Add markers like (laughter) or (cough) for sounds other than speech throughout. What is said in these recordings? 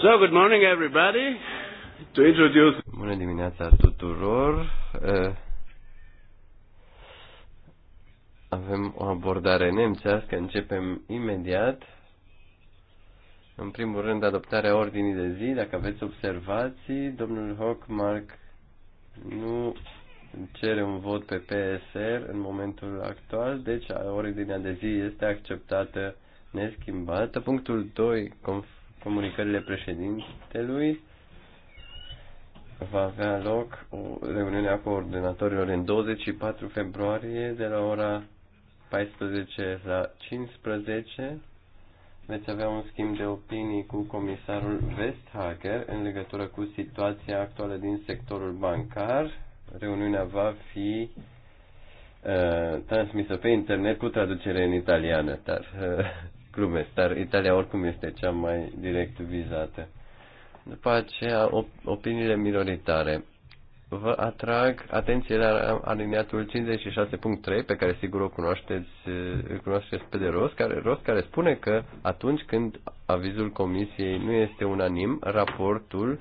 So, good morning everybody. To introduce... Bună dimineața tuturor. Avem o abordare nemțească, începem imediat. În primul rând, adoptarea ordinii de zi. Dacă aveți observații, domnul Hockmark nu cere un vot pe PSR în momentul actual, deci ordinea de zi este acceptată neschimbată. Punctul 2, conform comunicările președintelui va avea loc o reuniune a coordonatorilor în 24 februarie de la ora 14 la 15. Veți avea un schimb de opinii cu comisarul Westhager în legătură cu situația actuală din sectorul bancar. Reuniunea va fi uh, transmisă pe internet cu traducere în italiană, dar uh, glumesc, dar Italia oricum este cea mai direct vizată. După aceea, op- opiniile minoritare. Vă atrag atenție la alineatul 56.3, pe care sigur o cunoașteți, îl cunoașteți pe de rost care, rost, care spune că atunci când avizul comisiei nu este unanim, raportul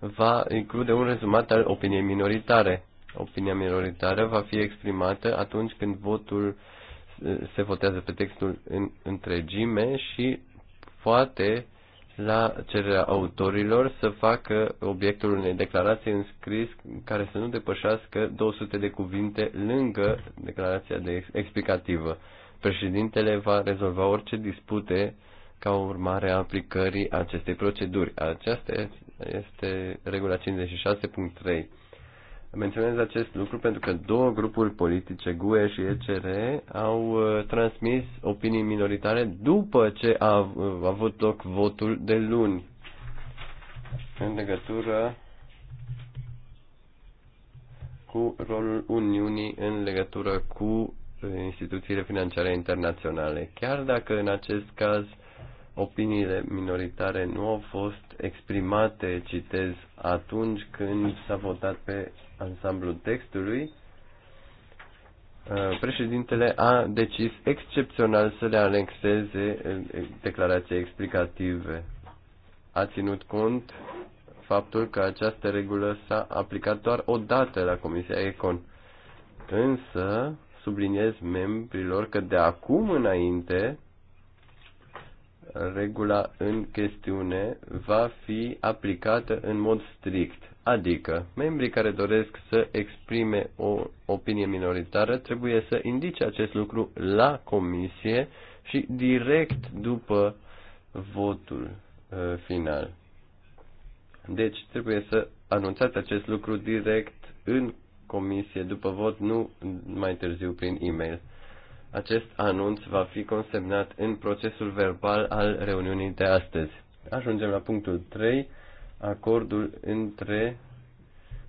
va include un rezumat al opiniei minoritare. Opinia minoritară va fi exprimată atunci când votul uh, se votează pe textul în întregime și poate la cererea autorilor să facă obiectul unei declarații în scris care să nu depășească 200 de cuvinte lângă declarația de explicativă. Președintele va rezolva orice dispute ca urmare a aplicării acestei proceduri. Aceasta este regula 56.3. Menționez acest lucru pentru că două grupuri politice, GUE și ECR, au uh, transmis opinii minoritare după ce uh, a avut loc votul de luni în legătură cu rolul Uniunii în legătură cu uh, instituțiile financiare internaționale. Chiar dacă în acest caz opiniile minoritare nu au fost exprimate, citez, atunci când s-a votat pe ansamblul textului, uh, președintele a decis excepțional să le anexeze uh, declarații explicative. A ținut cont faptul că această regulă s-a aplicat doar o dată la Comisia Econ. Însă, subliniez membrilor că de acum înainte regula în chestiune va fi aplicată în mod strict, adică membrii care doresc să exprime o opinie minoritară trebuie să indice acest lucru la comisie și direct după votul uh, final. Deci trebuie să anunțați acest lucru direct în comisie după vot, nu mai târziu prin e-mail. Acest anunț va fi consemnat în procesul verbal al reuniunii de astăzi. Ajungem la punctul 3, acordul între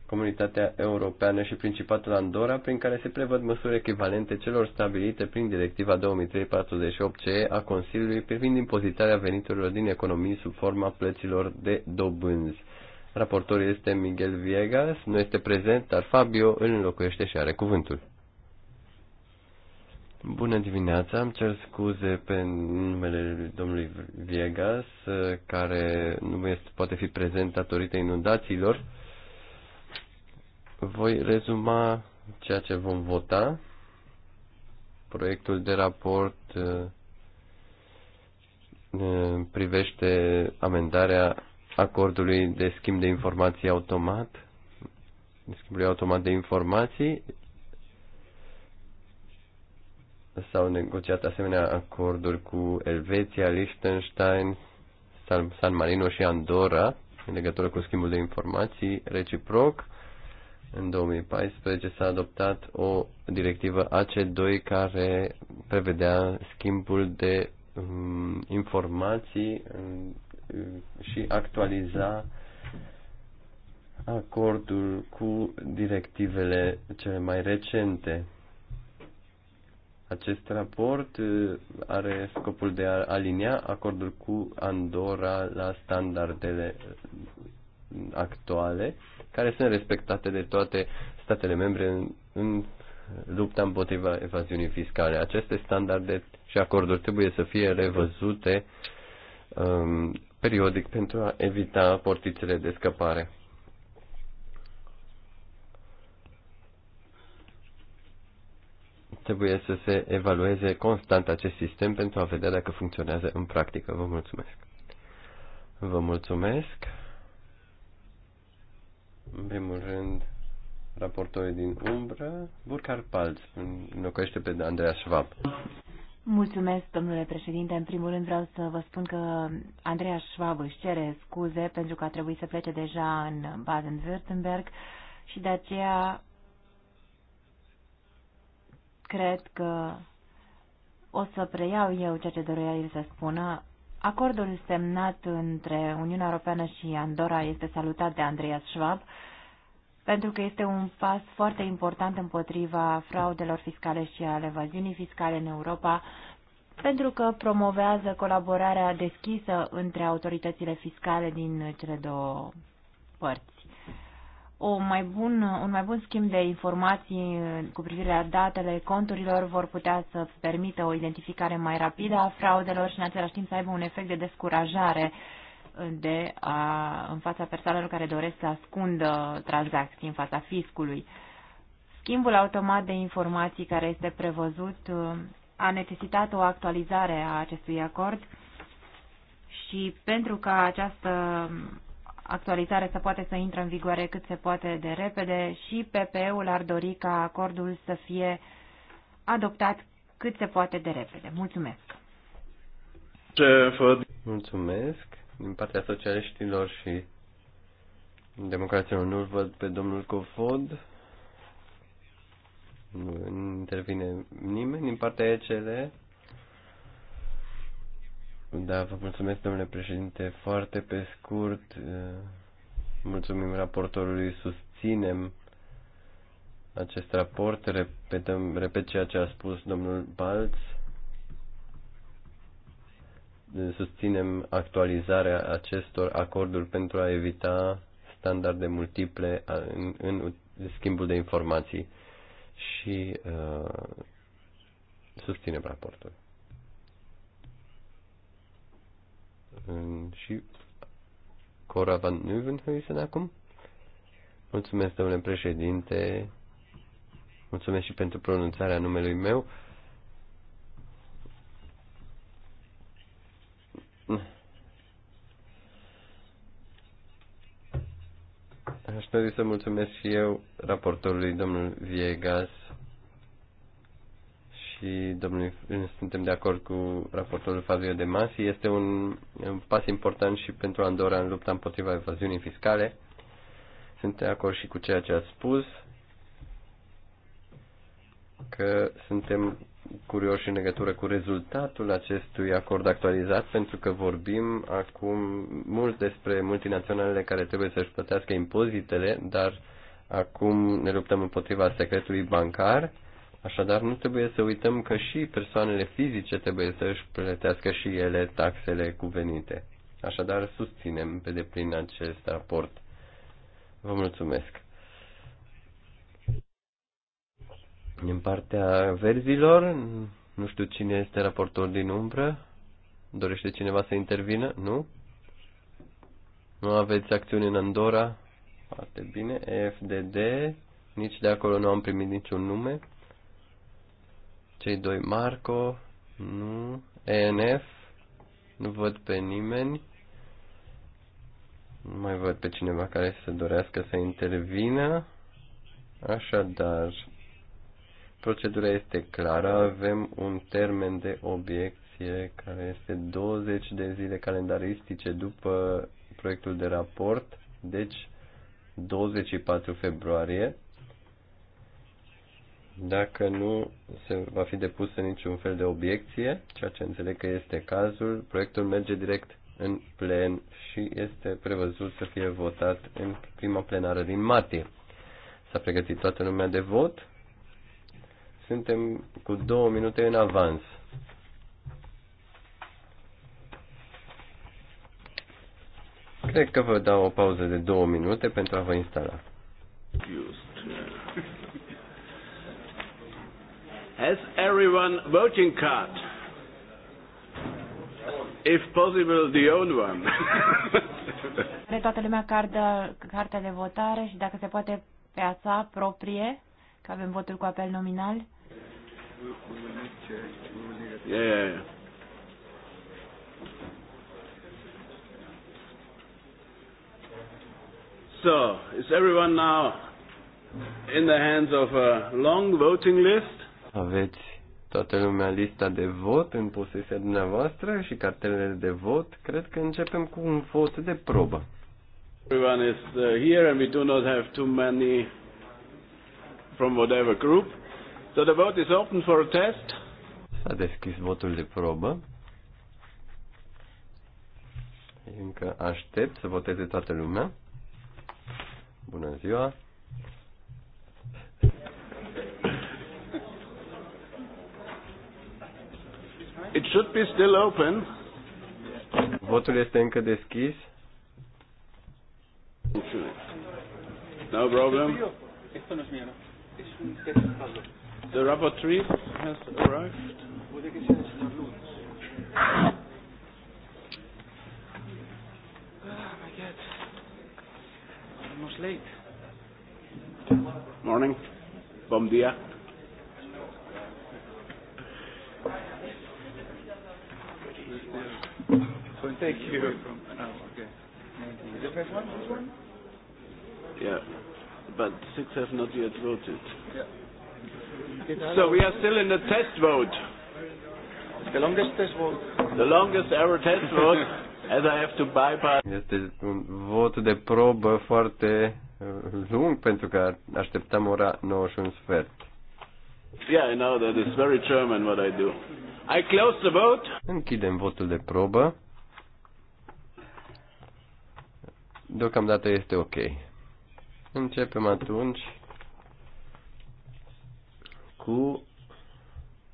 Comunitatea Europeană și Principatul Andorra, prin care se prevăd măsuri echivalente celor stabilite prin Directiva 2348CE a Consiliului privind impozitarea veniturilor din economii sub forma plăților de dobânzi. Raportorul este Miguel Viegas, nu este prezent, dar Fabio îl înlocuiește și are cuvântul. Bună dimineața, îmi cer scuze pe numele domnului Viegas, care nu este, poate fi prezent datorită inundațiilor. Voi rezuma ceea ce vom vota. Proiectul de raport uh, uh, privește amendarea acordului de schimb de informații automat, de schimbului automat de informații s-au negociat asemenea acorduri cu Elveția, Liechtenstein, San Marino și Andorra în legătură cu schimbul de informații reciproc. În 2014 s-a adoptat o directivă AC2 care prevedea schimbul de um, informații um, și actualiza acordul cu directivele cele mai recente acest raport uh, are scopul de a alinia acordul cu Andorra la standardele uh, actuale, care sunt respectate de toate statele membre în, în lupta împotriva evaziunii fiscale. Aceste standarde și acorduri trebuie să fie revăzute um, periodic pentru a evita portițele de scăpare. Trebuie să se evalueze constant acest sistem pentru a vedea dacă funcționează în practică. Vă mulțumesc. Vă mulțumesc. În primul rând, raportorii din umbră, Burkhard Palz înlocuiește pe Andreea Schwab. Mulțumesc, domnule președinte. În primul rând vreau să vă spun că Andreea Schwab își cere scuze pentru că a trebuit să plece deja în Baden-Württemberg și de aceea cred că o să preiau eu ceea ce dorea el să spună. Acordul semnat între Uniunea Europeană și Andorra este salutat de Andreas Schwab pentru că este un pas foarte important împotriva fraudelor fiscale și al evaziunii fiscale în Europa, pentru că promovează colaborarea deschisă între autoritățile fiscale din cele două părți o mai bun, un mai bun schimb de informații cu privire la datele conturilor vor putea să permită o identificare mai rapidă a fraudelor și în același timp să aibă un efect de descurajare de a, în fața persoanelor care doresc să ascundă tranzacții în fața fiscului. Schimbul automat de informații care este prevăzut a necesitat o actualizare a acestui acord și pentru ca această actualizare să poate să intre în vigoare cât se poate de repede și PPE-ul ar dori ca acordul să fie adoptat cât se poate de repede. Mulțumesc! Mulțumesc! Din partea socialiștilor și democrațiilor nu văd pe domnul Cofod. Nu intervine nimeni din partea ECL. Da, vă mulțumesc, domnule președinte. Foarte pe scurt, eh, mulțumim raportorului, susținem acest raport, repetăm, repet ceea ce a spus domnul Balț. Eh, susținem actualizarea acestor acorduri pentru a evita standarde multiple în, în schimbul de informații și uh, susținem raportul. în, și Cora van Nieuwenhuizen acum. Mulțumesc, domnule președinte. Mulțumesc și pentru pronunțarea numelui meu. Aș dori să mulțumesc și eu raportorului domnul Viegas și domnului, suntem de acord cu raportorul Fabio De Masi. Este un, un pas important și pentru Andorra în lupta împotriva evaziunii fiscale. Sunt de acord și cu ceea ce a spus, că suntem curioși în legătură cu rezultatul acestui acord actualizat, pentru că vorbim acum mult despre multinaționalele care trebuie să-și plătească impozitele, dar acum ne luptăm împotriva secretului bancar Așadar, nu trebuie să uităm că și persoanele fizice trebuie să își plătească și ele taxele cuvenite. Așadar, susținem pe deplin acest raport. Vă mulțumesc. Din partea verzilor, nu știu cine este raportor din umbră. Dorește cineva să intervină? Nu? Nu aveți acțiuni în Andorra? Foarte bine. FDD. Nici de acolo nu am primit niciun nume. Cei doi Marco, nu. ENF, nu văd pe nimeni. Nu mai văd pe cineva care să dorească să intervină. Așadar, procedura este clară. Avem un termen de obiecție care este 20 de zile calendaristice după proiectul de raport, deci 24 februarie dacă nu se va fi depusă niciun fel de obiecție, ceea ce înțeleg că este cazul, proiectul merge direct în plen și este prevăzut să fie votat în prima plenară din martie. S-a pregătit toată lumea de vot. Suntem cu două minute în avans. Cred că vă dau o pauză de două minute pentru a vă instala. Just. Uh, Has everyone voting card? If possible, the own one. (laughs) Are toată lumea cardă, cartea de votare și dacă se poate pe a sa proprie, că avem votul cu apel nominal. Yeah, yeah, yeah. So, is everyone now in the hands of a long voting list? Aveți toată lumea lista de vot în posesia dumneavoastră și cartelele de vot. Cred că începem cu un vot de probă. Everyone is uh, here and we do not have too many from whatever group. So the vote is open for a test. S-a deschis votul de probă. Încă aștept să voteze toată lumea. Bună ziua! It should be still open. Votul este încă deschis. No problem. The rubber tree has arrived. Oh my god. Almost late. Morning. Bom dia. Thank you. okay. one, Yeah, but six have not yet voted. Yeah. So we are still in the test vote. The longest test vote. The longest ever test vote, (laughs) as I have to bypass. Este un vot de probă foarte uh, lung pentru că așteptăm ora 9 sfert. Yeah, I know that is very German what I do. I close the vote. Închidem votul de probă. Deocamdată este ok. Începem atunci cu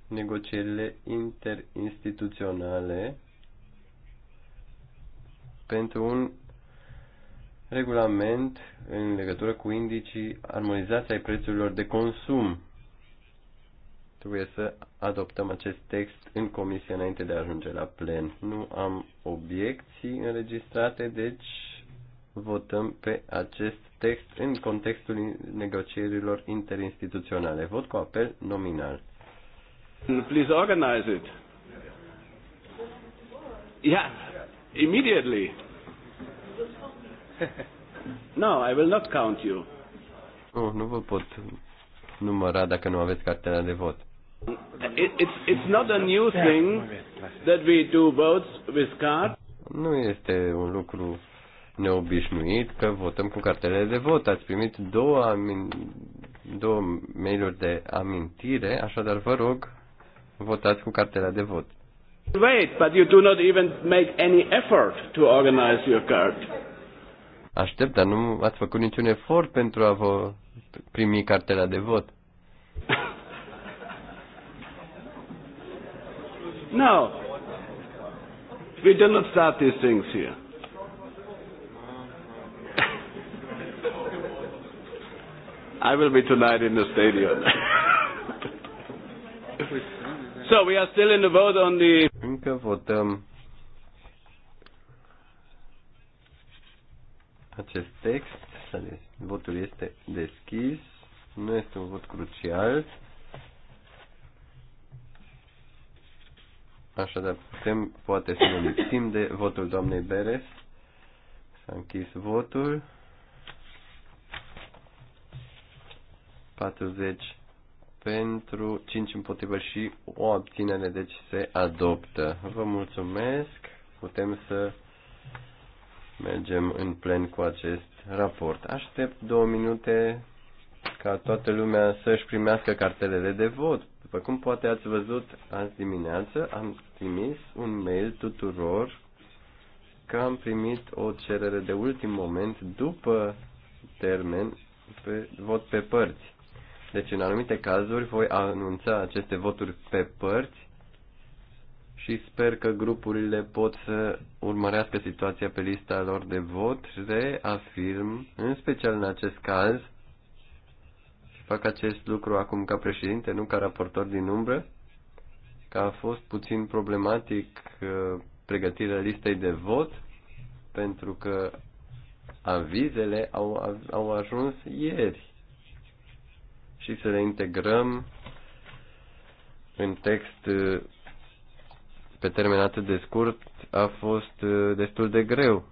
negocierile interinstituționale pentru un regulament în legătură cu indicii armonizați ai prețurilor de consum Trebuie să adoptăm acest text în comisie înainte de a ajunge la plen. Nu am obiecții înregistrate, deci votăm pe acest text în contextul negocierilor interinstituționale. Vot cu apel nominal. Please organize it. Yeah, immediately. (laughs) No, I will not count you. Nu, nu vă pot număra dacă nu aveți cartela de vot it's, not a new thing that we do votes with card. Nu este un lucru neobișnuit că votăm cu cartele de vot. Ați primit două, amin... două mail-uri de amintire, așadar vă rog, votați cu cartela de vot. Wait, but you do not even make any effort to organize your card. Aștept, dar nu ați făcut niciun efort pentru a vă primi cartela de vot. No. We do not start these things here. I will be tonight in the stadium. so we are still in the vote on the. Încă votăm acest text. Votul este deschis. Nu este un vot crucial. Așadar, putem poate să ne lipsim de votul doamnei Beres. S-a închis votul. 40 pentru, 5 împotrivă și o abținere, deci se adoptă. Vă mulțumesc. Putem să mergem în plen cu acest raport. Aștept două minute ca toată lumea să-și primească cartelele de vot după cum poate ați văzut azi dimineață, am trimis un mail tuturor că am primit o cerere de ultim moment după termen pe vot pe părți. Deci în anumite cazuri voi anunța aceste voturi pe părți și sper că grupurile pot să urmărească situația pe lista lor de vot. Reafirm, în special în acest caz, Fac acest lucru acum ca președinte, nu ca raportor din umbră, că a fost puțin problematic uh, pregătirea listei de vot, pentru că avizele au, au ajuns ieri și să le integrăm în text uh, pe termen atât de scurt a fost uh, destul de greu.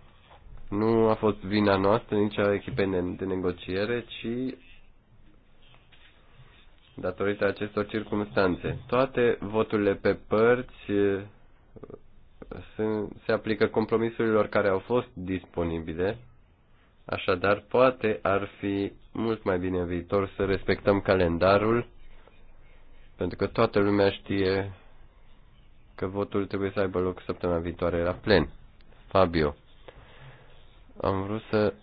Nu a fost vina noastră, nici a echipei de negociere, ci datorită acestor circunstanțe. Toate voturile pe părți se aplică compromisurilor care au fost disponibile, așadar poate ar fi mult mai bine în viitor să respectăm calendarul, pentru că toată lumea știe că votul trebuie să aibă loc săptămâna viitoare la plen. Fabio, am vrut să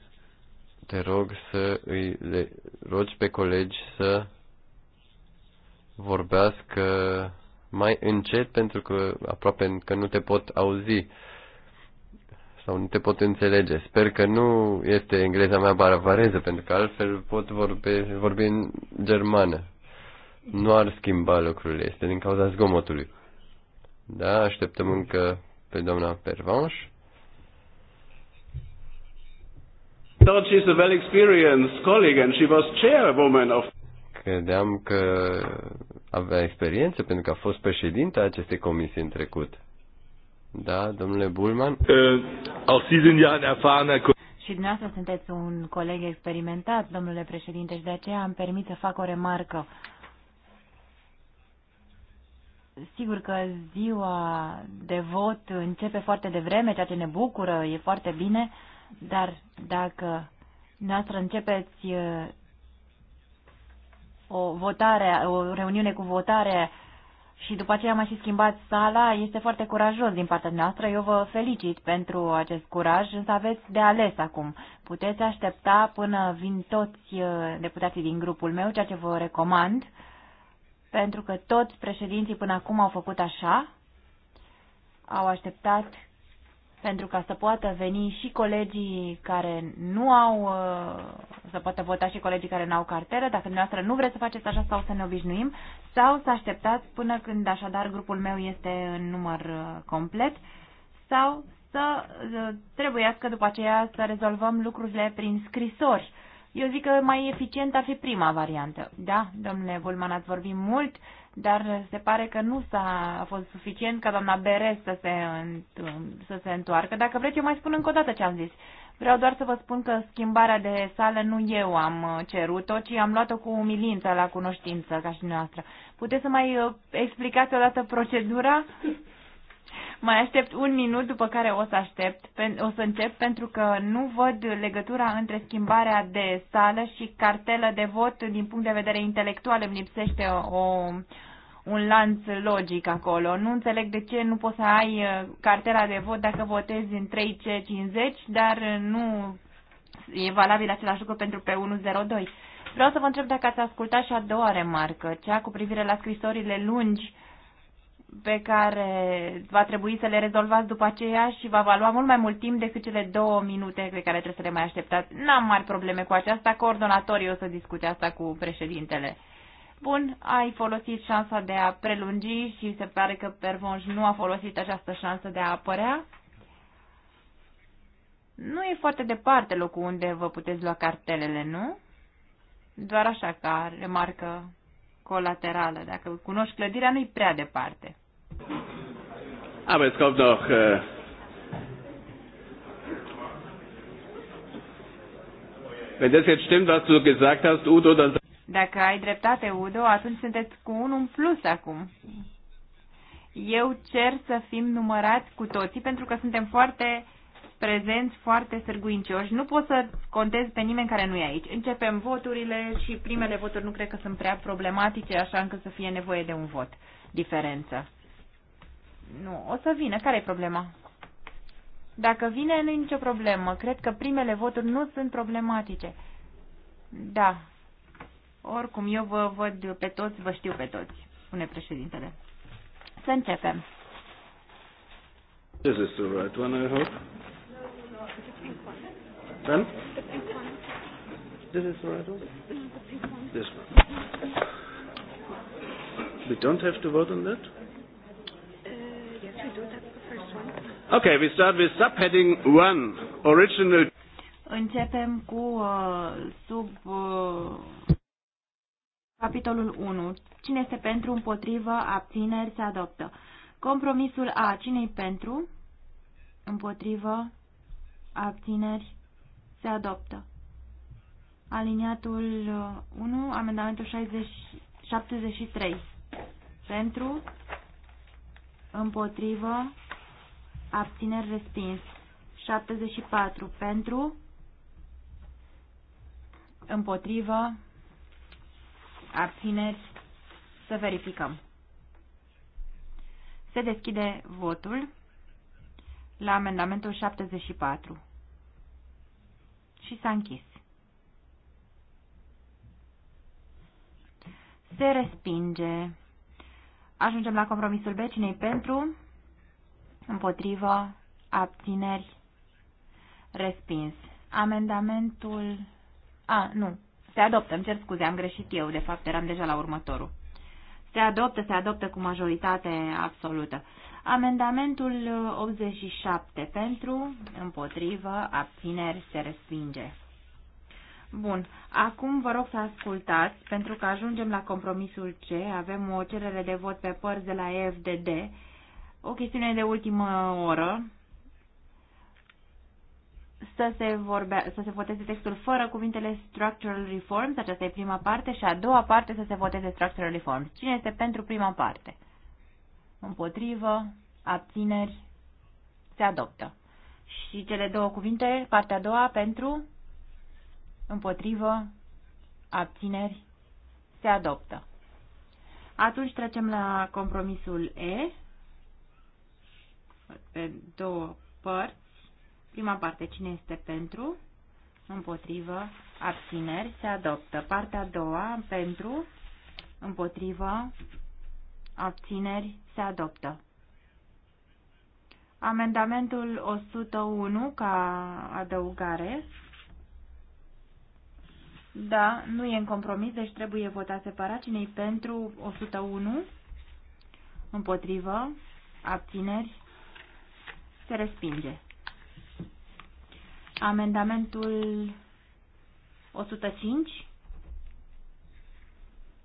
te rog să îi le rogi pe colegi să vorbească mai încet pentru că aproape că nu te pot auzi sau nu te pot înțelege. Sper că nu este engleza mea baravareză, pentru că altfel pot vorbe, vorbi în germană. Nu ar schimba lucrurile, este din cauza zgomotului. Da, așteptăm încă pe doamna Pervanș. Thought she's a well-experienced colleague and she was chairwoman of Credeam că avea experiență pentru că a fost președinte a acestei comisii în trecut. Da, domnule Bulman? Uh, și dumneavoastră sunteți un coleg experimentat, domnule președinte, și de aceea am permis să fac o remarcă. Sigur că ziua de vot începe foarte devreme, ceea ce ne bucură, e foarte bine, dar dacă dumneavoastră începeți uh, o votare, o reuniune cu votare și după aceea am și schimbat sala, este foarte curajos din partea noastră. Eu vă felicit pentru acest curaj, însă aveți de ales acum. Puteți aștepta până vin toți uh, deputații din grupul meu, ceea ce vă recomand, pentru că toți președinții până acum au făcut așa, au așteptat pentru ca să poată veni și colegii care nu au, uh, să poată vota și colegii care nu au carteră, dacă dumneavoastră nu vreți să faceți așa sau să ne obișnuim, sau să așteptați până când așadar grupul meu este în număr uh, complet, sau să uh, trebuiască după aceea să rezolvăm lucrurile prin scrisori. Eu zic că mai eficient ar fi prima variantă. Da, domnule Bulman, ați vorbit mult, dar se pare că nu s-a fost suficient ca doamna Beres să se, să se întoarcă. Dacă vreți, eu mai spun încă o dată ce am zis. Vreau doar să vă spun că schimbarea de sală nu eu am uh, cerut-o, ci am luat-o cu umilință la cunoștință, ca și noastră. Puteți să mai uh, explicați o dată procedura? Mai aștept un minut, după care o să aștept, o să încep, pentru că nu văd legătura între schimbarea de sală și cartelă de vot din punct de vedere intelectual. Îmi lipsește o, un lanț logic acolo. Nu înțeleg de ce nu poți să ai uh, cartela de vot dacă votezi în 3C50, dar uh, nu e valabil același lucru pentru pe 102. Vreau să vă întreb dacă ați ascultat și a doua remarcă, cea cu privire la scrisorile lungi pe care va trebui să le rezolvați după aceea și va valua mult mai mult timp decât cele două minute pe care trebuie să le mai așteptați. N-am mari probleme cu aceasta, coordonatorii o să discute asta cu președintele. Bun, ai folosit șansa de a prelungi și se pare că Pervonj nu a folosit această șansă de a apărea. Nu e foarte departe locul unde vă puteți lua cartelele, nu? Doar așa ca remarcă colaterală. Dacă cunoști clădirea, nu-i prea departe. Aber jetzt kommt noch. Äh Wenn das jetzt stimmt, was du gesagt hast, Udo, dann. Dacă ai dreptate, Udo, atunci sunteți cu unul în plus acum. Eu cer să fim numărați cu toții pentru că suntem foarte prezenți, foarte sârguincioși. Nu pot să contez pe nimeni care nu e aici. Începem voturile și primele voturi nu cred că sunt prea problematice, așa încât să fie nevoie de un vot. Diferență. Nu, o să vină. care e problema? Dacă vine, nu i nicio problemă. Cred că primele voturi nu sunt problematice. Da. Oricum, eu vă văd pe toți, vă știu pe toți, spune președintele. Să începem. This is the right one, I hope. Then? This is the right one? This one. We don't have to vote on that? Okay, we start with subheading 1, original. Începem cu uh, sub uh, capitolul 1. Cine este pentru, împotrivă, abțineri, se adoptă. Compromisul A. Cine-i pentru, împotrivă, abțineri, se adoptă. Aliniatul 1, uh, amendamentul 60, 73. Pentru, împotrivă, abțineri respins. 74 pentru, împotrivă, abțineri, să verificăm. Se deschide votul la amendamentul 74 și s-a închis. Se respinge. Ajungem la compromisul B. cine pentru? împotrivă, abțineri, respins. Amendamentul... A, nu, se adoptă, îmi cer scuze, am greșit eu, de fapt eram deja la următorul. Se adoptă, se adoptă cu majoritate absolută. Amendamentul 87 pentru, împotrivă, abțineri, se respinge. Bun, acum vă rog să ascultați, pentru că ajungem la compromisul C, avem o cerere de vot pe părți de la FDD. O chestiune de ultimă oră, să se, vorbea, să se voteze textul fără cuvintele structural reforms, aceasta e prima parte, și a doua parte să se voteze structural reforms. Cine este pentru prima parte? Împotrivă, abțineri, se adoptă. Și cele două cuvinte, partea a doua, pentru, împotrivă, abțineri, se adoptă. Atunci trecem la compromisul E pe două părți. Prima parte, cine este pentru, împotrivă, abțineri, se adoptă. Partea a doua, pentru, împotrivă, abțineri, se adoptă. Amendamentul 101 ca adăugare. Da, nu e în compromis, deci trebuie votat separat. cine pentru 101? Împotrivă, abțineri, se respinge. Amendamentul 105.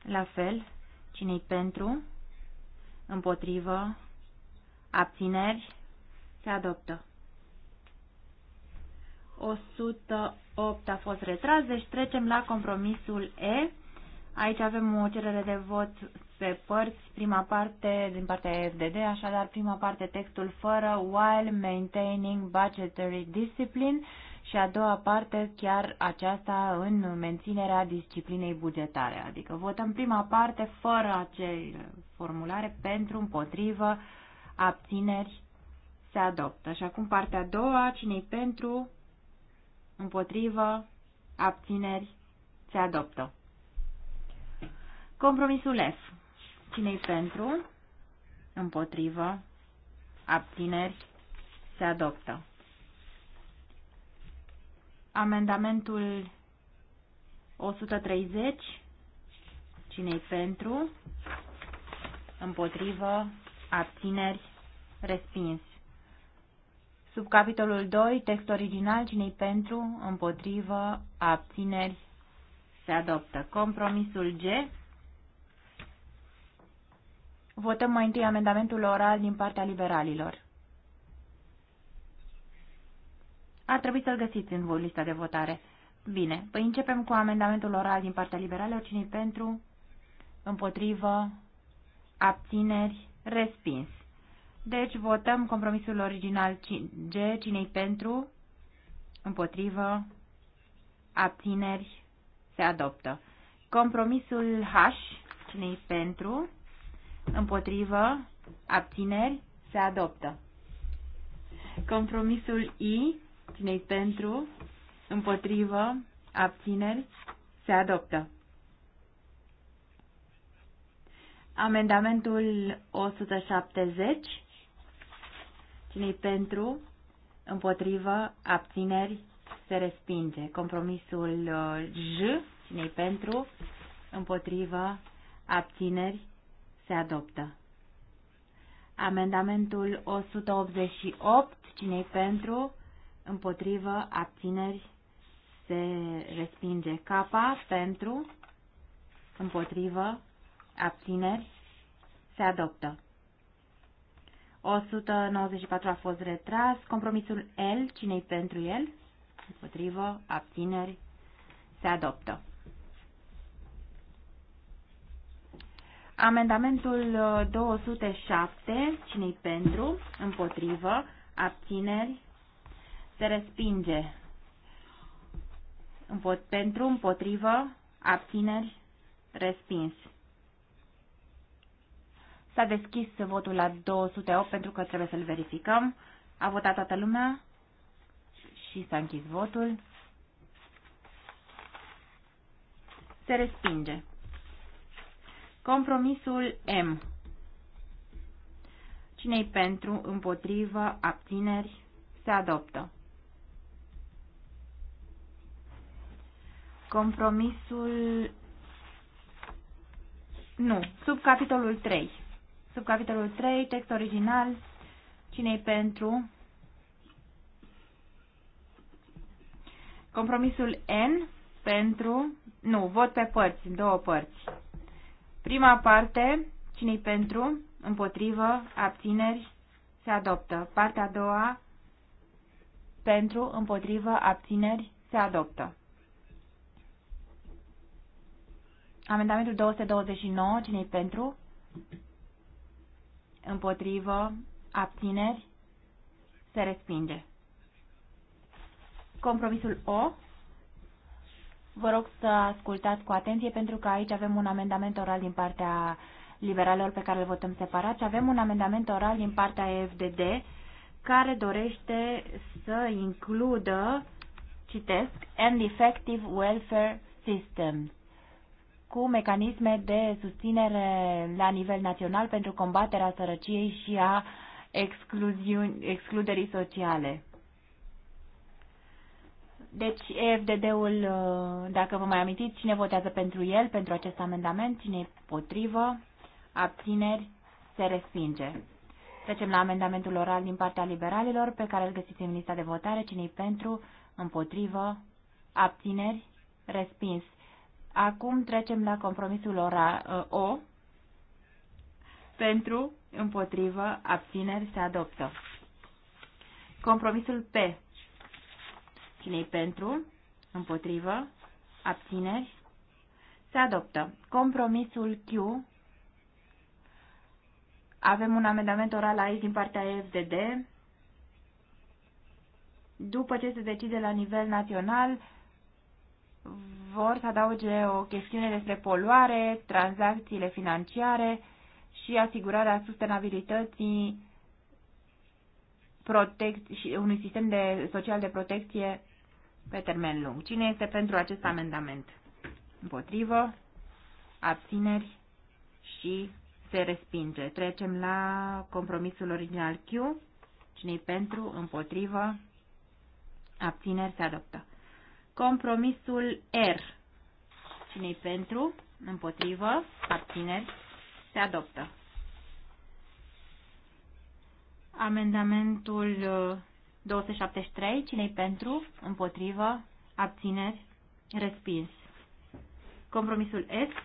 La fel. Cine-i pentru? Împotrivă? Abțineri? Se adoptă. 108 a fost retras, deci trecem la compromisul E. Aici avem o cerere de vot pe părți, prima parte din partea FDD, așadar prima parte textul fără while maintaining budgetary discipline și a doua parte chiar aceasta în menținerea disciplinei bugetare. Adică votăm prima parte fără acei formulare pentru, împotrivă, abțineri, se adoptă. Și acum partea a doua, cine pentru, împotrivă, abțineri, se adoptă. Compromisul F. Cine-i pentru? Împotrivă. Abțineri. Se adoptă. Amendamentul 130. Cine-i pentru? Împotrivă. Abțineri. Respins. Subcapitolul 2. Text original. Cine-i pentru? Împotrivă. Abțineri. Se adoptă. Compromisul G Votăm mai întâi amendamentul oral din partea liberalilor. Ar trebui să-l găsiți în lista de votare. Bine, păi începem cu amendamentul oral din partea liberalilor. cine pentru? Împotrivă? Abțineri? Respins. Deci votăm compromisul original G. cine pentru? Împotrivă? Abțineri? Se adoptă. Compromisul H. cine pentru? împotrivă, abțineri, se adoptă. Compromisul I, cine pentru, împotrivă, abțineri, se adoptă. Amendamentul 170, cine pentru, împotrivă, abțineri, se respinge. Compromisul uh, J, cine pentru, împotrivă, abțineri, se adoptă. Amendamentul 188, cine pentru? Împotrivă, abțineri, se respinge. capa pentru, împotrivă, abțineri, se adoptă. 194 a fost retras. Compromisul L, cine pentru el? Împotrivă, abțineri, se adoptă. Amendamentul 207, uh, cine pentru, împotrivă, abțineri, se respinge. Vot pentru, împotrivă, abțineri, respins. S-a deschis votul la 208 pentru că trebuie să-l verificăm. A votat toată lumea și s-a închis votul. Se respinge. Compromisul M. Cine-i pentru, împotrivă, abțineri, se adoptă. Compromisul... Nu, sub capitolul 3. Sub capitolul 3, text original, cine pentru... Compromisul N pentru... Nu, vot pe părți, două părți. Prima parte, cine pentru, împotrivă, abțineri, se adoptă. Partea a doua, pentru, împotrivă, abțineri, se adoptă. Amendamentul 229, cine pentru? Împotrivă, abțineri, se respinge. Compromisul O, Vă rog să ascultați cu atenție pentru că aici avem un amendament oral din partea liberalilor pe care îl votăm separat și avem un amendament oral din partea FDD care dorește să includă, citesc, an effective welfare system cu mecanisme de susținere la nivel național pentru combaterea sărăciei și a excluderii sociale. Deci EFDD-ul, uh, dacă vă mai amintiți, cine votează pentru el, pentru acest amendament, cine e potrivă, abțineri, se respinge. Trecem la amendamentul oral din partea liberalilor, pe care îl găsiți în lista de votare, cine e pentru, împotrivă, abțineri, respins. Acum trecem la compromisul ora, uh, O. Pentru, împotrivă, abțineri, se adoptă. Compromisul P Cine-i pentru? Împotrivă? Abțineri? Se adoptă. Compromisul Q. Avem un amendament oral aici din partea FDD. După ce se decide la nivel național, vor să adauge o chestiune despre poluare, tranzacțiile financiare și asigurarea sustenabilității protect, și unui sistem de, social de protecție pe termen lung. Cine este pentru acest amendament? Împotrivă, abțineri și se respinge. Trecem la compromisul original Q. cine pentru, împotrivă, abțineri, se adoptă. Compromisul R. cine pentru, împotrivă, abțineri, se adoptă. Amendamentul uh, 273. Cine-i pentru? Împotrivă? Abțineri? Respins. Compromisul S.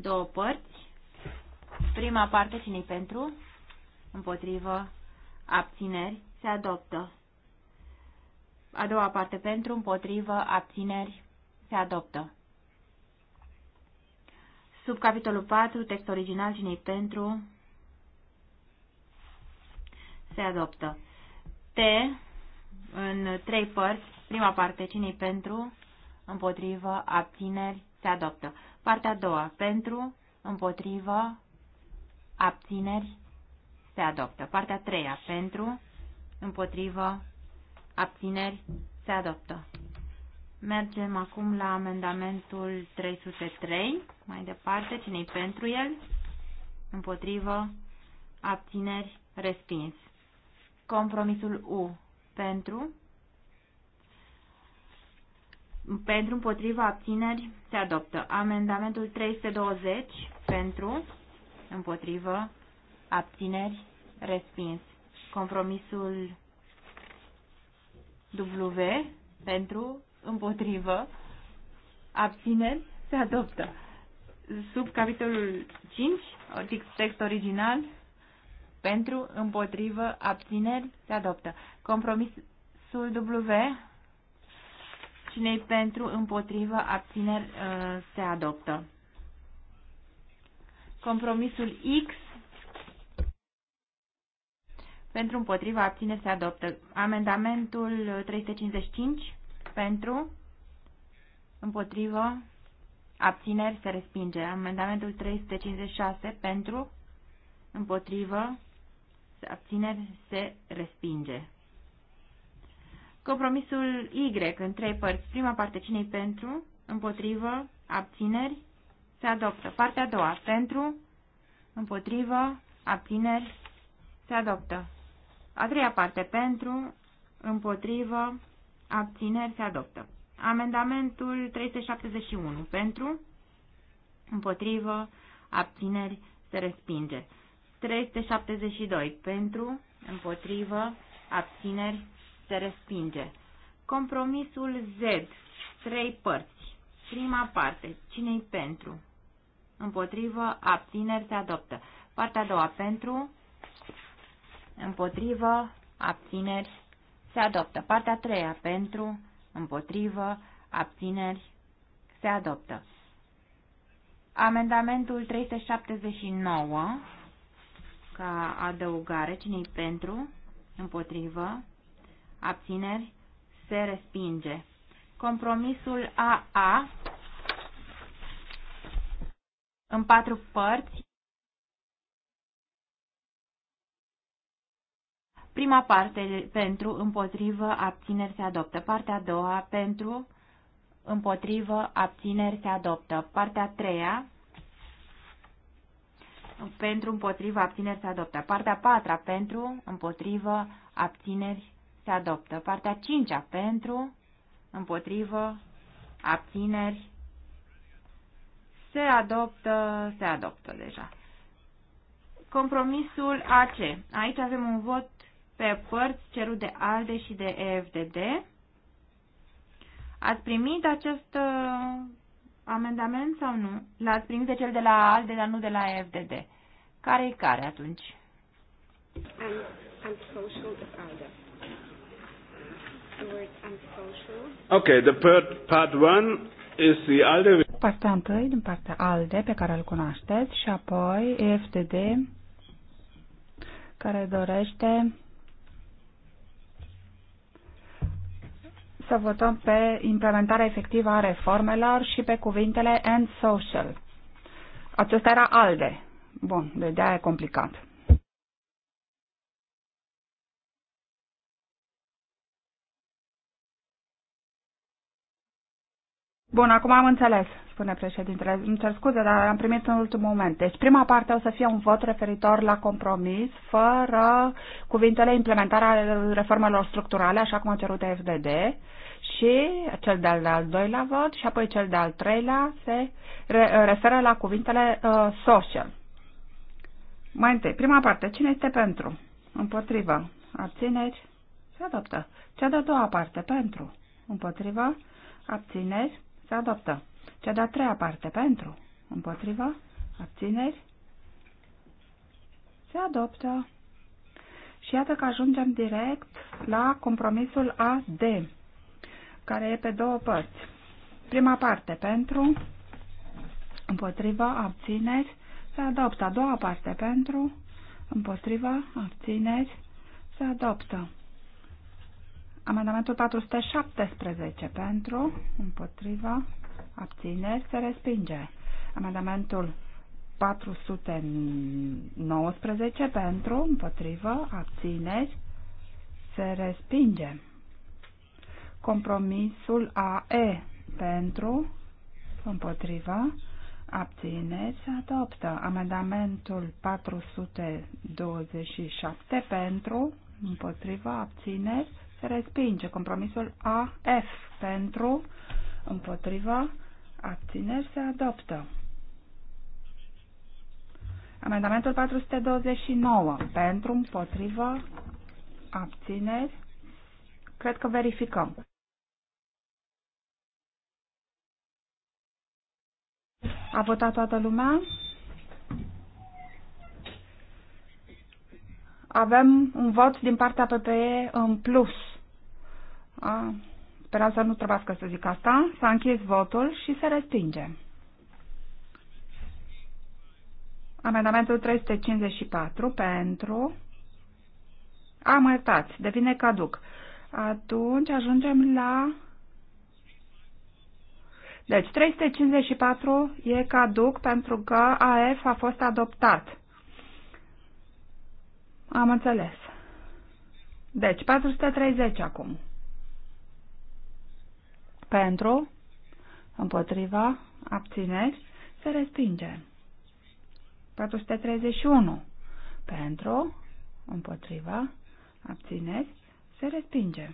Două părți. Prima parte, cine-i pentru? Împotrivă? Abțineri? Se adoptă. A doua parte, pentru? Împotrivă? Abțineri? Se adoptă. Sub capitolul 4, text original, cine pentru? se adoptă. T în trei părți, prima parte, cine pentru, împotrivă, abțineri, se adoptă. Partea a doua, pentru, împotrivă, abțineri, se adoptă. Partea a treia, pentru, împotrivă, abțineri, se adoptă. Mergem acum la amendamentul 303, mai departe, cine pentru el, împotrivă, abțineri, respins. Compromisul U. Pentru. Pentru, împotriva, abțineri, se adoptă. Amendamentul 320. Pentru, împotrivă, abțineri, respins. Compromisul W. Pentru, împotrivă, abțineri, se adoptă. Sub capitolul 5, text original, pentru, împotrivă, abțineri, se adoptă. Compromisul W, cine pentru, împotrivă, abțineri, uh, se adoptă. Compromisul X, pentru, împotrivă, abțineri, se adoptă. Amendamentul 355, pentru, împotrivă, abțineri, se respinge. Amendamentul 356, pentru, împotrivă, abțineri, se respinge. Compromisul Y în trei părți. Prima parte cinei pentru, împotrivă, abțineri, se adoptă. Partea a doua pentru, împotrivă, abțineri, se adoptă. A treia parte pentru, împotrivă, abțineri, se adoptă. Amendamentul 371 pentru, împotrivă, abțineri, se respinge. 372 pentru, împotrivă, abțineri, se respinge. Compromisul Z, trei părți. Prima parte, cine-i pentru? Împotrivă, abțineri, se adoptă. Partea a doua, pentru, împotrivă, abțineri, se adoptă. Partea a treia, pentru, împotrivă, abțineri, se adoptă. Amendamentul 379 ca adăugare. ci i pentru? Împotrivă? Abțineri? Se respinge. Compromisul AA în patru părți. Prima parte pentru, împotrivă, abțineri se adoptă. Partea a doua pentru, împotrivă, abțineri se adoptă. Partea a treia pentru, împotriva abțineri se adoptă. Partea 4 pentru, împotrivă, abțineri se adoptă. Partea 5 pentru, împotrivă, abțineri se adoptă, se adoptă deja. Compromisul AC. Aici avem un vot pe părți cerut de ALDE și de EFDD. Ați primit acest amendament sau nu? L-ați primit de cel de la ALDE, dar nu de la FDD. Care-i care atunci? And, social ALDE. Ok, the part, part one is the ALDE. Partea întâi din partea ALDE pe care îl cunoașteți și apoi FDD care dorește să votăm pe implementarea efectivă a reformelor și pe cuvintele and social. Acesta era ALDE. Bun, de de e complicat. Bun, acum am înțeles spune președintele. Îmi cer scuze, dar am primit în ultimul moment. Deci prima parte o să fie un vot referitor la compromis, fără cuvintele implementarea reformelor structurale, așa cum a cerut FDD, și cel de-al de doilea vot și apoi cel de-al treilea se re referă la cuvintele uh, social. Mai întâi, prima parte, cine este pentru? Împotrivă. Abțineri? Se adoptă. Cea de-a doua parte, pentru? Împotrivă? Abțineri? Se adoptă. Cea de-a treia parte pentru, împotriva, abțineri, se adoptă. Și iată că ajungem direct la compromisul AD, care e pe două părți. Prima parte pentru, împotriva, abțineri, se adoptă. A doua parte pentru, împotriva, abțineri, se adoptă. Amendamentul 417 pentru, împotriva, abțineri, se respinge. Amendamentul 419 pentru, împotrivă, abțineri, se respinge. Compromisul AE pentru, împotrivă, abțineri, se adoptă. Amendamentul 427 pentru, împotrivă, abțineri, se respinge. Compromisul AF pentru, împotrivă, Abțineri se adoptă. Amendamentul 429. Pentru, împotrivă, abțineri. Cred că verificăm. A votat toată lumea? Avem un vot din partea PPE în plus. A. Sperați să nu trebuiască să zic asta. S-a închis votul și se respinge. Amendamentul 354 pentru... Am iertat, devine caduc. Atunci ajungem la... Deci 354 e caduc pentru că AF a fost adoptat. Am înțeles. Deci 430 acum pentru, împotriva, abțineri, se respinge. 431. Pentru, împotriva, abțineri, se respinge.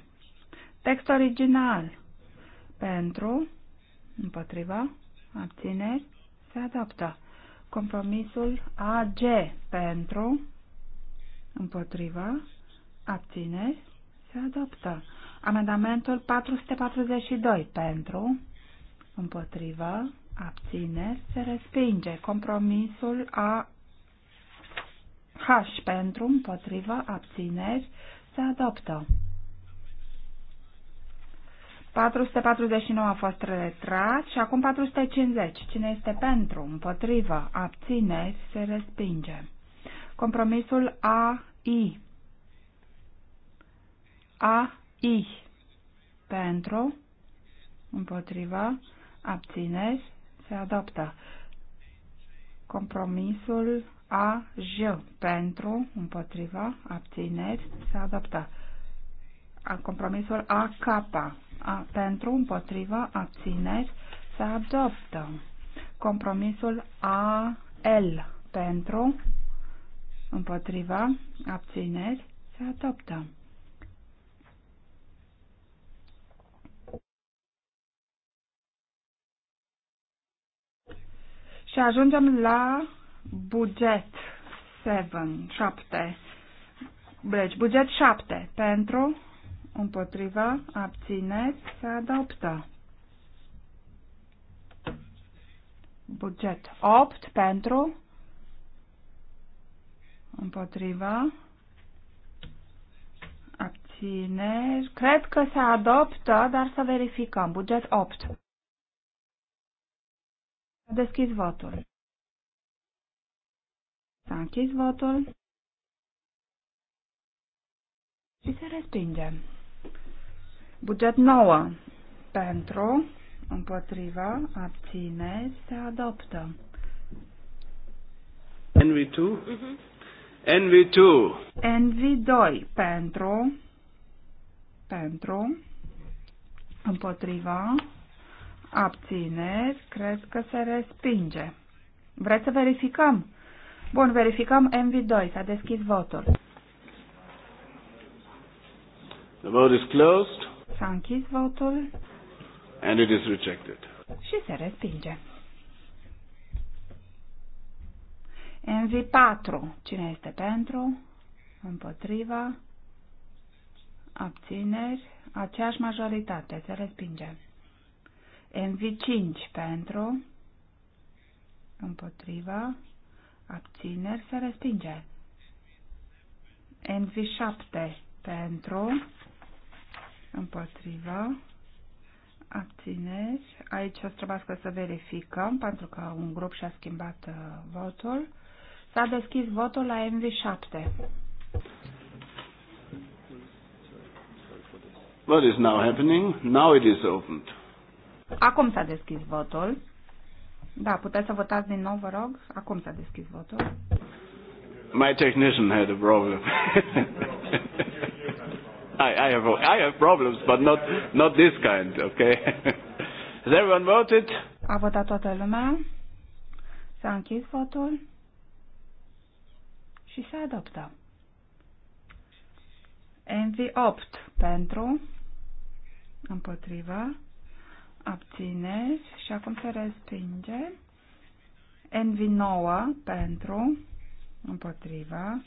Text original. Pentru, împotriva, abțineri, se adoptă. Compromisul AG. Pentru, împotriva, abțineri, se adoptă. Amendamentul 442 pentru, împotrivă, abține, se respinge. Compromisul A H pentru, împotrivă, abțineri, se adoptă. 449 a fost retras și acum 450. Cine este pentru, împotrivă, abțineri, se respinge. Compromisul A I A I pentru, împotriva, abțineri, se adoptă. Compromisul a j pentru, împotriva, abțineri, se adoptă. Compromisul a a, pentru, împotriva, abțineri, se adoptă. Compromisul a l pentru, împotriva, abțineri, se adoptă. Și ajungem la buget 7, 7. Deci, buget 7 pentru, împotriva, abțineți, se adoptă. Buget 8 pentru, împotriva, abțineri. Cred că se adoptă, dar să verificăm. Buget 8. S-a deschis votul. S-a închis votul și se respinge. Buget 9. Pentru, împotriva, abține, se adoptă. NV2. NV2. NV2. Pentru, pentru, împotriva, abțineri, cred că se respinge. Vreți să verificăm? Bun, verificăm MV2. S-a deschis votul. The vote is closed. S-a închis votul. And it is rejected. Și se respinge. MV4. Cine este pentru? Împotriva? Abțineri? Aceeași majoritate. Se respinge. MV 5 pentru, împotriva, abțineri, se respinge. MV 7 pentru, împotriva, abțineri. Aici o să trebuiască să verificăm, pentru că un grup și-a schimbat uh, votul. S-a deschis votul la MV 7 What is now happening? Now it is opened. Acum s-a deschis votul. Da, puteți să votați din nou, vă rog. Acum s-a deschis votul. My technician had a problem. I, I, have, I have problems, but not, not this kind, okay? Has everyone voted? A votat toată lumea. S-a închis votul și se adoptă. MV8 pentru, împotriva, abțineri și acum se respinge. Envi nouă pentru, împotriva,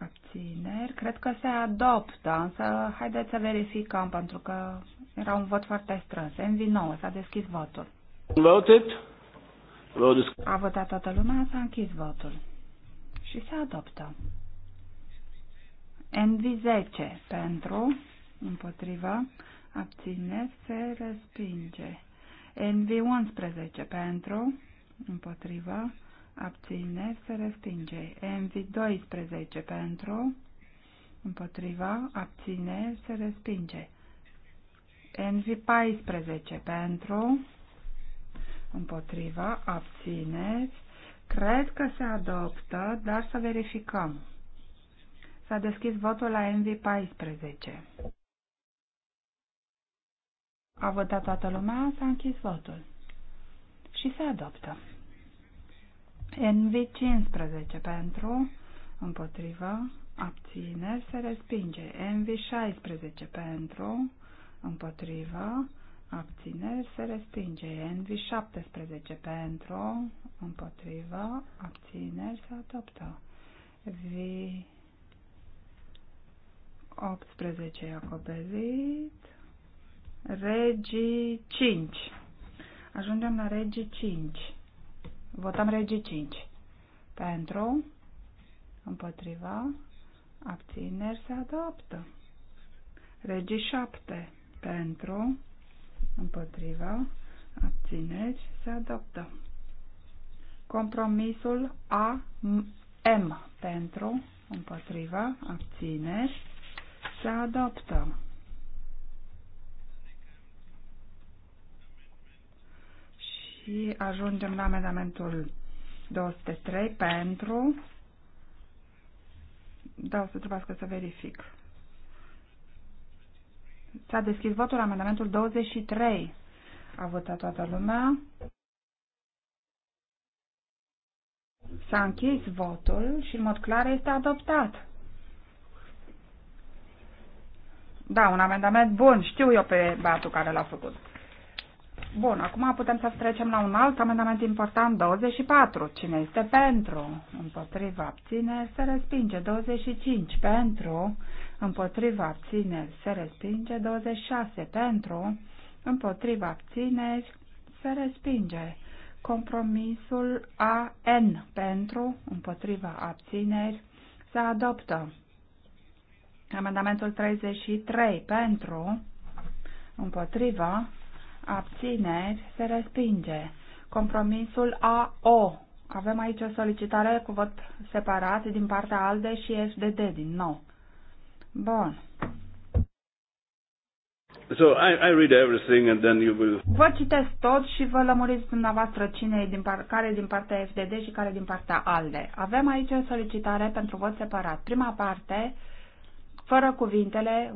abțineri. Cred că se adoptă, însă haideți să verificăm, pentru că era un vot foarte strâns. nv nouă, s-a deschis votul. Voted. A votat toată lumea, s-a închis votul. Și se adoptă. Envi 10 pentru, împotriva, abține, se respinge. NV11 pentru, împotriva, abține, se respinge. NV12 pentru, împotriva, abține, se respinge. NV14 pentru, împotriva, abține, cred că se adoptă, dar să verificăm. S-a deschis votul la NV14. A votat toată lumea, s-a închis votul. Și se adoptă. NV15 pentru, împotrivă, abțineri, se respinge. NV16 pentru, împotrivă, abțineri, se respinge. NV17 pentru, împotrivă, abțineri, se adoptă. V... 18 acoperit, Regii 5. Ajungem la regii 5. Votăm regii 5. Pentru, împotriva, abțineri se adoptă. Regii 7. Pentru, împotriva, abțineri se adoptă. Compromisul A M pentru, împotriva, abțineri se adoptă. și ajungem la amendamentul 203 pentru. Da, o să trebuiască să verific. S-a deschis votul la amendamentul 23. A votat toată lumea. S-a închis votul și în mod clar este adoptat. Da, un amendament bun. Știu eu pe batul care l-a făcut. Bun, acum putem să trecem la un alt amendament important, 24. Cine este pentru? Împotriva abține, se respinge. 25 pentru, împotriva abține, se respinge. 26 pentru, împotriva abține, se respinge. Compromisul AN pentru, împotriva abțineri, se adoptă. Amendamentul 33 pentru, împotriva abțineri, se respinge. Compromisul AO. Avem aici o solicitare cu vot separat din partea ALDE și FDD din nou. Bun. So I, I read everything and then you will... Vă citesc tot și vă lămuriți dumneavoastră cine e din par, care din partea FDD și care din partea ALDE. Avem aici o solicitare pentru vot separat. Prima parte, fără cuvintele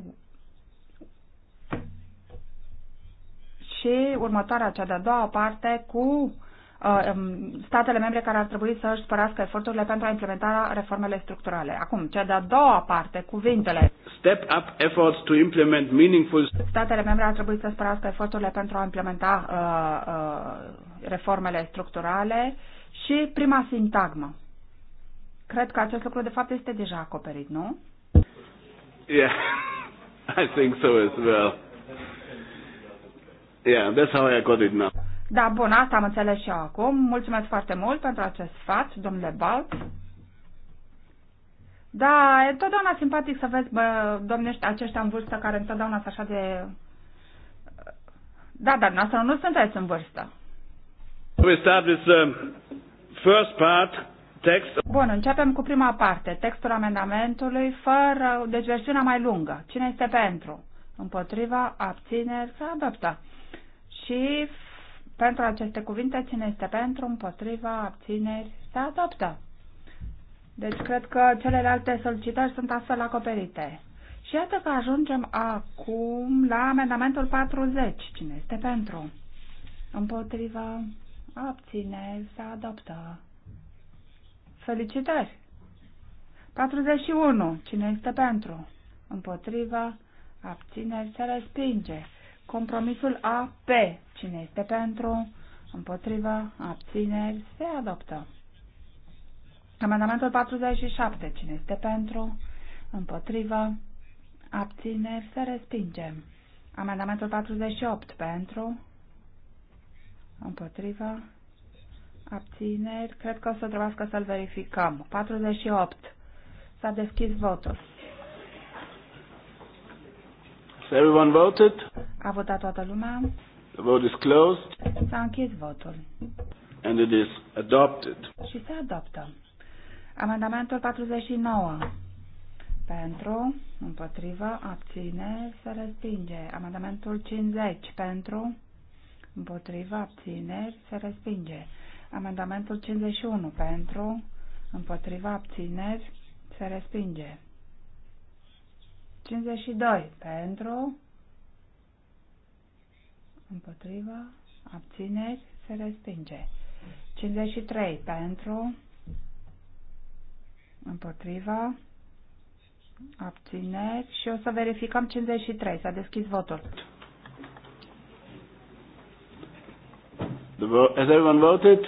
și următoarea, cea de-a doua parte, cu uh, um, statele membre care ar trebui să își spărească eforturile pentru a implementa reformele structurale. Acum, cea de-a doua parte, cuvintele. Step up efforts to implement meaningful... Statele membre ar trebui să spărească eforturile pentru a implementa uh, uh, reformele structurale și prima sintagmă. Cred că acest lucru, de fapt, este deja acoperit, nu? Yeah, (laughs) I think so as well. Yeah, that's how I got it now. Da, bun, asta am înțeles și eu acum. Mulțumesc foarte mult pentru acest sfat, domnule Balt. Da, e întotdeauna simpatic să vezi, bă, domnești aceștia în vârstă care întotdeauna sunt așa de... Da, dar noastră nu sunteți în vârstă. We start with the first part, text. Bun, începem cu prima parte, textul amendamentului, fără, deci versiunea mai lungă. Cine este pentru? Împotriva, abțineri, să adoptați? și pentru aceste cuvinte, cine este pentru, împotriva, abțineri, se adoptă. Deci cred că celelalte solicitări sunt astfel acoperite. Și iată că ajungem acum la amendamentul 40. Cine este pentru? Împotriva, abțineri, se adoptă. Felicitări! 41. Cine este pentru? Împotriva, abțineri, se respinge. Compromisul A P Cine este pentru? Împotriva? Abțineri? Se adoptă. Amendamentul 47. Cine este pentru? Împotriva? Abțineri? Se respinge. Amendamentul 48. Pentru? Împotriva? Abțineri? Cred că o să trebuiască să-l verificăm. 48. S-a deschis votul. So everyone voted? A votat toată lumea. The vote is closed. S-a închis votul. And it is adopted. Și se adoptă. Amendamentul 49. Pentru, împotrivă, abține, se respinge. Amendamentul 50. Pentru, împotrivă, abține, se respinge. Amendamentul 51. Pentru, împotrivă, abține, se respinge. 52 pentru, împotriva, abțineri, se respinge. 53 pentru, împotriva, abțineri și o să verificăm 53. S-a deschis votul. The vote, has everyone voted?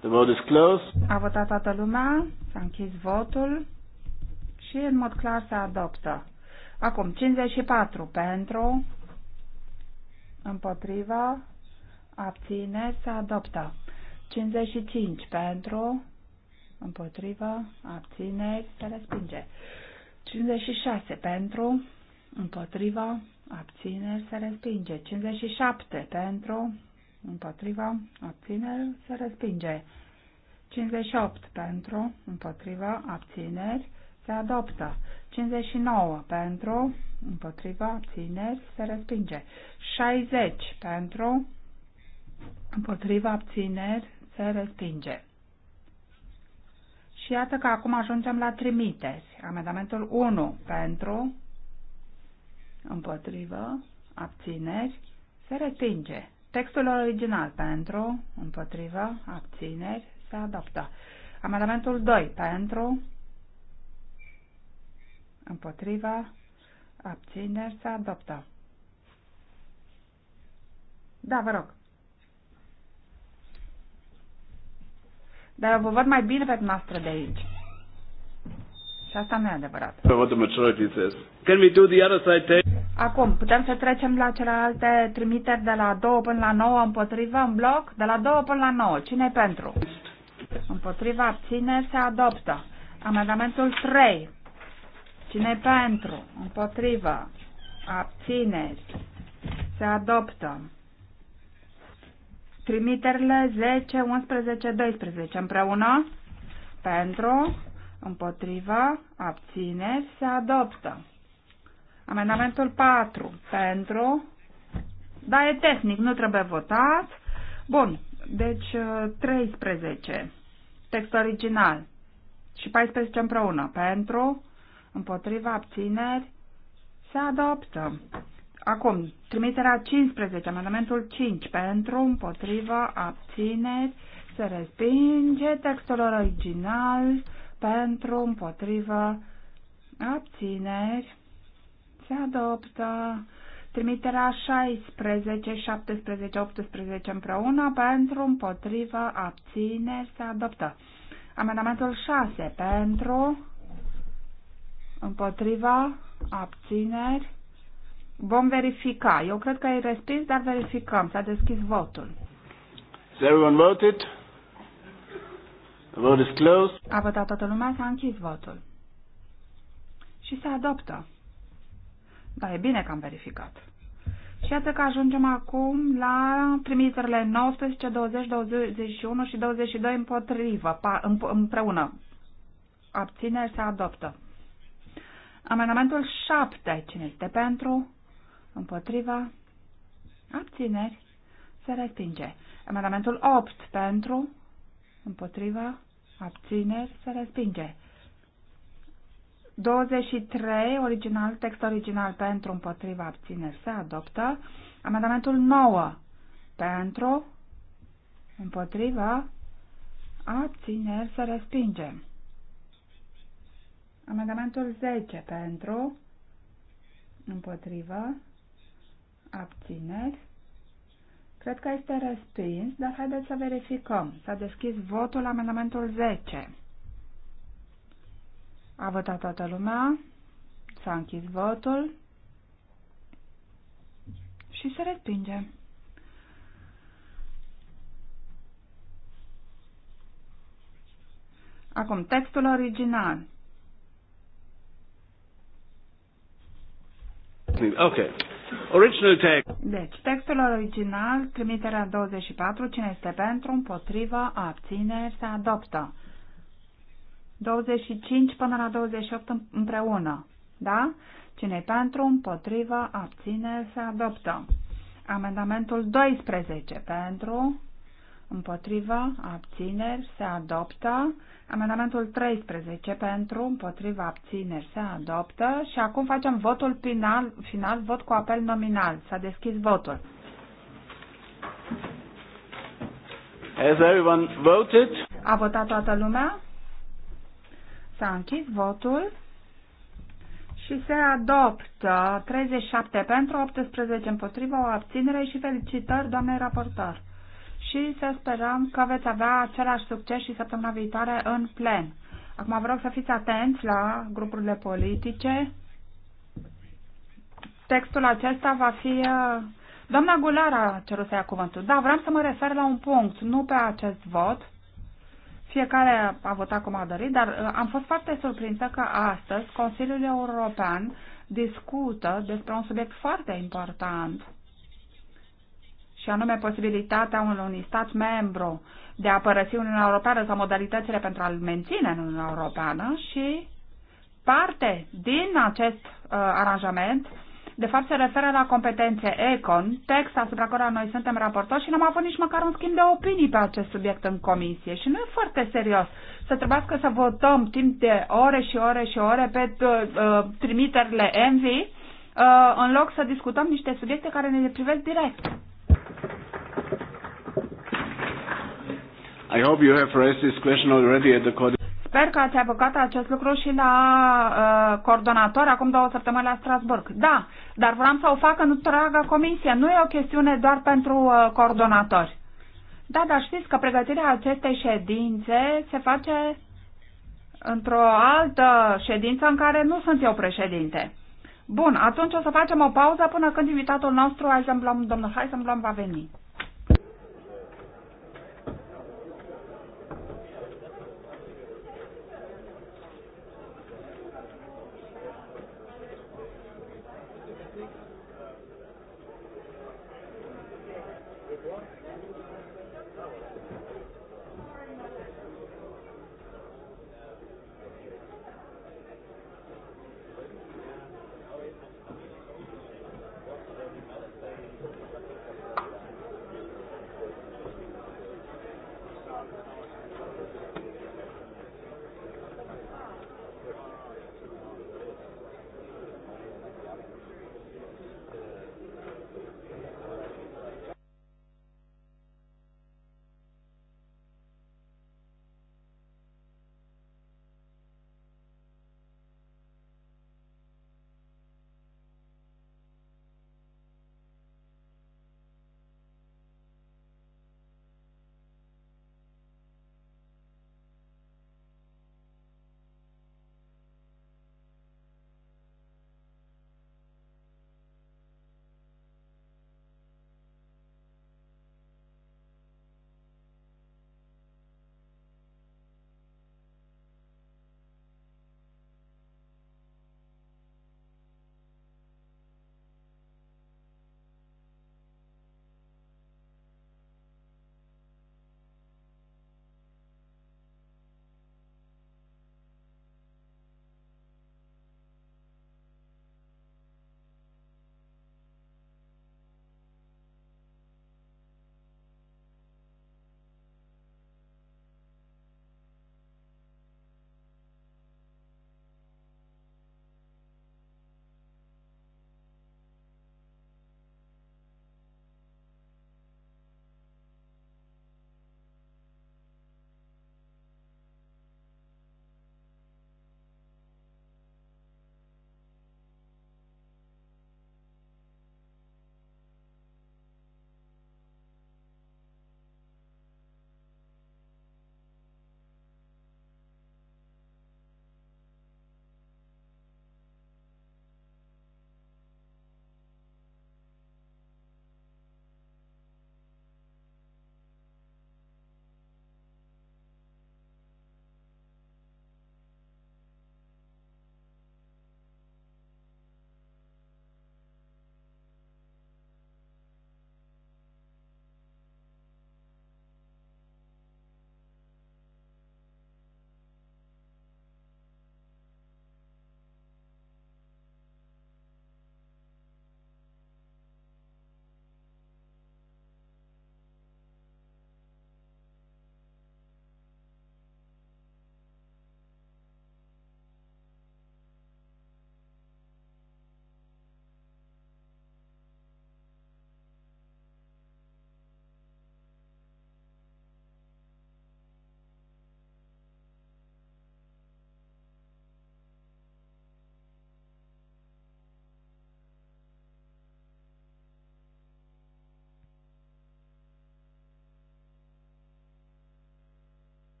The vote is closed. A votat toată lumea, s-a închis votul și în mod clar se adoptă. Acum, 54 pentru, împotriva, abține, se adoptă. 55 pentru, împotriva, abține, se respinge. 56 pentru, împotriva, abține, se respinge. 57 pentru, împotriva, abține, se respinge. 58 pentru, împotriva, abțineri, se adoptă. 59 pentru, împotriva, abțineri, se respinge. 60 pentru, împotriva, abțineri, se respinge. Și iată că acum ajungem la trimiteri. Amendamentul 1 pentru, împotrivă, abțineri, se respinge. Textul original pentru, împotrivă, abțineri, se adoptă. Amendamentul 2 pentru, împotriva, abțineri, se adoptă. Da, vă rog. Dar eu vă văd mai bine pe noastră de aici. Și asta nu e adevărat. Can we do the other side eh? Acum, putem să trecem la celelalte trimiteri de la 2 până la 9 împotriva în bloc? De la 2 până la 9. cine pentru? Împotriva abțineri se adoptă. Amendamentul 3. Cine pentru? împotrivă, abțineți, Se adoptă. Trimiterile 10, 11, 12 împreună. Pentru, împotrivă, abțineți, se adoptă. Amendamentul 4. Pentru. Da, e tehnic, nu trebuie votat. Bun. Deci 13. Uh, Text original. Și 14 împreună. Pentru împotriva abțineri, se adoptă. Acum, trimiterea 15, amendamentul 5, pentru, împotriva, abțineri, se respinge textul original, pentru, împotriva, abțineri, se adoptă. Trimiterea 16, 17, 18 împreună, pentru, împotriva, abțineri, se adoptă. Amendamentul 6, pentru, Împotriva? Abțineri? Vom verifica. Eu cred că e respins, dar verificăm. S-a deschis votul. Has everyone voted? The vote is closed. A votat toată lumea, s-a închis votul. Și se adoptă. Da, e bine că am verificat. Și iată că ajungem acum la trimiterile 19, 20, 21 și 22 împotrivă, împreună. Abțineri se adoptă. Amendamentul 7. Cine este pentru? Împotriva? Abțineri? Se respinge. Amendamentul 8. Pentru? Împotriva? Abțineri? Se respinge. 23. Original, text original pentru împotriva abțineri se adoptă. Amendamentul 9. Pentru? Împotriva? Abțineri se respinge. Amendamentul 10 pentru, împotrivă, abțineri. Cred că este respins, dar haideți să verificăm. S-a deschis votul amendamentul 10. A votat toată lumea, s-a închis votul și se respinge. Acum, textul original Okay. Original text. Deci, textul original, trimiterea 24, cine este pentru, împotriva, abține, se adoptă. 25 până la 28 împreună. Da? cine pentru, împotriva, abține, se adoptă. Amendamentul 12 pentru, împotriva, abțineri, se adoptă. Amendamentul 13 pentru, împotriva, abțineri, se adoptă. Și acum facem votul final, final vot cu apel nominal. S-a deschis votul. Has everyone voted? A votat toată lumea? S-a închis votul și se adoptă 37 pentru, 18 împotriva, o abținere și felicitări, doamnei raportor și să sperăm că veți avea același succes și săptămâna viitoare în plen. Acum vă rog să fiți atenți la grupurile politice. Textul acesta va fi... Uh, doamna Gular a cerut să ia cuvântul. Da, vreau să mă refer la un punct, nu pe acest vot. Fiecare a votat cum a dorit, dar uh, am fost foarte surprinsă că astăzi Consiliul European discută despre un subiect foarte important și anume posibilitatea unui stat membru de a părăsi Uniunea Europeană sau modalitățile pentru a-l menține în Uniunea Europeană și parte din acest uh, aranjament de fapt se referă la competențe ECON, text asupra care noi suntem raportori și n-am avut nici măcar un schimb de opinii pe acest subiect în comisie. Și nu e foarte serios să trebuiască să votăm timp de ore și ore și ore pe uh, uh trimiterile ENVI uh, în loc să discutăm niște subiecte care ne privesc direct. I hope you have raised this question already at the Sper că ați apăcat acest lucru și la uh, coordonator acum două săptămâni la Strasburg. Da, dar vreau să o fac în întreaga comisie. Nu e o chestiune doar pentru uh, coordonatori. Da, dar știți că pregătirea acestei ședințe se face într-o altă ședință în care nu sunt eu președinte. Bun, atunci o să facem o pauză până când invitatul nostru, Heisenblum, domnul Heisenblum, va veni.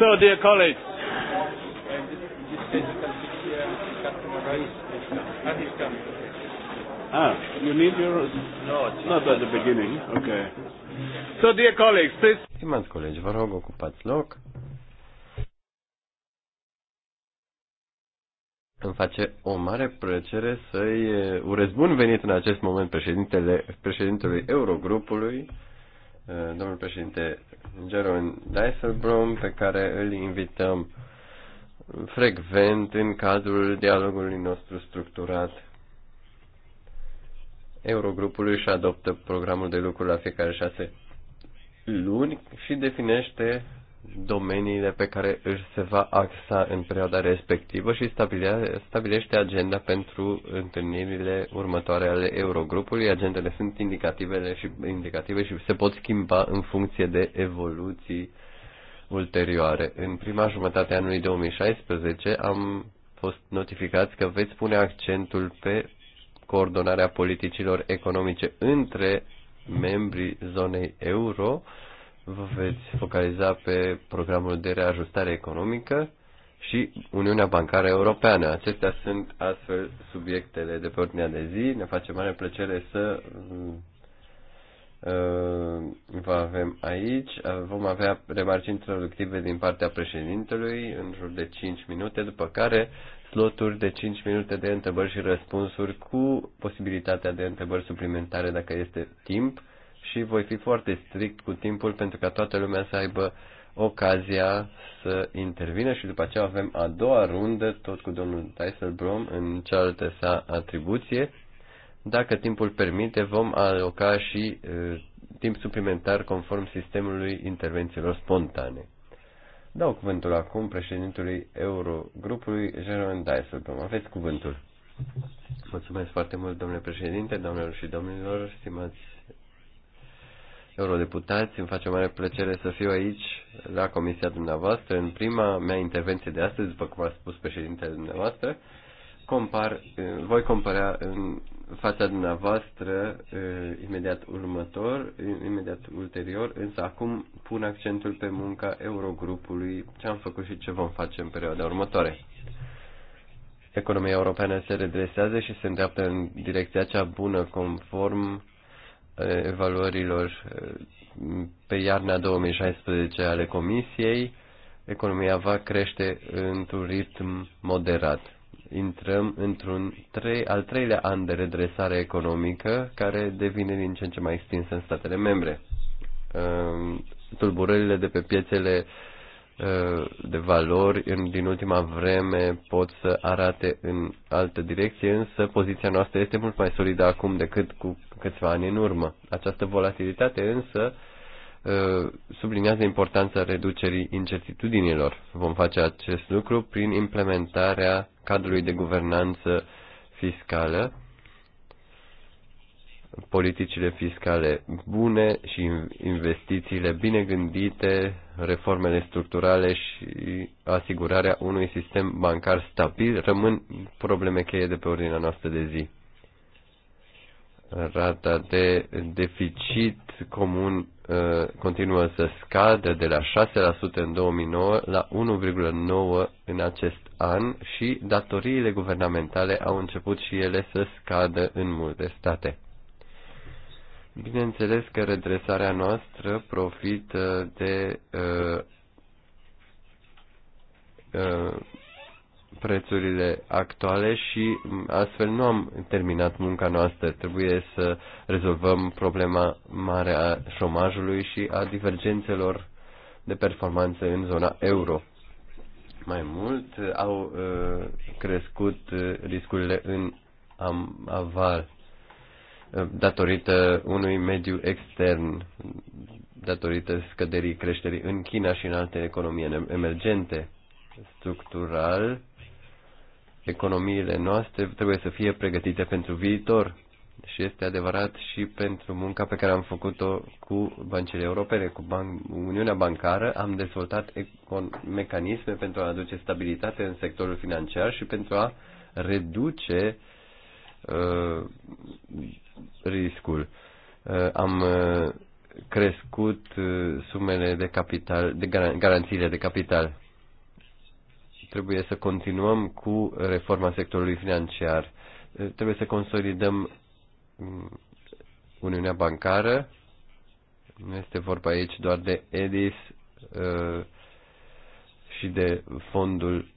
So, dear colleagues. Ah, you need your... No, not at the beginning. Okay. So, dear colleagues, please... Stimați colegi, vă rog, ocupați loc. Îmi face o mare plăcere să-i eh, urez bun venit în acest moment președintele, președintelui Eurogrupului, eh, domnul președinte Jeroen Dijsselbloem, pe care îl invităm frecvent în cadrul dialogului nostru structurat. Eurogrupul își adoptă programul de lucru la fiecare șase luni și definește domeniile pe care își se va axa în perioada respectivă și stabilește agenda pentru întâlnirile următoare ale Eurogrupului. Agendele sunt indicative și, indicative și se pot schimba în funcție de evoluții ulterioare. În prima jumătate a anului 2016 am fost notificați că veți pune accentul pe coordonarea politicilor economice între membrii zonei euro, uh, vă veți focaliza pe programul de reajustare economică și Uniunea Bancară Europeană. Acestea sunt astfel subiectele de pe ordinea de zi. Ne face mare plăcere să uh, vă avem aici. Vom avea remarci introductive din partea președintelui în jur de 5 minute, după care sloturi de 5 minute de întrebări și răspunsuri cu posibilitatea de întrebări suplimentare dacă este timp și voi fi foarte strict cu timpul pentru ca toată lumea să aibă ocazia să intervină și după aceea avem a doua rundă, tot cu domnul Dijsselbrom, în cealaltă sa atribuție. Dacă timpul permite, vom aloca și e, timp suplimentar conform sistemului intervențiilor spontane. Dau cuvântul acum președintului Eurogrupului, Jerome Dijsselbrom. Aveți cuvântul. Mulțumesc foarte mult, domnule președinte, doamnelor și domnilor, stimați eurodeputați, îmi face o mare plăcere să fiu aici la comisia dumneavoastră. În prima mea intervenție de astăzi, după cum a spus președintele dumneavoastră, compar, voi compara în fața dumneavoastră eh, imediat următor, eh, imediat ulterior, însă acum pun accentul pe munca Eurogrupului, ce am făcut și ce vom face în perioada următoare. Economia europeană se redresează și se îndreaptă în direcția cea bună conform evaluărilor pe iarna 2016 ale Comisiei, economia va crește într-un ritm moderat. Intrăm într-un al treilea an de redresare economică, care devine din ce în ce mai extinsă în statele membre. Ehm, tulburările de pe piețele uh, de valori în, din ultima vreme pot să arate în altă direcție, însă poziția noastră este mult mai solidă acum decât cu câțiva ani în urmă. Această volatilitate însă uh, sublinează importanța reducerii incertitudinilor. Vom face acest lucru prin implementarea cadrului de guvernanță fiscală politicile fiscale bune și investițiile bine gândite, reformele structurale și asigurarea unui sistem bancar stabil rămân probleme cheie de pe ordinea noastră de zi. Rata de deficit comun uh, continuă să scadă de la 6% în 2009 la 1,9% în acest an și datoriile guvernamentale au început și ele să scadă în multe state. Bineînțeles că redresarea noastră profită de uh, uh, prețurile actuale și astfel nu am terminat munca noastră. Trebuie să rezolvăm problema mare a șomajului și a divergențelor de performanță în zona euro. Mai mult au uh, crescut uh, riscurile în am aval datorită unui mediu extern, datorită scăderii creșterii în China și în alte economii emergente. Structural, economiile noastre trebuie să fie pregătite pentru viitor și este adevărat și pentru munca pe care am făcut-o cu băncile europene, cu ban- Uniunea Bancară, am dezvoltat mecanisme pentru a aduce stabilitate în sectorul financiar și pentru a reduce uh, Uh, riscul. Uh, am uh, crescut sumele de capital, de garanțiile de capital. Trebuie să continuăm cu reforma sectorului financiar. trebuie să consolidăm mm, Uniunea Bancară. Nu este vorba aici doar de EDIS și de fondul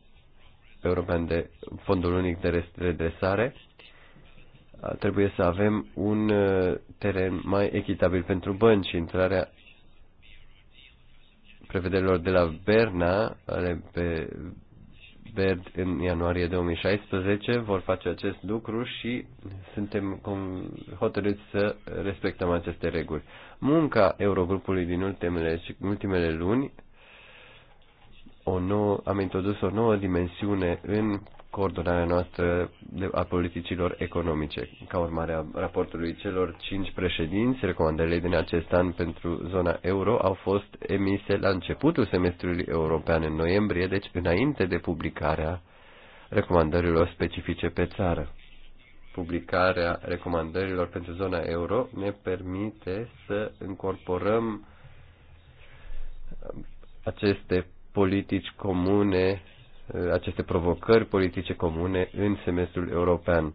european de fondul unic de redresare trebuie să avem un uh, teren mai echitabil pentru bănci. Intrarea prevederilor de la Berna, ale pe Berd în ianuarie 2016, vor face acest lucru și suntem hotărâți să respectăm aceste reguli. Munca Eurogrupului din ultimele, ultimele luni o nouă, am introdus o nouă dimensiune în coordonarea noastră a politicilor economice. Ca urmare a raportului celor cinci președinți, recomandările din acest an pentru zona euro au fost emise la începutul semestrului european în noiembrie, deci înainte de publicarea recomandărilor specifice pe țară. Publicarea recomandărilor pentru zona euro ne permite să incorporăm aceste politici comune aceste provocări politice comune în semestrul european.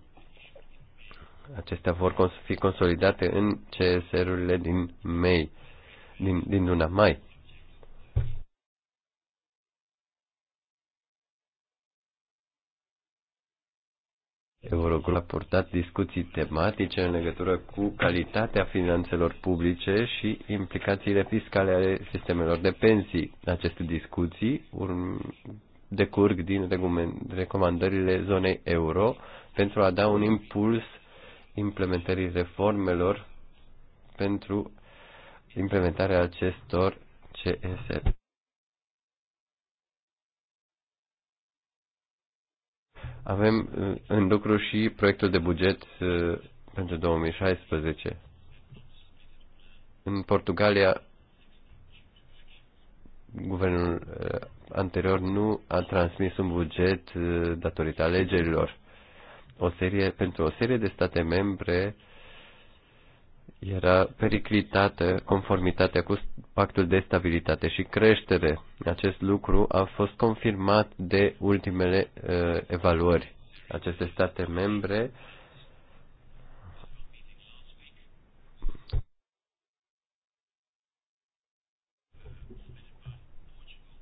Acestea vor fi consolidate în CSR-urile din mai, din, din luna mai. Eurogrup a purtat discuții tematice în legătură cu calitatea finanțelor publice și implicațiile fiscale ale sistemelor de pensii. Aceste discuții decurg din recomandările zonei euro pentru a da un impuls implementării reformelor pentru implementarea acestor CSR. Avem uh, în lucru și proiectul de buget uh, pentru 2016. În Portugalia, guvernul uh, anterior nu a transmis un buget uh, datorită alegerilor. O serie, pentru o serie de state membre era periclitată conformitatea cu pactul de stabilitate și creștere. Acest lucru a fost confirmat de ultimele uh, evaluări. Aceste state membre uh,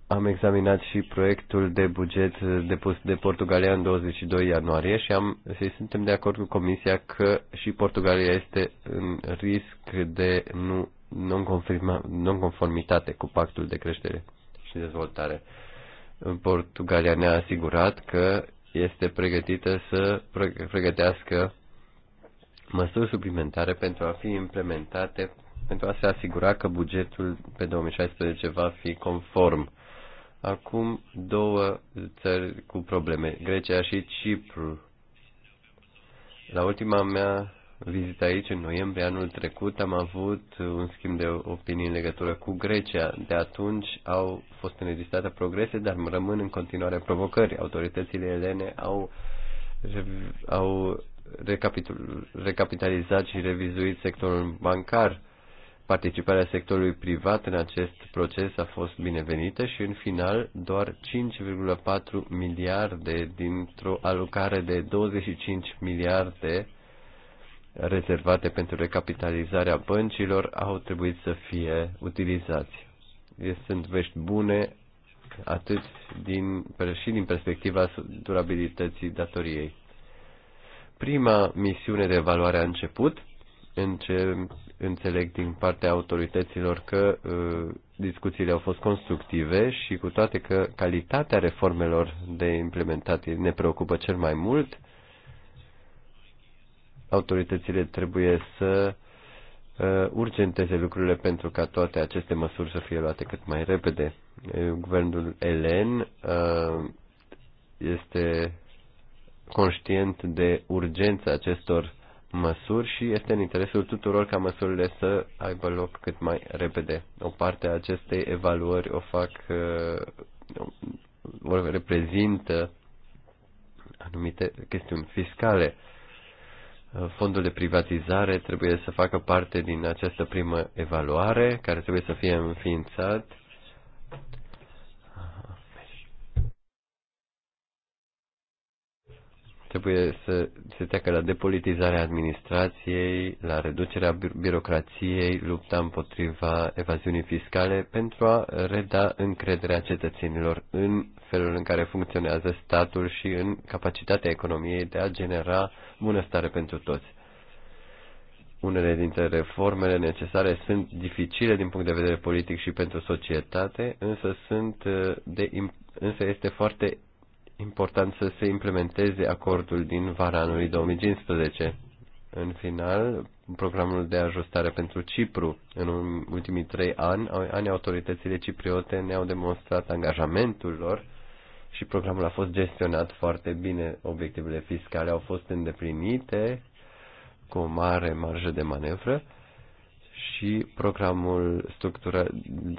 Am examinat și proiectul de buget depus de Portugalia în 22 ianuarie și, am, și suntem de acord cu Comisia că și Portugalia este în risc de nu, non-conformitate cu pactul de creștere și dezvoltare. Portugalia ne-a asigurat că este pregătită să pregătească măsuri suplimentare pentru a fi implementate, pentru a se asigura că bugetul pe 2016 va fi conform Acum două țări cu probleme, Grecia și Cipru. La ultima mea vizită aici, în noiembrie anul trecut, am avut un schimb de opinii în legătură cu Grecia. De atunci au fost înregistrate progrese, dar rămân în continuare provocări. Autoritățile elene au, au recapitul, recapitalizat și revizuit sectorul bancar. Participarea sectorului privat în acest proces a fost binevenită și, în final, doar 5,4 miliarde dintr-o alocare de 25 miliarde rezervate pentru recapitalizarea băncilor au trebuit să fie utilizați. Sunt vești bune atât din, și din perspectiva durabilității datoriei. Prima misiune de evaluare a început în ce înțeleg din partea autorităților că uh, discuțiile au fost constructive și cu toate că calitatea reformelor de implementat ne preocupă cel mai mult, autoritățile trebuie să uh, urgenteze lucrurile pentru ca toate aceste măsuri să fie luate cât mai repede. Guvernul Elen uh, este conștient de urgența acestor măsuri și este în interesul tuturor ca măsurile să aibă loc cât mai repede. O parte a acestei evaluări o fac, uh, o reprezintă anumite chestiuni fiscale. Fondul de privatizare trebuie să facă parte din această primă evaluare, care trebuie să fie înființat Trebuie să se treacă la depolitizarea administrației, la reducerea birocrației, lupta împotriva evaziunii fiscale pentru a reda încrederea cetățenilor în felul în care funcționează statul și în capacitatea economiei de a genera bunăstare pentru toți. Unele dintre reformele necesare sunt dificile din punct de vedere politic și pentru societate, însă, sunt uh, de, însă este foarte important să se implementeze acordul din vara anului 2015. În final, programul de ajustare pentru Cipru. În ultimii trei ani, ani autoritățile cipriote ne-au demonstrat angajamentul lor și programul a fost gestionat foarte bine. Obiectivele fiscale au fost îndeplinite cu o mare marjă de manevră și programul structura,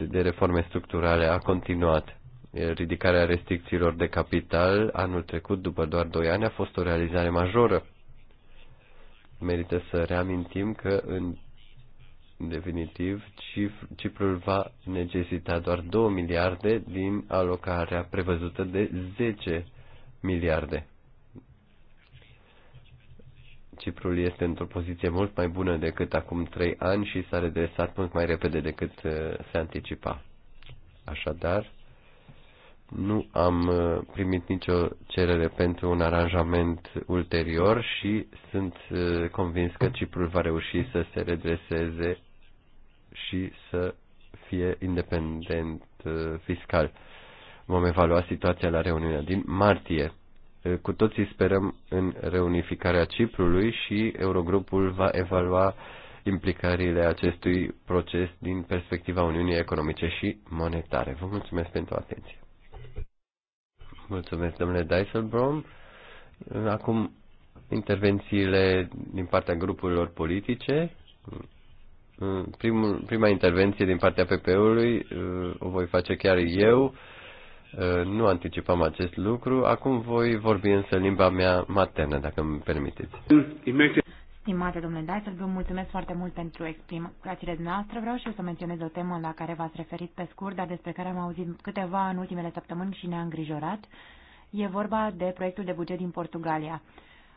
de reforme structurale a continuat. Ridicarea restricțiilor de capital anul trecut, după doar 2 ani, a fost o realizare majoră. Merită să reamintim că, în definitiv, Ciprul va necesita doar 2 miliarde din alocarea prevăzută de 10 miliarde. Ciprul este într-o poziție mult mai bună decât acum trei ani și s-a redresat mult mai repede decât uh, se anticipa. Așadar, nu am uh, primit nicio cerere pentru un aranjament ulterior și sunt uh, convins că Ciprul va reuși să se redreseze și să fie independent uh, fiscal. Vom evalua situația la reuniunea din martie. Cu toții sperăm în reunificarea Ciprului și Eurogrupul va evalua implicările acestui proces din perspectiva Uniunii Economice și Monetare. Vă mulțumesc pentru atenție. Mulțumesc, domnule Dijsselbrom. Acum intervențiile din partea grupurilor politice. Primul, prima intervenție din partea PP-ului uh, o voi face chiar eu. Uh, nu anticipam acest lucru. Acum voi vorbi însă limba mea maternă, dacă îmi permiteți. Stimate domnule Dysel, vă mulțumesc foarte mult pentru explicațiile noastre. Vreau și eu să menționez o temă la care v-ați referit pe scurt, dar despre care am auzit câteva în ultimele săptămâni și ne-a îngrijorat. E vorba de proiectul de buget din Portugalia.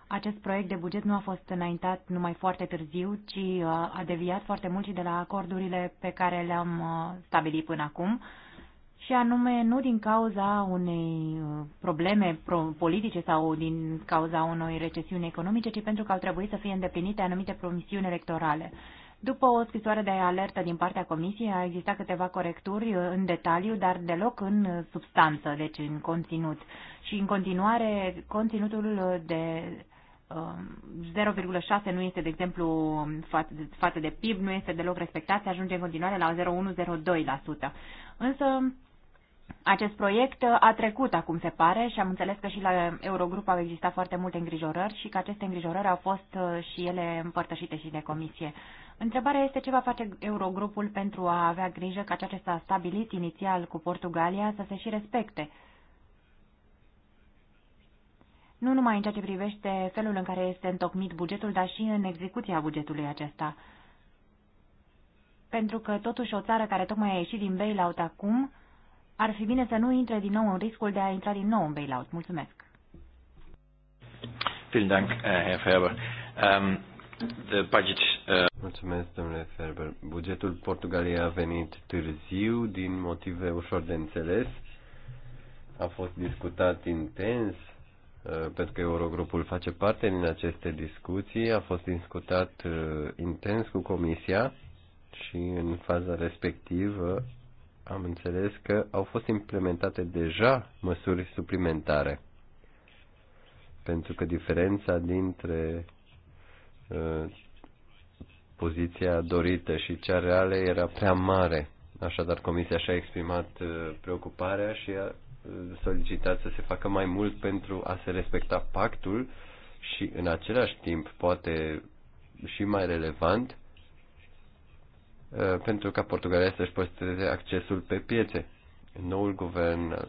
Acest proiect de buget nu a fost înaintat numai foarte târziu, ci uh, a deviat foarte mult și de la acordurile pe care le-am uh, stabilit până acum și anume nu din cauza unei uh, probleme politice sau din cauza unei recesiuni economice, ci pentru că au trebuit să fie îndeplinite anumite promisiuni electorale. După o scrisoare de alertă din partea Comisiei, a existat câteva corecturi uh, în detaliu, dar deloc în uh, substanță, deci în conținut. Și în continuare, conținutul de 0,6 um, nu este, de exemplu, față de PIB, nu este deloc respectat, se ajunge în continuare la 0,1-0,2%. Însă, acest proiect uh, a trecut, acum se pare, și am înțeles că și la Eurogrup au existat foarte multe îngrijorări și că aceste îngrijorări au fost uh, și ele împărtășite și de comisie. Întrebarea este ce va face Eurogrupul pentru a avea grijă că ceea ce s-a stabilit inițial cu Portugalia să se și respecte. Nu numai în ceea ce privește felul în care este întocmit bugetul, dar și în execuția bugetului acesta. Pentru că, totuși, o țară care tocmai a ieșit din bailout acum ar fi bine să nu intre din nou în riscul de a intra din nou în bailout. Mulțumesc. Uh, um, uh, Mulțumesc, domnule Ferber. Bugetul Portugaliei a venit târziu din motive ușor de înțeles. A fost discutat intens uh, pentru că Eurogrupul face parte din aceste discuții, a fost discutat intens cu Comisia și în faza respectivă am înțeles că au fost implementate deja măsuri suplimentare. Pentru că diferența dintre uh, poziția dorită și cea reală era prea mare. Așadar, Comisia și-a exprimat uh, preocuparea și a uh, solicitat să se facă mai mult pentru a se respecta pactul și, în același timp, poate și mai relevant, uh, Uh, pentru ca Portugalia să-și păstreze accesul pe piețe. Noul guvern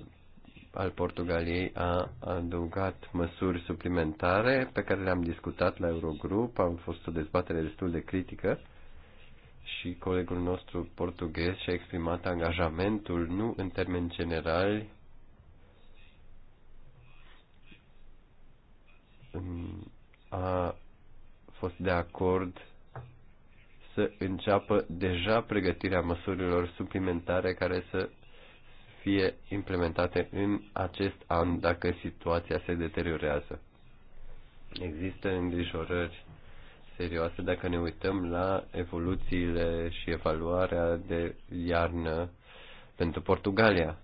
al Portugaliei a adăugat măsuri suplimentare pe care le-am discutat la Eurogrup, am fost o dezbatere destul de critică și colegul nostru portughez și-a exprimat angajamentul, nu în termeni generali, a fost de acord să înceapă deja pregătirea măsurilor suplimentare care să fie implementate în acest an dacă situația se deteriorează. Există îngrijorări serioase dacă ne uităm la evoluțiile și evaluarea de iarnă pentru Portugalia.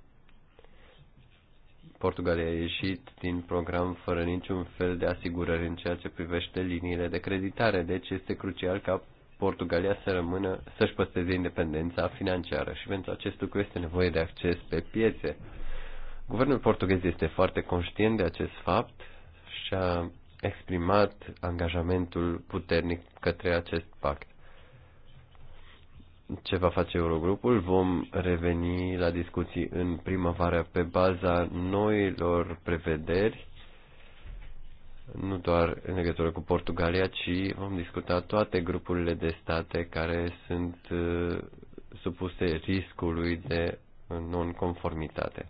Portugalia a ieșit din program fără niciun fel de asigurări în ceea ce privește liniile de creditare, deci este crucial ca Portugalia să rămână, să-și păstreze independența financiară și pentru acest lucru este nevoie de acces pe piețe. Guvernul portughez este foarte conștient de acest fapt și a exprimat angajamentul puternic către acest pact. Ce va face Eurogrupul? Vom reveni la discuții în primăvară pe baza noilor prevederi nu doar în legătură cu Portugalia, ci vom discuta toate grupurile de state care sunt uh, supuse riscului de nonconformitate.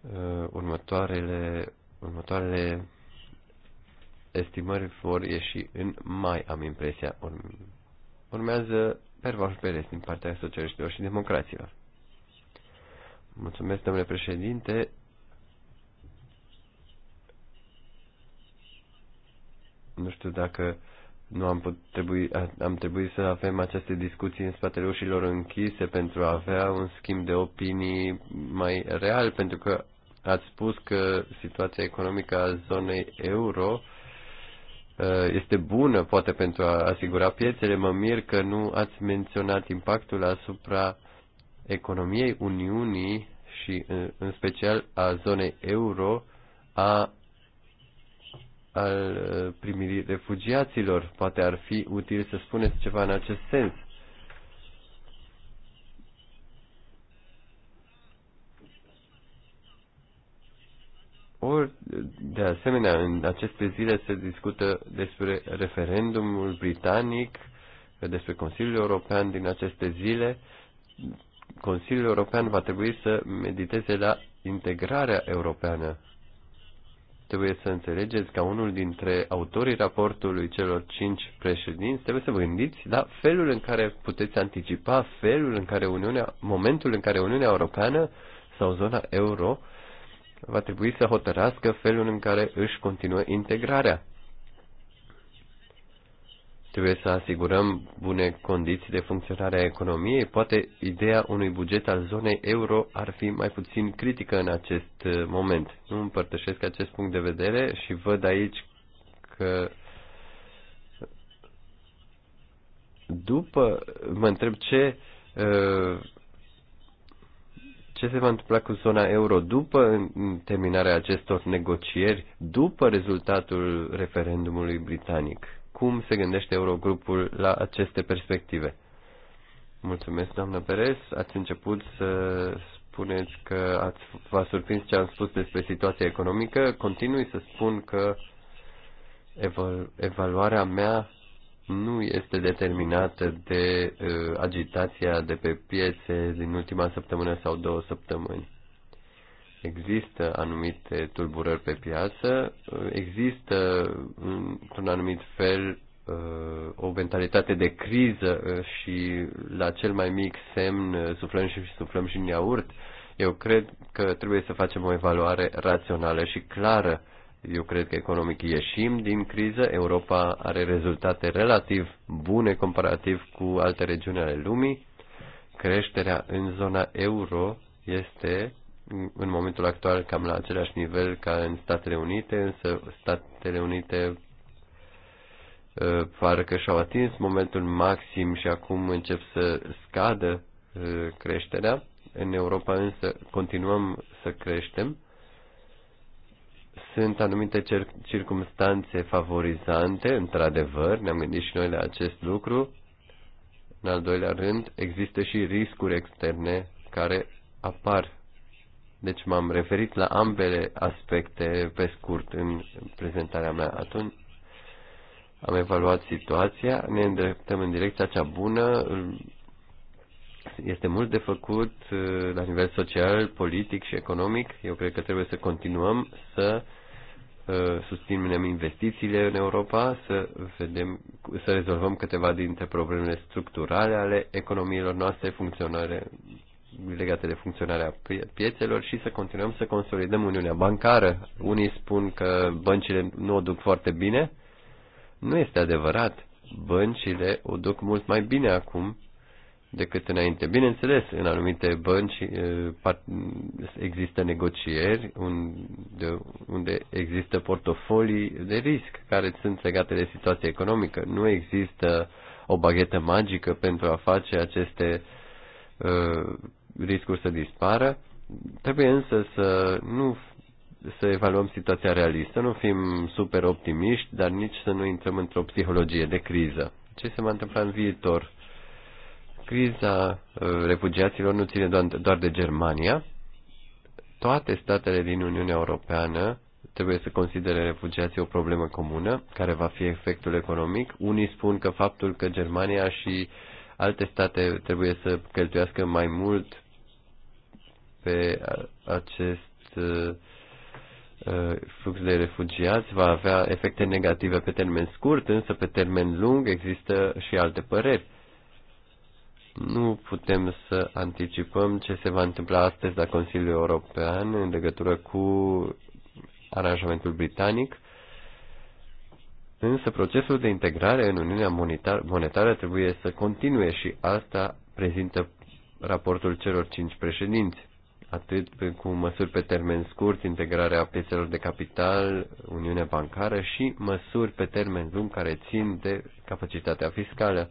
Uh, următoarele, următoarele estimări vor ieși în mai, am impresia. Urmează Pervaș din partea socialiștilor și democraților. Mulțumesc, domnule președinte. Nu știu dacă nu am, put, trebui, am trebuit să avem aceste discuții în spatele ușilor închise pentru a avea un schimb de opinii mai real, pentru că ați spus că situația economică a zonei euro este bună, poate pentru a asigura piețele. Mă mir că nu ați menționat impactul asupra economiei Uniunii și în special a zonei euro a al uh, primirii refugiaților. Poate ar fi util să spuneți ceva în acest sens. Ori, de asemenea, în aceste zile se discută despre referendumul britanic, despre Consiliul European din aceste zile. Consiliul European va trebui să mediteze la integrarea europeană Trebuie să înțelegeți ca unul dintre autorii raportului celor cinci președinți, trebuie să vă gândiți la felul în care puteți anticipa felul în care Uniunea, momentul în care Uniunea Europeană sau zona euro va trebui să hotărască felul în care își continuă integrarea Trebuie să asigurăm bune condiții de funcționare a economiei. Poate ideea unui buget al zonei euro ar fi mai puțin critică în acest uh, moment. Nu împărtășesc acest punct de vedere și văd aici că după mă întreb ce uh, ce se va întâmpla cu zona euro după terminarea acestor negocieri, după rezultatul referendumului britanic cum se gândește Eurogrupul la aceste perspective. Mulțumesc, doamnă Perez. Ați început să spuneți că ați, v-a surprins ce am spus despre situația economică. Continui să spun că evaluarea mea nu este determinată de uh, agitația de pe piețe din ultima săptămână sau două săptămâni există anumite tulburări pe piață, există într-un anumit fel uh, o mentalitate de criză uh, și la cel mai mic semn uh, suflăm și suflăm și în iaurt, eu cred că trebuie să facem o evaluare rațională și clară. Eu cred că economic ieșim din criză, Europa are rezultate relativ bune comparativ cu alte regiuni ale lumii, creșterea în zona euro este în momentul actual cam la același nivel ca în Statele Unite, însă Statele Unite ă, pare că și-au atins momentul maxim și acum încep să scadă ă, creșterea. În Europa însă continuăm să creștem. Sunt anumite circumstanțe favorizante, într-adevăr, ne-am gândit și noi la acest lucru. În al doilea rând, există și riscuri externe care apar deci m-am referit la ambele aspecte pe scurt în prezentarea mea. Atunci am evaluat situația, ne îndreptăm în direcția cea bună, este mult de făcut uh, la nivel social, politic și economic. Eu cred că trebuie să continuăm să uh, susținem investițiile în Europa, să vedem, să rezolvăm câteva dintre problemele structurale ale economiilor noastre, funcționare, legate de funcționarea piețelor și să continuăm să consolidăm Uniunea Bancară. Unii spun că băncile nu o duc foarte bine. Nu este adevărat. Băncile o duc mult mai bine acum decât înainte. Bineînțeles, în anumite bănci există negocieri unde, există portofolii de risc care sunt legate de situația economică. Nu există o baghetă magică pentru a face aceste riscul să dispară. Trebuie însă să nu să evaluăm situația realistă, nu fim super optimiști, dar nici să nu intrăm într-o psihologie de criză. Ce se va întâmpla în viitor? Criza uh, refugiaților nu ține doar de Germania. Toate statele din Uniunea Europeană trebuie să considere refugiații o problemă comună, care va fi efectul economic. Unii spun că faptul că Germania și alte state trebuie să cheltuiască mai mult pe acest uh, uh, flux de refugiați va avea efecte negative pe termen scurt, însă pe termen lung există și alte păreri. Nu putem să anticipăm ce se va întâmpla astăzi la Consiliul European în legătură cu aranjamentul britanic, însă procesul de integrare în Uniunea Monetară trebuie să continue și asta prezintă raportul celor cinci președinți atât cu măsuri pe termen scurt, integrarea piețelor de capital, uniunea bancară și măsuri pe termen lung care țin de capacitatea fiscală.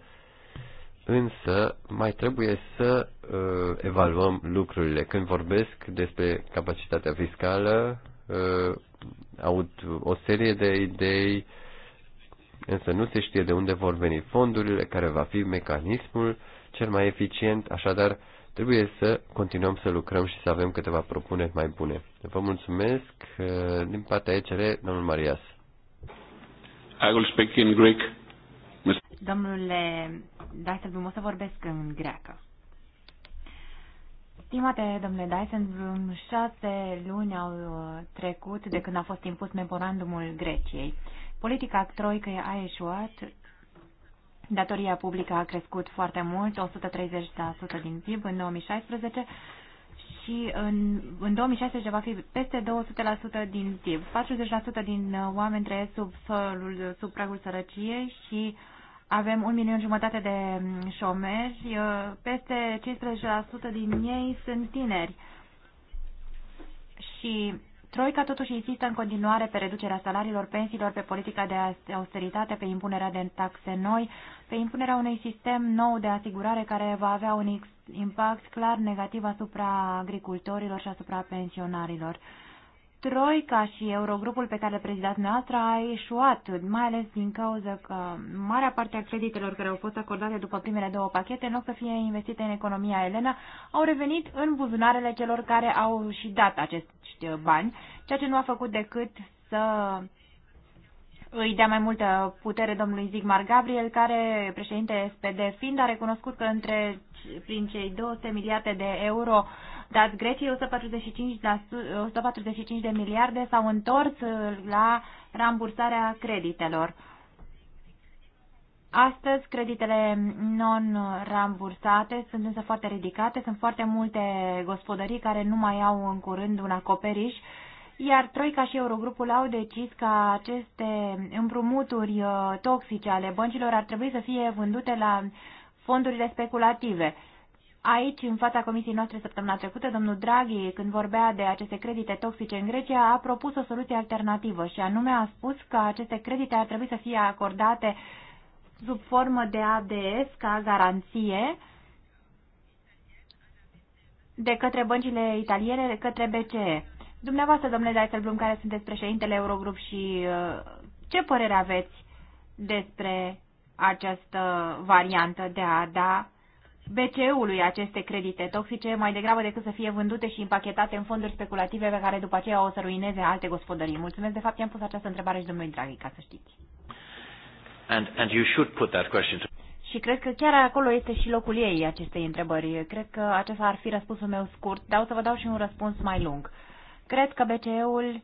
Însă mai trebuie să uh, evaluăm lucrurile. Când vorbesc despre capacitatea fiscală, uh, aud o serie de idei, însă nu se știe de unde vor veni fondurile, care va fi mecanismul cel mai eficient, așadar uh, Trebuie să continuăm să lucrăm și să avem câteva propuneri mai bune. Vă mulțumesc uh, din partea ECR, domnul Marias. I will speak in Greek. Domnule Dyson, o să vorbesc în greacă. Stimate domnule Dyson, în șase luni au uh, trecut de când a fost impus memorandumul Greciei. Politica troică a eșuat, Datoria publică a crescut foarte mult, 130% din PIB în 2016 și în, în 2016 va fi peste 200% din PIB. 40% din uh, oameni trăiesc sub, solul, sub pragul sărăciei și avem un milion jumătate de mm, șomeri, uh, peste 15% din ei sunt tineri. Și Troica totuși insistă în continuare pe reducerea salariilor, pensiilor, pe politica de austeritate, pe impunerea de taxe noi, pe impunerea unui sistem nou de asigurare care va avea un impact clar negativ asupra agricultorilor și asupra pensionarilor. Troica și Eurogrupul pe care le prezidați noastră a eșuat, mai ales din cauza că marea parte a creditelor care au fost acordate după primele două pachete, în loc să fie investite în economia elena, au revenit în buzunarele celor care au și dat acești bani, ceea ce nu a făcut decât să îi dea mai multă putere domnului Zigmar Gabriel, care, președinte SPD fiind, a recunoscut că între prin cei 200 miliarde de euro uh, dați Greciei 145, la, 145 de miliarde s-au întors uh, la rambursarea creditelor. Astăzi, creditele non-rambursate sunt însă foarte ridicate, sunt foarte multe gospodării care nu mai au în curând un acoperiș, iar Troica și Eurogrupul au decis că aceste împrumuturi uh, toxice ale băncilor ar trebui să fie vândute la fondurile speculative. Aici, în fața comisiei noastre săptămâna trecută, domnul Draghi, când vorbea de aceste credite toxice în Grecia, a propus o soluție alternativă și anume a spus că aceste credite ar trebui să fie acordate sub formă de ADS ca garanție de către băncile italiene, de către BCE. Dumneavoastră, domnule blum care sunteți președintele Eurogrup și uh, ce părere aveți despre această variantă de a da BCE-ului aceste credite toxice mai degrabă decât să fie vândute și împachetate în fonduri speculative pe care după aceea o să ruineze alte gospodării. Mulțumesc, de fapt, i-am pus această întrebare și domnului Draghi, ca să știți. And, and you should put that question to... Și cred că chiar acolo este și locul ei acestei întrebări. Cred că acesta ar fi răspunsul meu scurt, dar o să vă dau și un răspuns mai lung. Cred că BCE-ul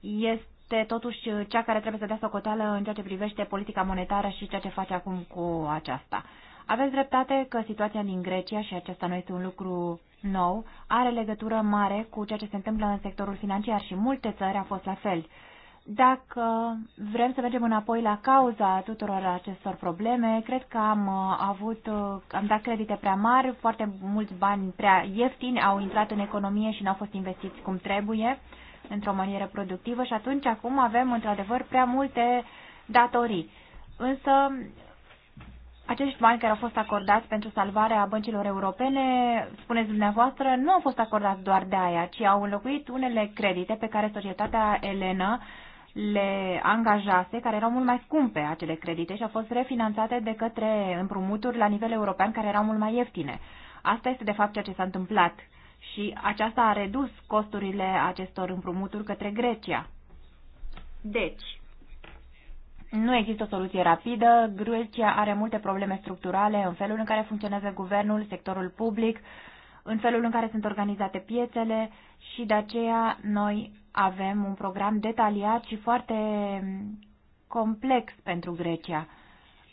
este totuși cea care trebuie să dea socoteală în ceea ce privește politica monetară și ceea ce face acum cu aceasta. Aveți dreptate că situația din Grecia, și acesta nu este un lucru nou, are legătură mare cu ceea ce se întâmplă în sectorul financiar și multe țări au fost la fel. Dacă vrem să mergem înapoi la cauza tuturor acestor probleme, cred că am uh, avut, uh, am dat credite prea mari, foarte mulți bani prea ieftini au intrat în economie și n-au fost investiți cum trebuie, într-o manieră productivă și atunci acum avem într-adevăr prea multe datorii. Însă acești bani care au fost acordați pentru salvarea băncilor europene, spuneți dumneavoastră, nu au fost acordați doar de aia, ci au înlocuit unele credite pe care societatea Elena le angajase, care erau mult mai scumpe acele credite și au fost refinanțate de către împrumuturi la nivel european care erau mult mai ieftine. Asta este de fapt ceea ce s-a întâmplat și aceasta a redus costurile acestor împrumuturi către Grecia. Deci, nu există o soluție rapidă. Grecia are multe probleme structurale în felul în care funcționează guvernul, sectorul public, în felul în care sunt organizate piețele și de aceea noi avem un program detaliat și foarte complex pentru Grecia.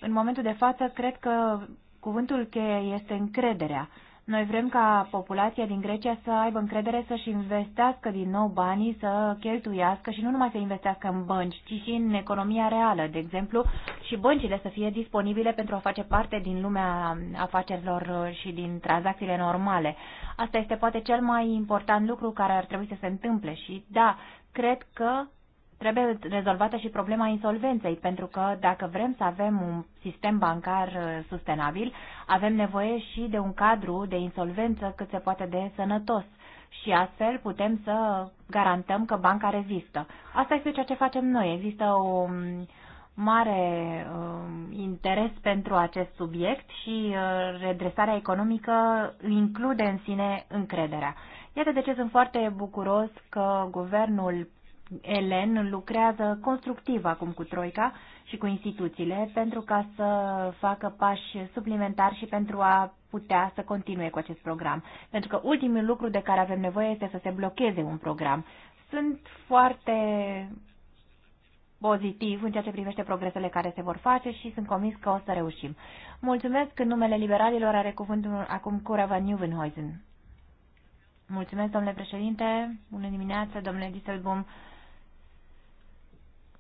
În momentul de față, cred că cuvântul cheie este încrederea. Noi vrem ca populația din Grecia să aibă încredere să-și investească din nou banii, să cheltuiască și nu numai să investească în bănci, ci și în economia reală, de exemplu, și băncile să fie disponibile pentru a face parte din lumea afacerilor și din tranzacțiile normale. Asta este poate cel mai important lucru care ar trebui să se întâmple și da, cred că Trebuie rezolvată și problema insolvenței, pentru că dacă vrem să avem un sistem bancar uh, sustenabil, avem nevoie și de un cadru de insolvență cât se poate de sănătos și astfel putem să garantăm că banca rezistă. Asta este ceea ce facem noi. Există o um, mare uh, interes pentru acest subiect și uh, redresarea economică include în sine încrederea. Iată de ce sunt foarte bucuros că guvernul Elen lucrează constructiv acum cu Troica și cu instituțiile pentru ca să facă pași suplimentari și pentru a putea să continue cu acest program. Pentru că ultimul lucru de care avem nevoie este să se blocheze un program. Sunt foarte pozitiv în ceea ce privește progresele care se vor face și sunt convins că o să reușim. Mulțumesc în numele liberalilor are cuvântul acum Curava Neuvenhuizen. Mulțumesc, domnule președinte. Bună dimineața, domnule Dieselbum.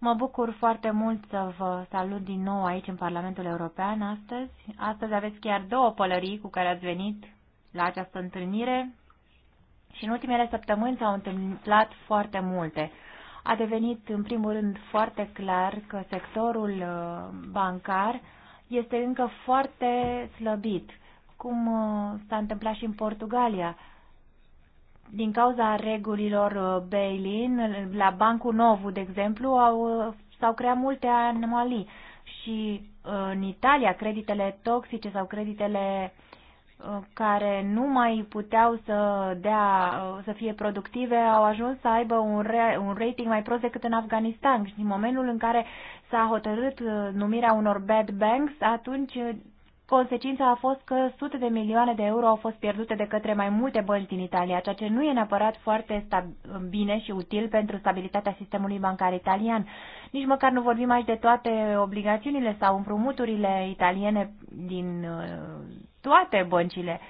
Mă bucur foarte mult să vă salut din nou aici în Parlamentul European astăzi. Astăzi aveți chiar două pălării cu care ați venit la această întâlnire și în ultimele săptămâni s-au întâmplat foarte multe. A devenit în primul rând foarte clar că sectorul uh, bancar este încă foarte slăbit, cum uh, s-a întâmplat și în Portugalia din cauza regulilor uh, bail-in, la Bancul Novu, de exemplu, au, uh, s-au creat multe anomalii și uh, în Italia creditele toxice sau creditele care nu mai puteau să dea, să fie productive, au ajuns să aibă un, re, un rating mai prost decât în Afganistan. Și în momentul în care s-a hotărât numirea unor bad banks, atunci Consecința a fost că sute de milioane de euro au fost pierdute de către mai multe bănci din Italia, ceea ce nu e neapărat foarte bine și util pentru stabilitatea sistemului bancar italian. Nici măcar nu vorbim aici de toate obligațiunile sau împrumuturile italiene din uh, toate băncile. Uh,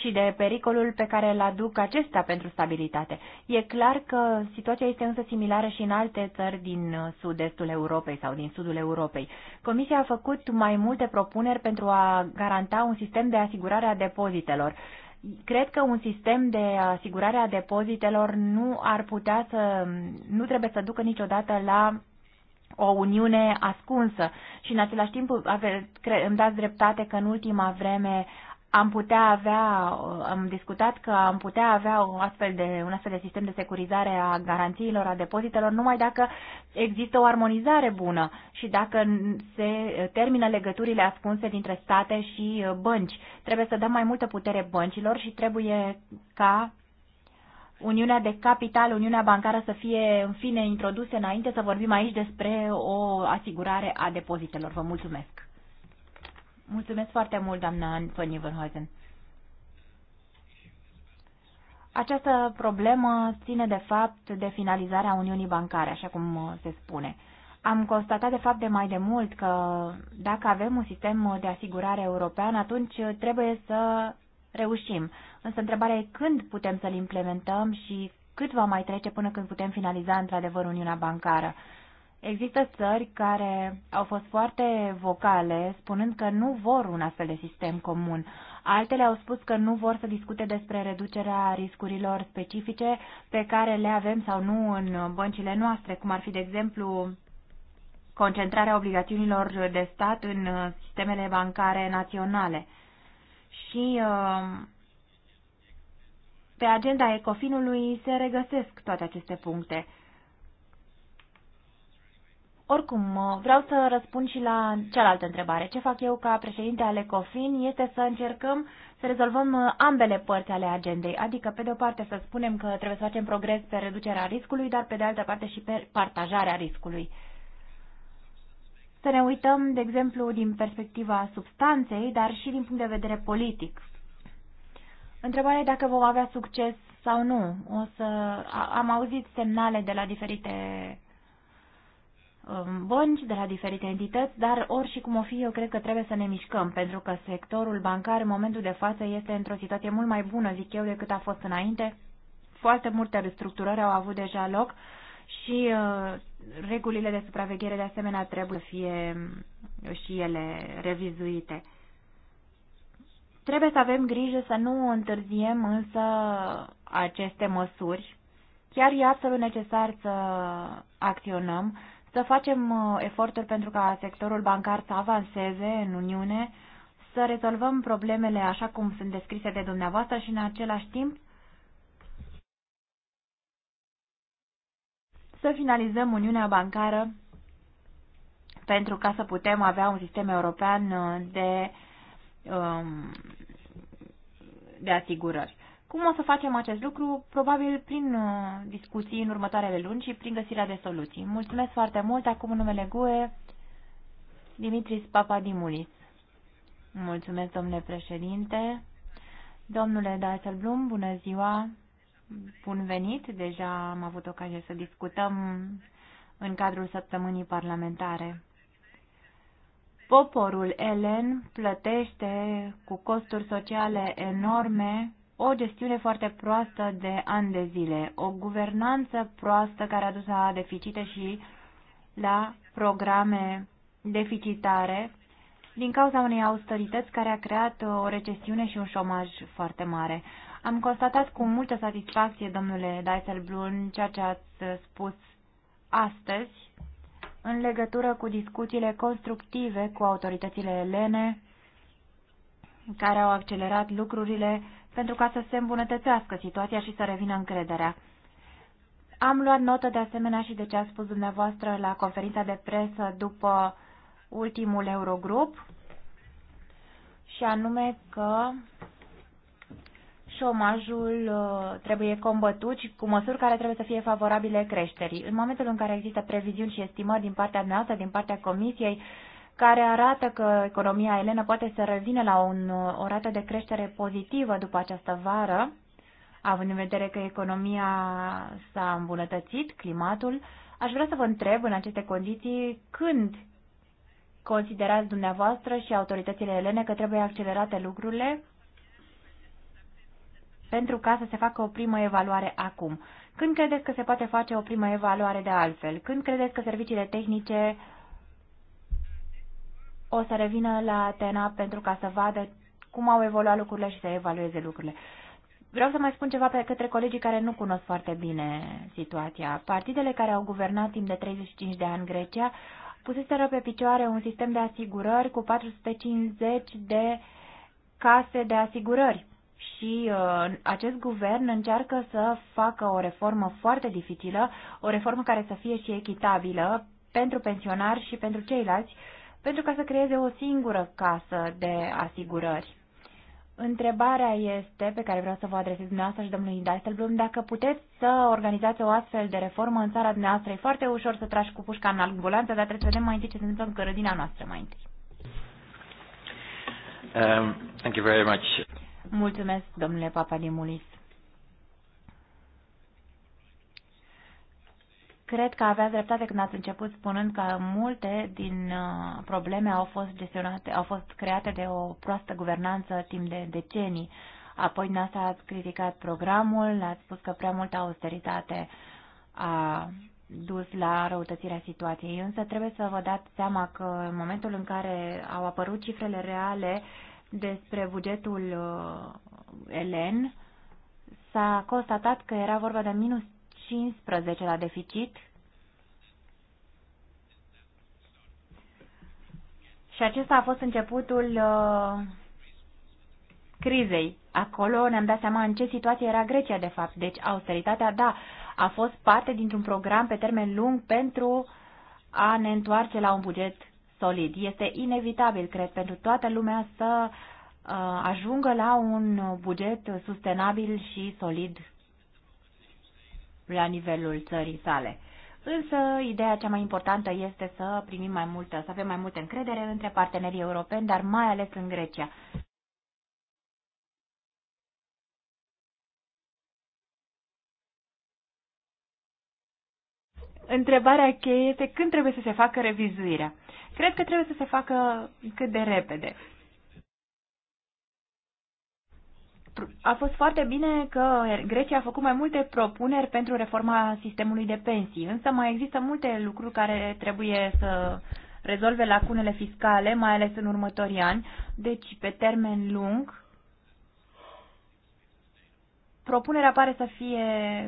și de pericolul pe care îl aduc acesta pentru stabilitate. E clar că situația este însă similară și în alte țări din uh, sud-estul Europei sau din sudul Europei. Comisia a făcut mai multe propuneri pentru a garanta un sistem de asigurare a depozitelor. Cred că un sistem de asigurare a depozitelor nu ar putea să, nu trebuie să ducă niciodată la o uniune ascunsă și în același timp îmi dați dreptate că în ultima vreme am putea avea, uh, am discutat că am putea avea o astfel de, un astfel de sistem de securizare a garanțiilor, a depozitelor, numai dacă există o armonizare bună și dacă se termină legăturile ascunse dintre state și uh, bănci. Trebuie să dăm mai multă putere băncilor și trebuie ca Uniunea de capital, Uniunea bancară să fie în fine introduse înainte să vorbim aici despre o asigurare a depozitelor. Vă mulțumesc! Mulțumesc foarte mult, doamna von Nivenhuizen. Această problemă ține de fapt de finalizarea Uniunii Bancare, așa cum uh, se spune. Am constatat de fapt de mai de mult că dacă avem un sistem de asigurare european, atunci trebuie să reușim. Însă întrebarea e când putem să-l implementăm și cât va mai trece până când putem finaliza într-adevăr Uniunea Bancară. Există țări care au fost foarte vocale, spunând că nu vor un astfel de sistem comun. Altele au spus că nu vor să discute despre reducerea riscurilor specifice pe care le avem sau nu în băncile noastre, cum ar fi, de exemplu, concentrarea obligațiunilor de stat în sistemele bancare naționale. Și uh, pe agenda ecofinului se regăsesc toate aceste puncte. Oricum, vreau să răspund și la cealaltă întrebare. Ce fac eu ca președinte ale COFIN este să încercăm să rezolvăm uh, ambele părți ale agendei, adică pe de o parte să spunem că trebuie să facem progres pe reducerea riscului, dar pe de altă parte și pe partajarea riscului. Să ne uităm, de exemplu, din perspectiva substanței, dar și din punct de vedere politic. Întrebarea e dacă vom avea succes sau nu. O să am auzit semnale de la diferite Um, bănci, de la diferite entități, dar ori și cum o fi, eu cred că trebuie să ne mișcăm, pentru că sectorul bancar în momentul de față este într-o situație mult mai bună, zic eu, decât a fost înainte. Foarte multe restructurări au avut deja loc și uh, regulile de supraveghere de asemenea trebuie să fie um, și ele revizuite. Trebuie să avem grijă să nu întârziem însă aceste măsuri. Chiar e absolut necesar să acționăm să facem uh, eforturi pentru ca sectorul bancar să avanseze în Uniune, să rezolvăm problemele așa cum sunt descrise de dumneavoastră și în același timp să finalizăm Uniunea Bancară pentru ca să putem avea un sistem european uh, de, um, de asigurări. Cum o să facem acest lucru? Probabil prin uh, discuții în următoarele luni și prin găsirea de soluții. Mulțumesc foarte mult. Acum numele GUE, Dimitris Papadimulis. Mulțumesc, domnule președinte. Domnule Dijsselbloem, bună ziua. Bun venit. Deja am avut ocazie să discutăm în cadrul săptămânii parlamentare. Poporul elen plătește cu costuri sociale enorme o gestiune foarte proastă de ani de zile, o guvernanță proastă care a dus la deficite și la programe deficitare din cauza unei austerități care a creat o recesiune și un șomaj foarte mare. Am constatat cu multă satisfacție, domnule Dijsselbloem, ceea ce ați spus astăzi în legătură cu discuțiile constructive cu autoritățile elene care au accelerat lucrurile pentru ca să se îmbunătățească situația și să revină încrederea. Am luat notă de asemenea și de ce a spus dumneavoastră la conferința de presă după ultimul Eurogrup și anume că șomajul uh, trebuie combătut și cu măsuri care trebuie să fie favorabile creșterii. În momentul în care există previziuni și estimări din partea noastră, din partea Comisiei, care arată că economia elenă poate să revină la un, o rată de creștere pozitivă după această vară, având în vedere că economia s-a îmbunătățit, climatul. Aș vrea să vă întreb în aceste condiții când considerați dumneavoastră și autoritățile elene că trebuie accelerate lucrurile pentru ca să se facă o primă evaluare acum. Când credeți că se poate face o primă evaluare de altfel? Când credeți că serviciile tehnice uh, o să revină la Atena pentru ca să vadă cum au evoluat lucrurile și să evalueze lucrurile. Vreau să mai spun ceva pe către colegii care nu cunosc foarte bine situația. Partidele care au guvernat timp de 35 de ani Grecia puseseră pe picioare un sistem de asigurări cu 450 de case de asigurări și uh, acest guvern încearcă să facă o reformă foarte dificilă, o reformă care să fie și echitabilă pentru pensionari și pentru ceilalți uh, pentru ca să creeze o singură casă de asigurări. Întrebarea este, pe care vreau să vă adresez dumneavoastră și domnului Dijsselbloem, dacă puteți să organizați o astfel de reformă în țara dumneavoastră. E foarte ușor să tragi cu pușca în ambulanță, dar trebuie să vedem mai întâi ce se întâmplă în grădina noastră mai întâi. Um, thank you very much. Mulțumesc, domnule papa Dimulis. Cred că aveați dreptate când ați început spunând că multe din uh, probleme au fost gestionate, au fost create de o proastă guvernanță timp de decenii. Apoi dumneavoastră ați criticat programul, ați spus că prea multă austeritate a dus la răutățirea situației. Însă trebuie să vă dați seama că în momentul în care au apărut cifrele reale despre bugetul uh, Elen, s-a constatat că era vorba de minus 15 la deficit și acesta a fost începutul uh, crizei. Acolo ne-am dat seama în ce situație era Grecia, de fapt. Deci austeritatea, da, a fost parte dintr-un program pe termen lung pentru a ne întoarce la un buget solid. Este inevitabil, cred, pentru toată lumea să uh, ajungă la un buget sustenabil și solid la nivelul țării sale. Însă, ideea cea mai importantă este să primim mai multă, să avem mai multă încredere între partenerii europeni, dar mai ales în Grecia. Întrebarea cheie este când trebuie să se facă revizuirea. Cred că trebuie să se facă cât de repede. a fost foarte bine că Grecia a făcut mai multe propuneri pentru reforma sistemului de pensii, însă mai există multe lucruri care trebuie să rezolve lacunele fiscale, mai ales în următorii ani. Deci, pe termen lung, propunerea pare să fie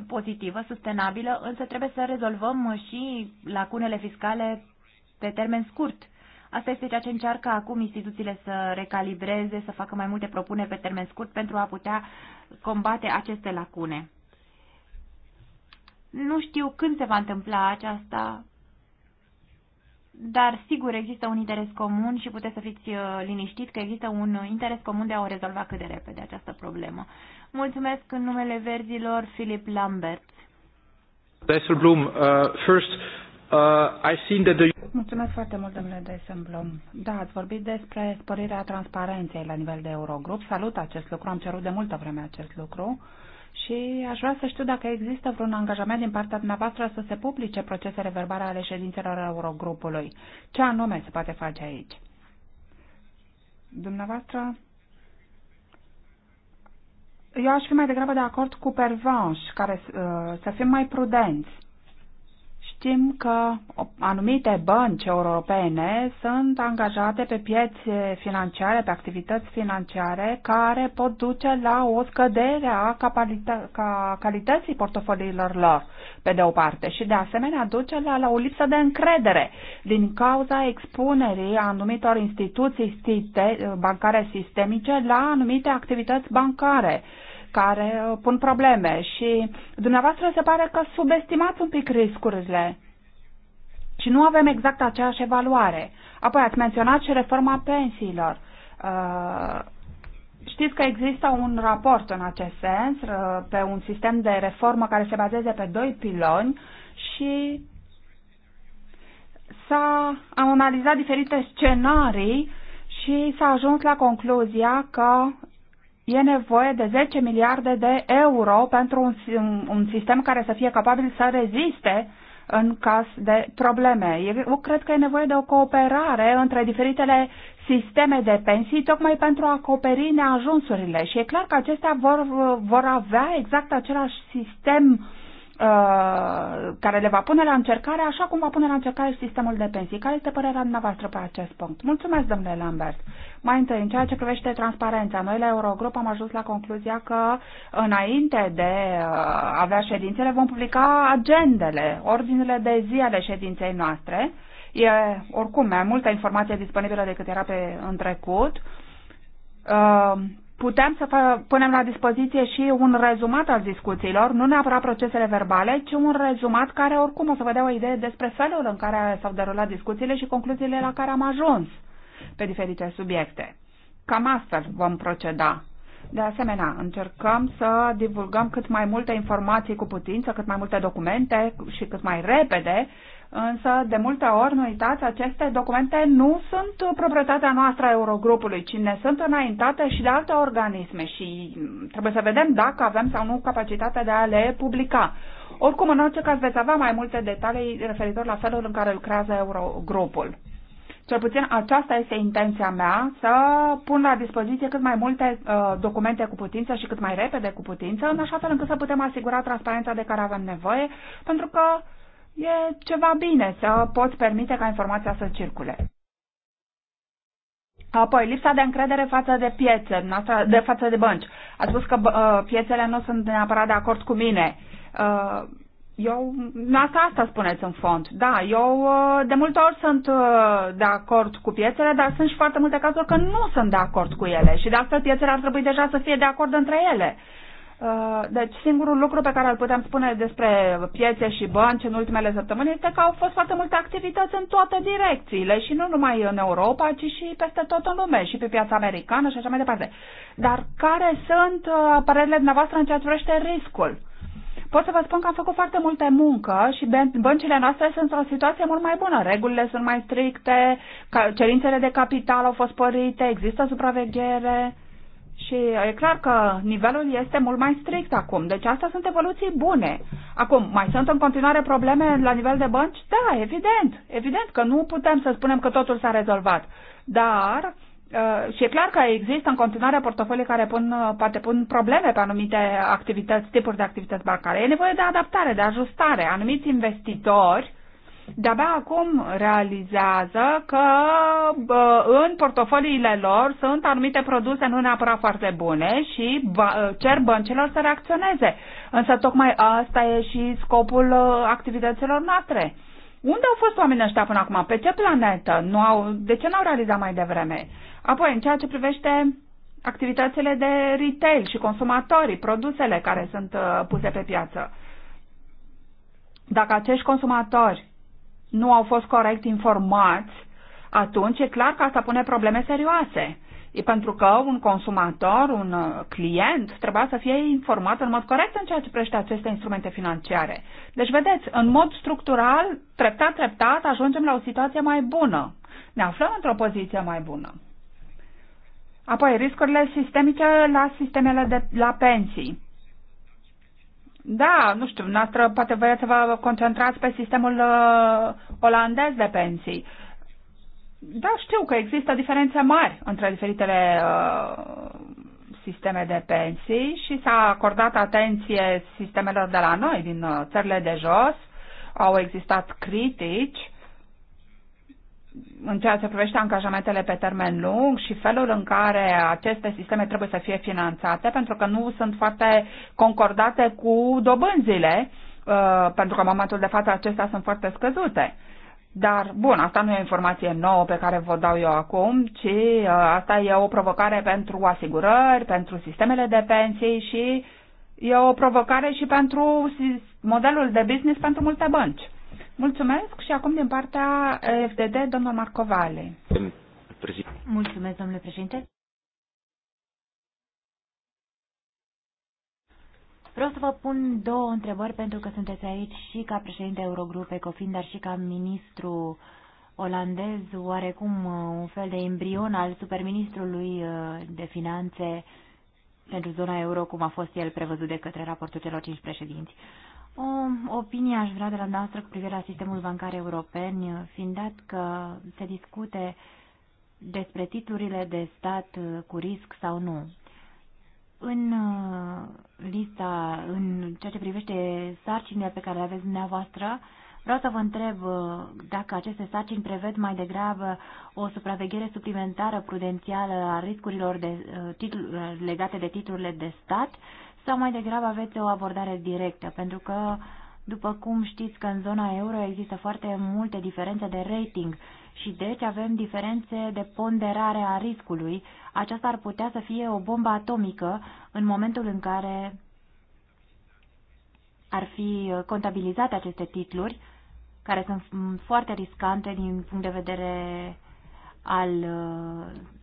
pozitivă, sustenabilă, însă trebuie să rezolvăm și lacunele fiscale pe termen scurt. Asta este ceea ce încearcă acum instituțiile să recalibreze, să facă mai multe propuneri pe termen scurt pentru a putea combate aceste lacune. Nu știu când se va întâmpla aceasta, dar sigur există un interes comun și puteți să fiți uh, liniștit că există un interes comun de a o rezolva cât de repede această problemă. Mulțumesc în numele verzilor Filip Lambert. Dijsselbloem, uh, first Uh, I've seen that the... Mulțumesc foarte mult, domnule Desemblom. Da, ați vorbit despre sporirea transparenței la nivel de Eurogrup. Salut acest lucru, am cerut de multă vreme acest lucru. Și aș vrea să știu dacă există vreun angajament din partea dumneavoastră să se publice procesele verbale ale ședințelor Eurogrupului. Ce anume se poate face aici? Dumneavoastră? Eu aș fi mai degrabă de acord cu pervanș, care uh, să fim mai prudenți Știm că anumite bănci europene sunt angajate pe piețe financiare, pe activități financiare, care pot duce la o scădere a calității portofoliilor lor, pe de o parte, și de asemenea duce la, la o lipsă de încredere din cauza expunerii anumitor instituții bancare sistemice la anumite activități bancare care uh, pun probleme și dumneavoastră se pare că subestimați un pic riscurile și nu avem exact aceeași evaluare. Apoi ați menționat și reforma pensiilor. Uh, știți că există un raport în acest sens uh, pe un sistem de reformă care se bazează pe doi piloni și s-a analizat diferite scenarii și s-a ajuns la concluzia că e nevoie de 10 miliarde de euro pentru un, un sistem care să fie capabil să reziste în caz de probleme. Eu cred că e nevoie de o cooperare între diferitele sisteme de pensii tocmai pentru a acoperi neajunsurile și e clar că acestea vor, vor avea exact același sistem uh, Uh, care le va pune la încercare, așa cum va pune la încercare și sistemul de pensii. Care este părerea dumneavoastră pe acest punct? Mulțumesc, domnule Lambert. Mai întâi, în ceea ce privește transparența, noi la Eurogrup am ajuns la concluzia că înainte de a uh, avea ședințele vom publica agendele, ordinele de zi ale ședinței noastre. E oricum mai multă informație disponibilă decât era pe în trecut. Uh, putem să punem la dispoziție și un rezumat al discuțiilor, nu neapărat procesele verbale, ci un rezumat care oricum o să vă dea o idee despre felul în care s-au derulat discuțiile și concluziile la care am ajuns pe diferite subiecte. Cam astfel vom proceda. De asemenea, încercăm să divulgăm cât mai multe informații cu putință, cât mai multe documente și cât mai repede Însă, de multe ori, nu uitați, aceste documente nu sunt proprietatea noastră a Eurogrupului, ci ne sunt înaintate și de alte organisme și trebuie să vedem dacă avem sau nu capacitatea de a le publica. Oricum, în orice caz, veți avea mai multe detalii referitor la felul în care lucrează Eurogrupul. Cel puțin aceasta este intenția mea, să pun la dispoziție cât mai multe uh, documente cu putință și cât mai repede cu putință, în așa fel încât să putem asigura transparența de care avem nevoie, pentru că E ceva bine să poți permite ca informația să circule. Apoi, lipsa de încredere față de piețe, de față de bănci. A spus că uh, piețele nu sunt neapărat de acord cu mine. Uh, eu, asta, asta spuneți în fond. Da, eu uh, de multe ori sunt uh, de acord cu piețele, dar sunt și foarte multe cazuri că nu sunt de acord cu ele și de asta piețele ar trebui deja să fie de acord între ele. Uh, Uh, deci singurul lucru pe care îl putem spune despre piețe și bănci în ultimele săptămâni este că au fost foarte multe activități în toate direcțiile și nu numai în Europa, ci și peste tot în lume și pe piața americană și așa mai departe. Dar care sunt uh, părerile dumneavoastră în ceea ce privește riscul? Pot să vă spun că am făcut foarte multe muncă și băncile noastre sunt într-o situație mult mai bună. Regulile sunt mai stricte, cerințele de capital au fost părite, există supraveghere. Și e clar că nivelul este mult mai strict acum. Deci astea sunt evoluții bune. Acum, mai sunt în continuare probleme la nivel de bănci? Da, evident. Evident că nu putem să spunem că totul s-a rezolvat. Dar uh, și e clar că există în continuare portofolii care pun, uh, poate pun probleme pe anumite activități, tipuri de activități bancare. E nevoie de adaptare, de ajustare. Anumiți investitori de-abia acum realizează că bă, în portofoliile lor sunt anumite produse nu neapărat foarte bune și bă, cer băncilor să reacționeze. Însă tocmai asta e și scopul ă, activităților noastre. Unde au fost oamenii ăștia până acum? Pe ce planetă? Nu au, de ce n-au realizat mai devreme? Apoi, în ceea ce privește activitățile de retail și consumatorii, produsele care sunt ă, puse pe piață. Dacă acești consumatori nu au fost corect informați, atunci e clar că asta pune probleme serioase. E pentru că un consumator, un uh, client, trebuia să fie informat în mod corect în ceea ce privește aceste instrumente financiare. Deci, vedeți, în mod structural, treptat, treptat, ajungem la o situație mai bună. Ne aflăm într-o poziție mai bună. Apoi, riscurile sistemice la sistemele de la pensii. Da, nu știu, noastră poate vă să vă concentrați pe sistemul uh, olandez de pensii. Da, știu că există diferențe mari între diferitele uh, sisteme de pensii și s-a acordat atenție sistemelor de la noi, din uh, țările de jos. Au existat critici în ceea ce privește angajamentele pe termen lung și felul în care aceste sisteme trebuie să fie finanțate, pentru că nu sunt foarte concordate cu dobânzile, uh, pentru că în momentul de față acestea sunt foarte scăzute. Dar, bun, asta nu e o informație nouă pe care vă dau eu acum, ci uh, asta e o provocare pentru asigurări, pentru sistemele de pensii și e o provocare și pentru modelul de business pentru multe bănci. Mulțumesc și acum din partea FDD, domnul Marcovale. Mulțumesc, domnule președinte. Vreau să vă pun două întrebări pentru că sunteți aici și ca președinte Eurogrup Ecofin, dar și ca ministru olandez, oarecum uh, un fel de embrion al superministrului uh, de finanțe pentru zona euro, cum a fost el prevăzut de către raportul celor cinci președinți. O opinie aș vrea de la noastră cu privire la sistemul bancar european, fiind dat că se discute despre titlurile de stat uh, cu risc sau nu. În uh, lista, în ceea ce privește sarcinile pe care le aveți dumneavoastră, vreau să vă întreb uh, dacă aceste sarcini preved mai degrabă o supraveghere suplimentară prudențială a riscurilor de, titl, legate de titlurile de stat sau mai degrabă aveți o abordare directă, pentru că, după cum știți că în zona euro există foarte multe diferențe de rating și deci avem diferențe de ponderare a riscului. Aceasta ar putea să fie o bombă atomică în momentul în care ar fi contabilizate aceste titluri, care sunt foarte riscante din punct de vedere al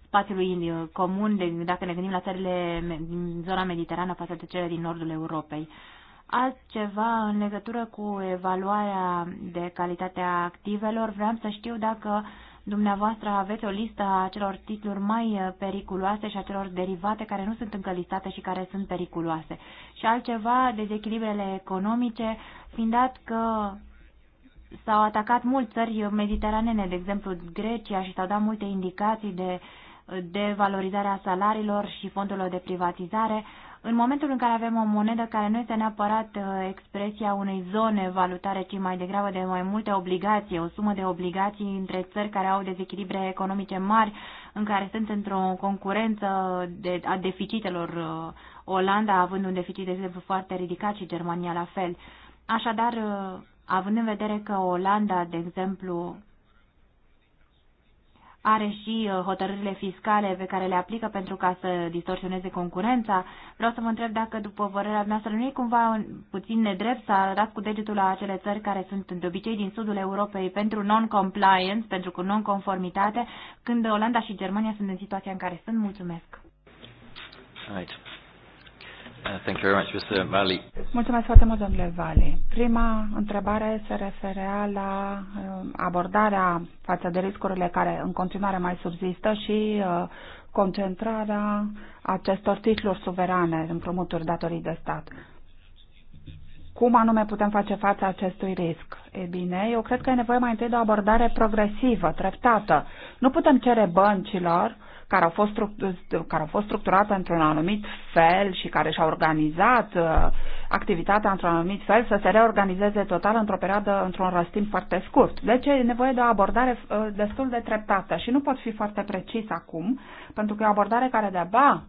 spațiului uh, comun, de, dacă ne gândim la țările din zona mediterană față de cele din nordul Europei. Altceva în legătură cu evaluarea de calitatea activelor, vreau să știu dacă dumneavoastră aveți o listă a celor titluri mai uh, periculoase și a celor derivate care nu sunt încă listate și care sunt periculoase. Și altceva, dezechilibrele economice, fiind dat că s-au atacat mult țări mediteranene, de exemplu Grecia, și s-au dat multe indicații de uh, de valorizarea salariilor și fondurilor de privatizare, în momentul în care avem o monedă care nu este neapărat uh, expresia unei zone valutare, ci mai degrabă de mai multe obligații, o sumă de obligații între țări care au dezechilibre economice mari, în care sunt într-o concurență de, a deficitelor, uh, Olanda având un deficit, de exemplu, foarte ridicat și Germania la fel. Așadar, uh, având în vedere că Olanda, de exemplu, are și uh, hotărârile fiscale pe care le aplică pentru ca să distorsioneze concurența. Vreau să vă întreb dacă, după părerea noastră, nu e cumva puțin nedrept să arătați cu degetul la acele țări care sunt de obicei din sudul Europei pentru non-compliance, pentru non-conformitate, când Olanda și Germania sunt în situația în care sunt. Mulțumesc! Right. Uh, thank you very much, Mr. Valley. Mulțumesc foarte mult, domnule Vali. Prima întrebare se referea la uh, abordarea față de riscurile care în continuare mai subzistă și uh, concentrarea acestor titluri suverane, promuturi datorii de stat. Cum anume putem face față acestui risc? E bine, eu cred că e nevoie mai întâi de o abordare progresivă, treptată. Nu putem cere băncilor care au fost, care au fost structurate într-un anumit fel și care și-au organizat uh, activitatea într-un anumit fel să se reorganizeze total într-o perioadă, într-un răstimp foarte scurt. Deci e nevoie de o abordare uh, destul de treptată și nu pot fi foarte precis acum, pentru că e o abordare care de-abia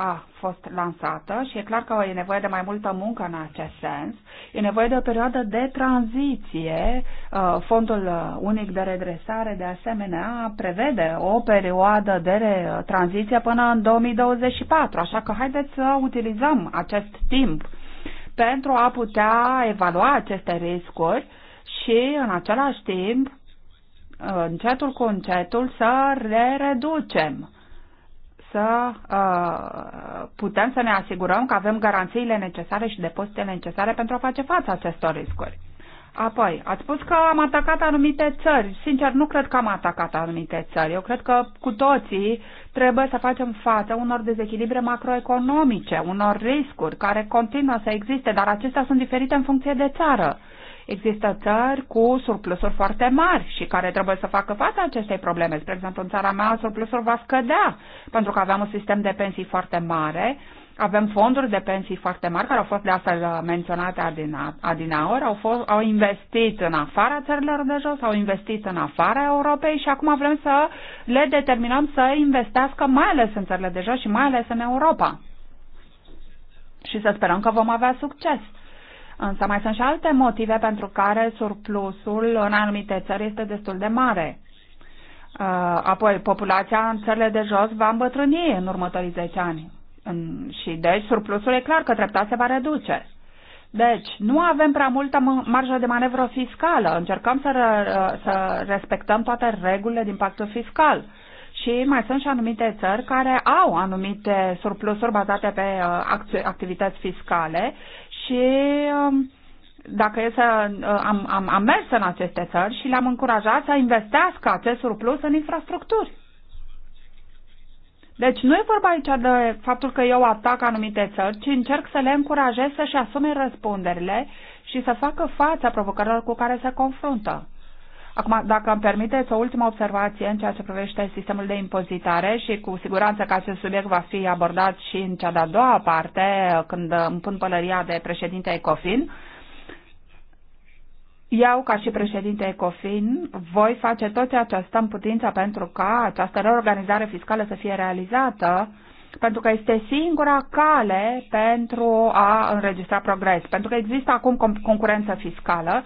a fost lansată și e clar că e nevoie de mai multă muncă în acest sens. E nevoie de o perioadă de tranziție. Uh, Fondul uh, unic de redresare, de asemenea, prevede o perioadă de uh, tranziție până în 2024, așa că haideți să utilizăm acest timp pentru a putea evalua aceste riscuri și, în același timp, încetul cu încetul să le reducem să uh, putem să ne asigurăm că avem garanțiile necesare și depozitele necesare pentru a face față acestor riscuri. Apoi, ați spus că am atacat anumite țări. Sincer, nu cred că am atacat anumite țări. Eu cred că cu toții trebuie să facem față unor dezechilibre macroeconomice, unor riscuri care continuă să existe, dar acestea sunt diferite în funcție de țară. Există țări cu surplusuri foarte mari și care trebuie să facă față acestei probleme. Spre exemplu, în țara mea surplusul va scădea pentru că aveam un sistem de pensii foarte mare avem fonduri de pensii foarte mari, care au fost de astfel menționate adinaori, au, fost, au investit în afara țărilor de jos, au investit în afara Europei și acum vrem să le determinăm să investească mai ales în țările de jos și mai ales în Europa. Și să sperăm că vom avea succes. Însă mai sunt și alte motive pentru care surplusul în anumite țări este destul de mare. Uh, apoi, populația în țările de jos va îmbătrâni în următorii 10 ani. Și deci surplusul e clar că treptat se va reduce. Deci, nu avem prea multă marjă de manevră fiscală. Încercăm să, uh, să respectăm toate regulile din pactul fiscal. Și mai sunt și anumite țări care au anumite surplusuri bazate pe uh, activități fiscale ce um, dacă e să, uh, am, am, am mers în aceste țări și le-am încurajat să investească acest surplus în infrastructuri. Deci nu e vorba aici de faptul că eu atac anumite țări, ci încerc să le încurajez să-și asume răspunderile și să facă fața provocărilor cu care se confruntă. Acum, dacă îmi permiteți o ultimă observație în ceea ce privește sistemul de impozitare și cu siguranță că acest subiect va fi abordat și în cea de-a doua parte, când îmi pun pălăria de președinte ECOFIN, eu, ca și președinte ECOFIN, voi face tot ceea ce stă în putință pentru ca această reorganizare fiscală să fie realizată, pentru că este singura cale pentru a înregistra progres. Pentru că există acum concurență fiscală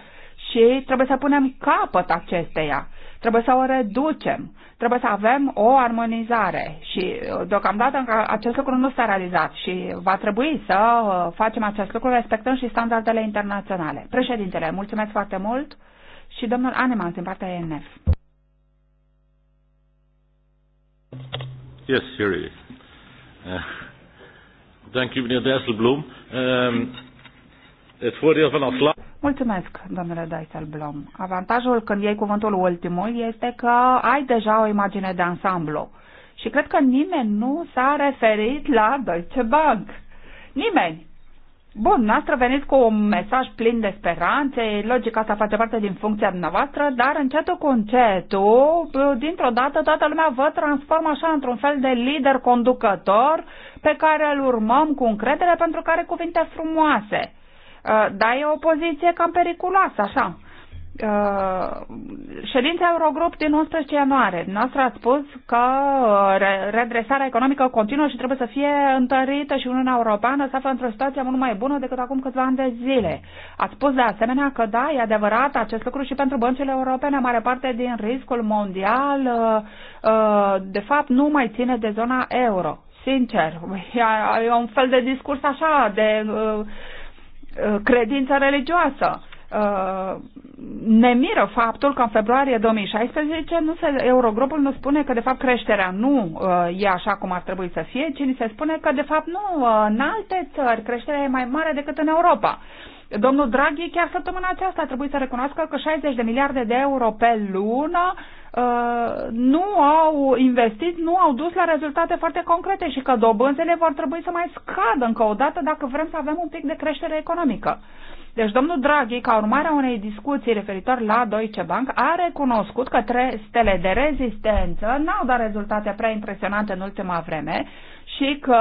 și trebuie să punem capăt acesteia. Trebuie să o reducem. Trebuie să avem o armonizare și uh, deocamdată acest lucru nu s-a realizat și va trebui să uh, facem acest lucru respectând și standardele internaționale. Președintele, mulțumesc foarte mult și domnul Aneman din partea ENF. Yes, here it is. Uh, thank you, Mr. Dasselblum. Um, Mulțumesc, domnule Dijsselbloem. Avantajul când iei cuvântul ultimul este că ai deja o imagine de ansamblu. Și cred că nimeni nu s-a referit la Deutsche Bank. Nimeni. Bun, noastră veniți cu un mesaj plin de speranțe, logica asta face parte din funcția dumneavoastră, dar încetul cu încetul, dintr-o dată toată lumea vă transformă așa într-un fel de lider conducător pe care îl urmăm cu încredere pentru că are cuvinte frumoase. Uh, dar e o poziție cam periculoasă, așa. Uh, ședința Eurogrup din 11 ianuarie. Noastră a spus că uh, redresarea economică continuă și trebuie să fie întărită și Uniunea Europeană să află într-o situație mult mai bună decât acum câțiva ani de zile. A spus de asemenea că da, e adevărat acest lucru și pentru băncile europene, mare parte din riscul mondial, uh, uh, de fapt, nu mai ține de zona euro. Sincer, e un fel de discurs așa de... Uh, Uh, credință religioasă. Uh, ne miră faptul că în februarie 2016 nu se, Eurogrupul nu spune că de fapt creșterea nu uh, e așa cum ar trebui să fie, ci ni se spune că de fapt nu, în alte țări creșterea e mai mare decât în Europa. Domnul Draghi chiar săptămâna aceasta a trebuit să recunoască că 60 de miliarde de euro pe lună Uh, nu au investit, nu au dus la rezultate foarte concrete și că dobânzele vor trebui să mai scadă încă o dată dacă vrem să avem un pic de creștere economică. Deci domnul Draghi, ca urmare a unei discuții referitor la Deutsche Bank, a recunoscut că trei stele de rezistență n-au dat rezultate prea impresionante în ultima vreme și că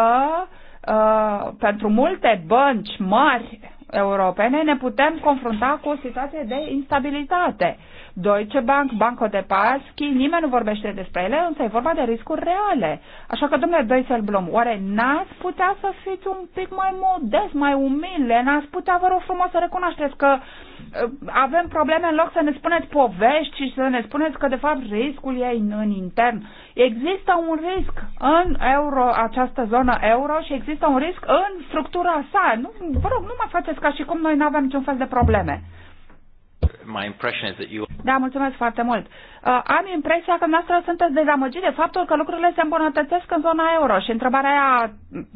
uh, pentru multe bănci mari europene ne putem confrunta cu o situație de instabilitate. Uh, Deutsche Bank, Banco de Paschi, nimeni nu vorbește despre ele, însă e vorba de riscuri reale. Așa că, domnule Dijsselbloem, oare n-ați putea să fiți un pic mai modest, mai umile? N-ați putea, vă rog frumos, să recunoașteți că uh, avem probleme în loc să ne spuneți povești și să ne spuneți că, de fapt, riscul e în, în intern. Există un risc în euro, această zonă euro și există un risc în structura sa. Nu, vă rog, nu mai faceți ca și cum noi nu avem niciun fel de probleme my impression is that you... Da, mulțumesc foarte mult. Uh, am impresia că noastră sunteți dezamăgiți de faptul că lucrurile se îmbunătățesc în zona euro și întrebarea aia mm,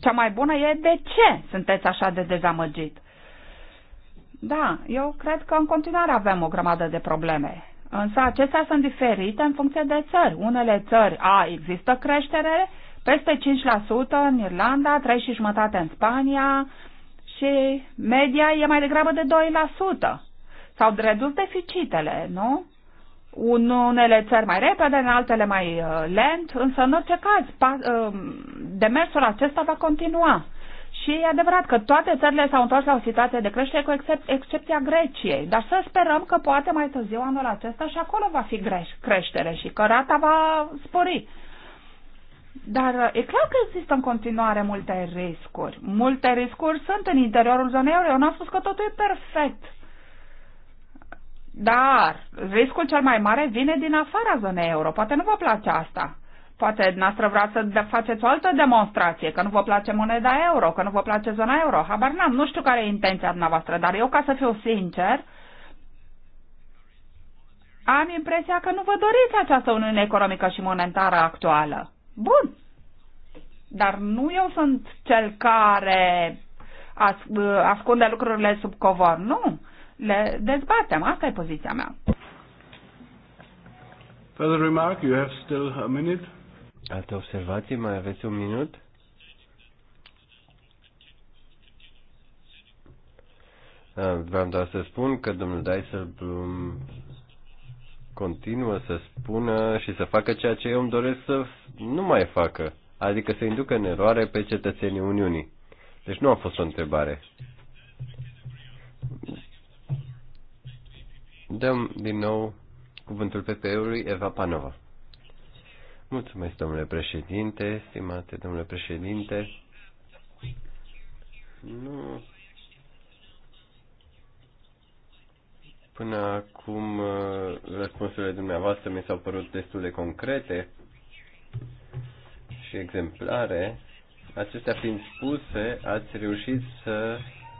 cea mai bună e de ce sunteți așa de dezamăgit? Da, eu cred că în continuare avem o grămadă de probleme. Însă acestea sunt diferite în funcție de țări. Unele țări, a, există creștere, peste 5% în Irlanda, 3 și jumătate în Spania și media e mai degrabă de 2%. S-au redus deficitele, nu? În unele țări mai repede, în altele mai uh, lent, însă în orice caz um, demersul acesta va continua. Și e adevărat că toate țările s-au întors la o situație de creștere cu excep- excepția Greciei, dar să sperăm că poate mai târziu anul acesta și acolo va fi greș- creștere și că rata va spori. Dar uh, e clar că există în continuare multe riscuri. Multe riscuri sunt în interiorul zonei euro. Eu n-am spus că totul e perfect. Dar riscul cel mai mare vine din afara zonei euro. Poate nu vă place asta. Poate noastră vrea să faceți o altă demonstrație, că nu vă place moneda euro, că nu vă place zona euro. Habar n-am, nu știu care e intenția dumneavoastră, dar eu, ca să fiu sincer, am impresia că nu vă doriți această uniune economică și monetară actuală. Bun. Dar nu eu sunt cel care ascunde lucrurile sub covor, nu le dezbatem. Asta e poziția mea. Further remark, you have still a minute. Alte observații, mai aveți un minut? Vreau doar să spun că domnul Dijsselbloem continuă să spună și să facă ceea ce eu îmi doresc să nu mai facă, adică să inducă în eroare pe cetățenii Uniunii. Deci nu a fost o întrebare. Dăm din nou cuvântul PPE-ului Eva Panova. Mulțumesc, domnule președinte, stimate domnule președinte. Nu. Până acum, uh, răspunsurile dumneavoastră mi s-au părut destul de concrete și exemplare. Acestea fiind spuse, ați reușit să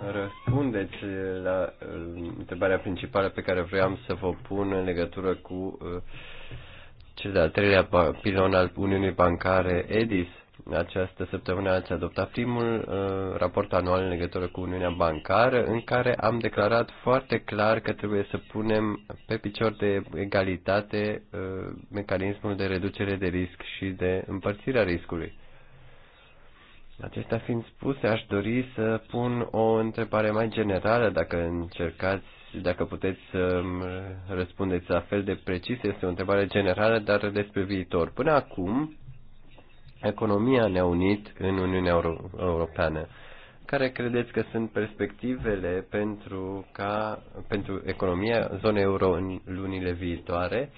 răspundeți la uh, întrebarea principală pe care vreau să vă pun în legătură cu uh, cel de-al treilea pilon al Uniunii Bancare, EDIS. Această săptămână ați adoptat primul uh, raport anual în legătură cu Uniunea Bancară, în care am declarat foarte clar că trebuie să punem pe picior de egalitate uh, mecanismul de reducere de risc și de împărțirea riscului Acestea fiind spuse, aș dori să pun o întrebare mai generală, dacă încercați, dacă puteți să răspundeți la fel de precis, este o întrebare generală, dar despre viitor. Până acum, economia ne-a unit în Uniunea Euro- Europeană. Care credeți că sunt perspectivele pentru, ca, pentru economia zonei euro în lunile viitoare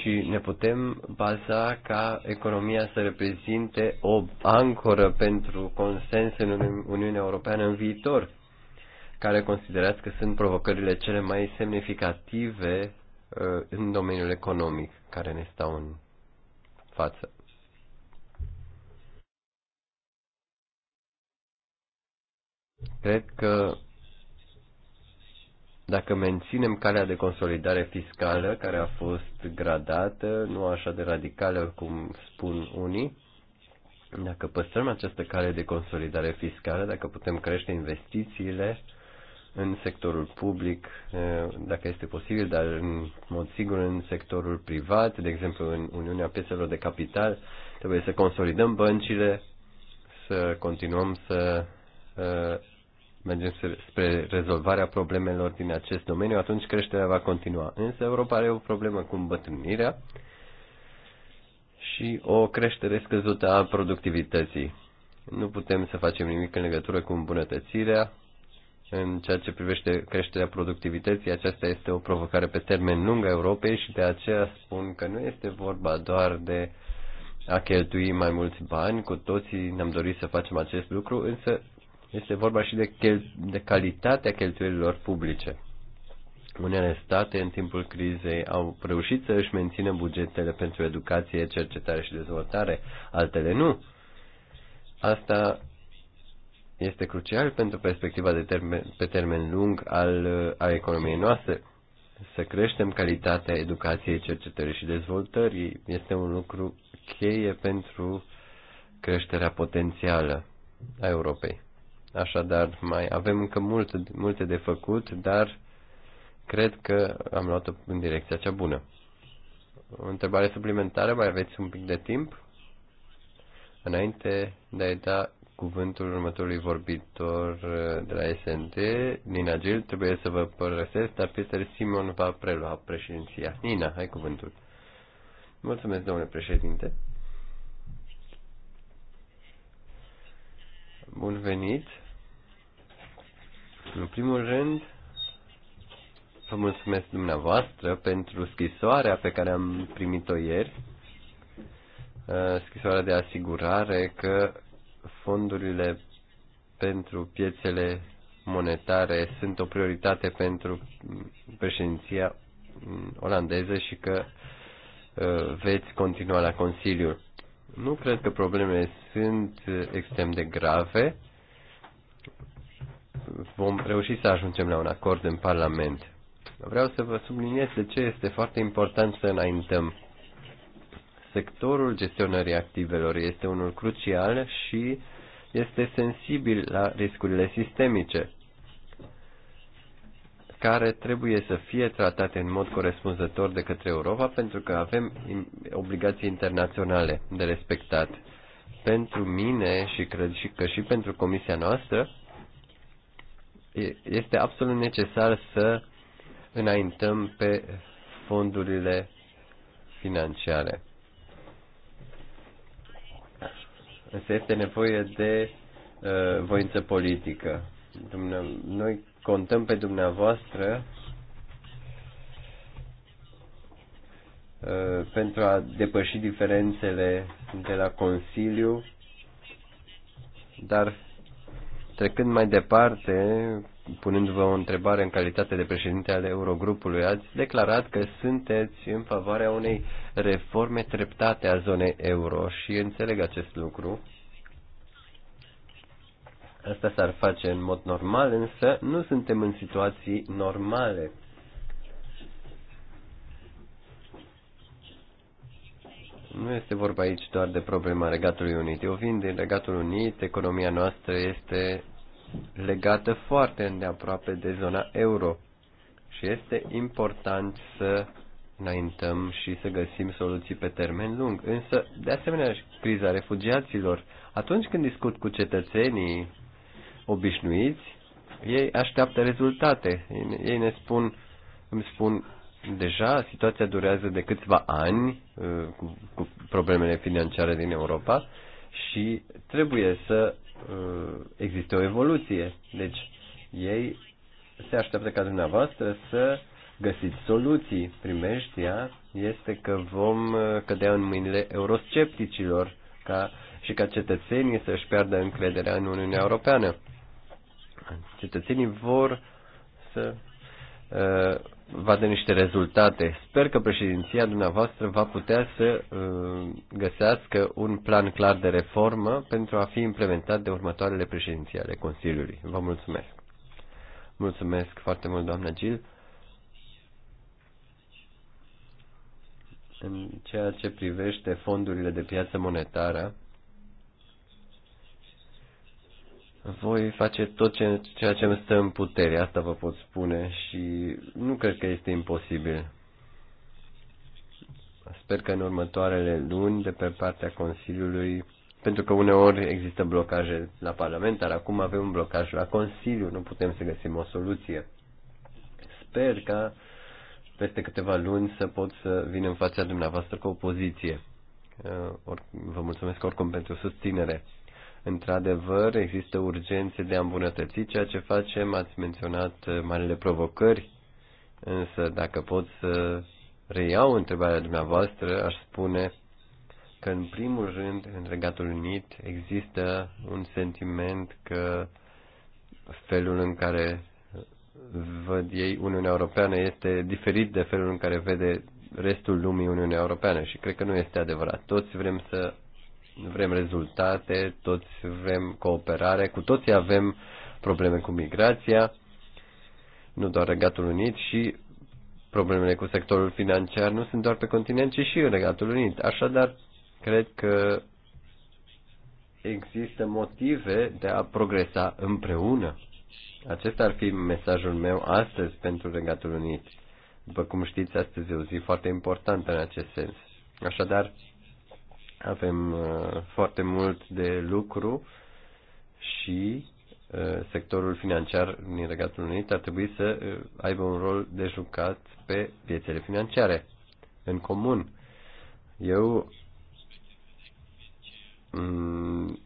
și ne putem baza ca economia să reprezinte o ancoră pentru consens în Uniunea Europeană în viitor, care considerați că sunt provocările cele mai semnificative uh, în domeniul economic care ne stau în față. Cred că dacă menținem calea de consolidare fiscală, care a fost gradată, nu așa de radicală cum spun unii, dacă păstrăm această cale de consolidare fiscală, dacă putem crește investițiile în sectorul public, eh, dacă este posibil, dar în mod sigur în sectorul privat, de exemplu în Uniunea Pieselor de Capital, trebuie să consolidăm băncile, să continuăm să eh, mergem spre rezolvarea problemelor din acest domeniu, atunci creșterea va continua. Însă Europa are o problemă cu îmbătrânirea și o creștere scăzută a productivității. Nu putem să facem nimic în legătură cu îmbunătățirea. În ceea ce privește creșterea productivității, aceasta este o provocare pe termen lung a Europei și de aceea spun că nu este vorba doar de a cheltui mai mulți bani, cu toții ne-am dorit să facem acest lucru, însă este vorba și de, chel- de calitatea cheltuielilor publice. Unele state, în timpul crizei, au reușit să își mențină bugetele pentru educație, cercetare și dezvoltare, altele nu. Asta este crucial pentru perspectiva de termen, pe termen lung al, a economiei noastre. Să creștem calitatea educației, cercetării și dezvoltării este un lucru cheie pentru creșterea potențială a Europei. Așadar, mai avem încă multe, multe de făcut, dar cred că am luat-o în direcția cea bună. O întrebare suplimentară, mai aveți un pic de timp? Înainte de a-i da cuvântul următorului vorbitor uh, de la SNT, Nina Gil, trebuie să vă părăsesc, dar Peter Simon va prelua președinția. Nina, hai cuvântul. Mulțumesc, domnule președinte. Bun venit în primul rând, vă mulțumesc dumneavoastră pentru scrisoarea pe care am primit-o ieri, uh, scrisoarea de asigurare că fondurile pentru piețele monetare sunt o prioritate pentru președinția olandeză și că uh, veți continua la Consiliu. Nu cred că problemele sunt extrem de grave vom reuși să ajungem la un acord în Parlament. Vreau să vă subliniez de ce este foarte important să înaintăm. Sectorul gestionării activelor este unul crucial și este sensibil la riscurile sistemice, care trebuie să fie tratate în mod corespunzător de către Europa pentru că avem obligații internaționale de respectat. Pentru mine și cred și că și pentru comisia noastră, este absolut necesar să înaintăm pe fondurile financiare. Însă este nevoie de uh, voință politică. Dumne- noi contăm pe dumneavoastră uh, pentru a depăși diferențele de la Consiliu, dar Trecând mai departe, punându-vă o întrebare în calitate de președinte al Eurogrupului, ați declarat că sunteți în favoarea unei reforme treptate a zonei euro și înțeleg acest lucru. Asta s-ar face în mod normal, însă nu suntem în situații normale. Nu este vorba aici doar de problema Regatului Unit. Eu vin din Regatul Unit, economia noastră este legată foarte îndeaproape de zona euro și este important să înaintăm și să găsim soluții pe termen lung. Însă, de asemenea, și criza refugiaților. Atunci când discut cu cetățenii obișnuiți, ei așteaptă rezultate. Ei ne spun, îmi spun, deja situația durează de câțiva ani uh, cu, cu problemele financiare din Europa și trebuie să Uh, există o evoluție. Deci, ei se așteaptă ca dumneavoastră să găsiți soluții. Primeștia este că vom uh, cădea în mâinile euroscepticilor ca, și ca cetățenii să-și piardă încrederea în Uniunea Europeană. Cetățenii vor să uh, da niște rezultate. Sper că președinția dumneavoastră va putea să uh, găsească un plan clar de reformă pentru a fi implementat de următoarele președinții ale Consiliului. Vă mulțumesc. Mulțumesc foarte mult, doamna Gil. În ceea ce privește fondurile de piață monetară, voi face tot ce, ceea ce îmi stă în putere, asta vă pot spune și nu cred că este imposibil. Sper că în următoarele luni de pe partea Consiliului, pentru că uneori există blocaje la Parlament, dar acum avem un blocaj la Consiliu, nu putem să găsim o soluție. Sper că peste câteva luni să pot să vin în fața dumneavoastră cu o poziție. Uh, vă mulțumesc oricum pentru susținere. Într-adevăr, există urgențe de a îmbunătăți ceea ce facem, ați menționat uh, marele provocări, însă dacă pot să reiau întrebarea dumneavoastră, aș spune că în primul rând în Regatul Unit există un sentiment că felul în care văd ei Uniunea Europeană este diferit de felul în care vede restul lumii Uniunea Europeană și cred că nu este adevărat. Toți vrem să vrem rezultate, toți vrem cooperare, cu toții avem probleme cu migrația, nu doar Regatul Unit și problemele cu sectorul financiar nu sunt doar pe continent, ci și în Regatul Unit. Așadar, cred că există motive de a progresa împreună. Acesta ar fi mesajul meu astăzi pentru Regatul Unit. După cum știți, astăzi e o zi foarte importantă în acest sens. Așadar, avem uh, foarte mult de lucru și uh, sectorul financiar din Regatul Unit ar trebui să uh, aibă un rol de jucat pe piețele financiare în comun. Eu mm,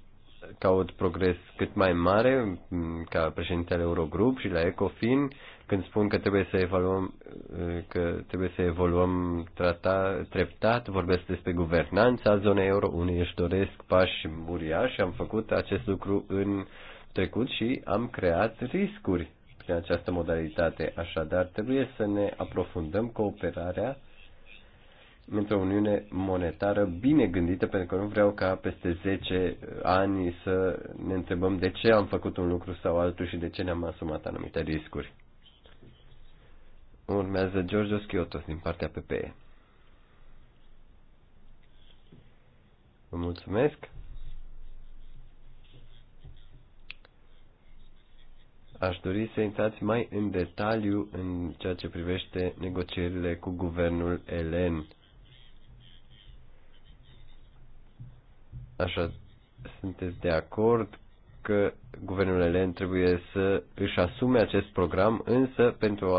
caut progres cât mai mare mm, ca președintele Eurogrup și la Ecofin când spun că trebuie să evoluăm, că trebuie să evoluăm trata, treptat, vorbesc despre guvernanța zonei euro, unii își doresc pași uriași, am făcut acest lucru în trecut și am creat riscuri prin această modalitate. Așadar, trebuie să ne aprofundăm cooperarea într-o uniune monetară bine gândită, pentru că nu vreau ca peste 10 ani să ne întrebăm de ce am făcut un lucru sau altul și de ce ne-am asumat anumite riscuri. Urmează George Schiotos din partea PPE. Vă mulțumesc. Aș dori să intrați mai în detaliu în ceea ce privește negocierile cu guvernul elen. Așa, sunteți de acord că guvernul elen trebuie să își asume acest program, însă pentru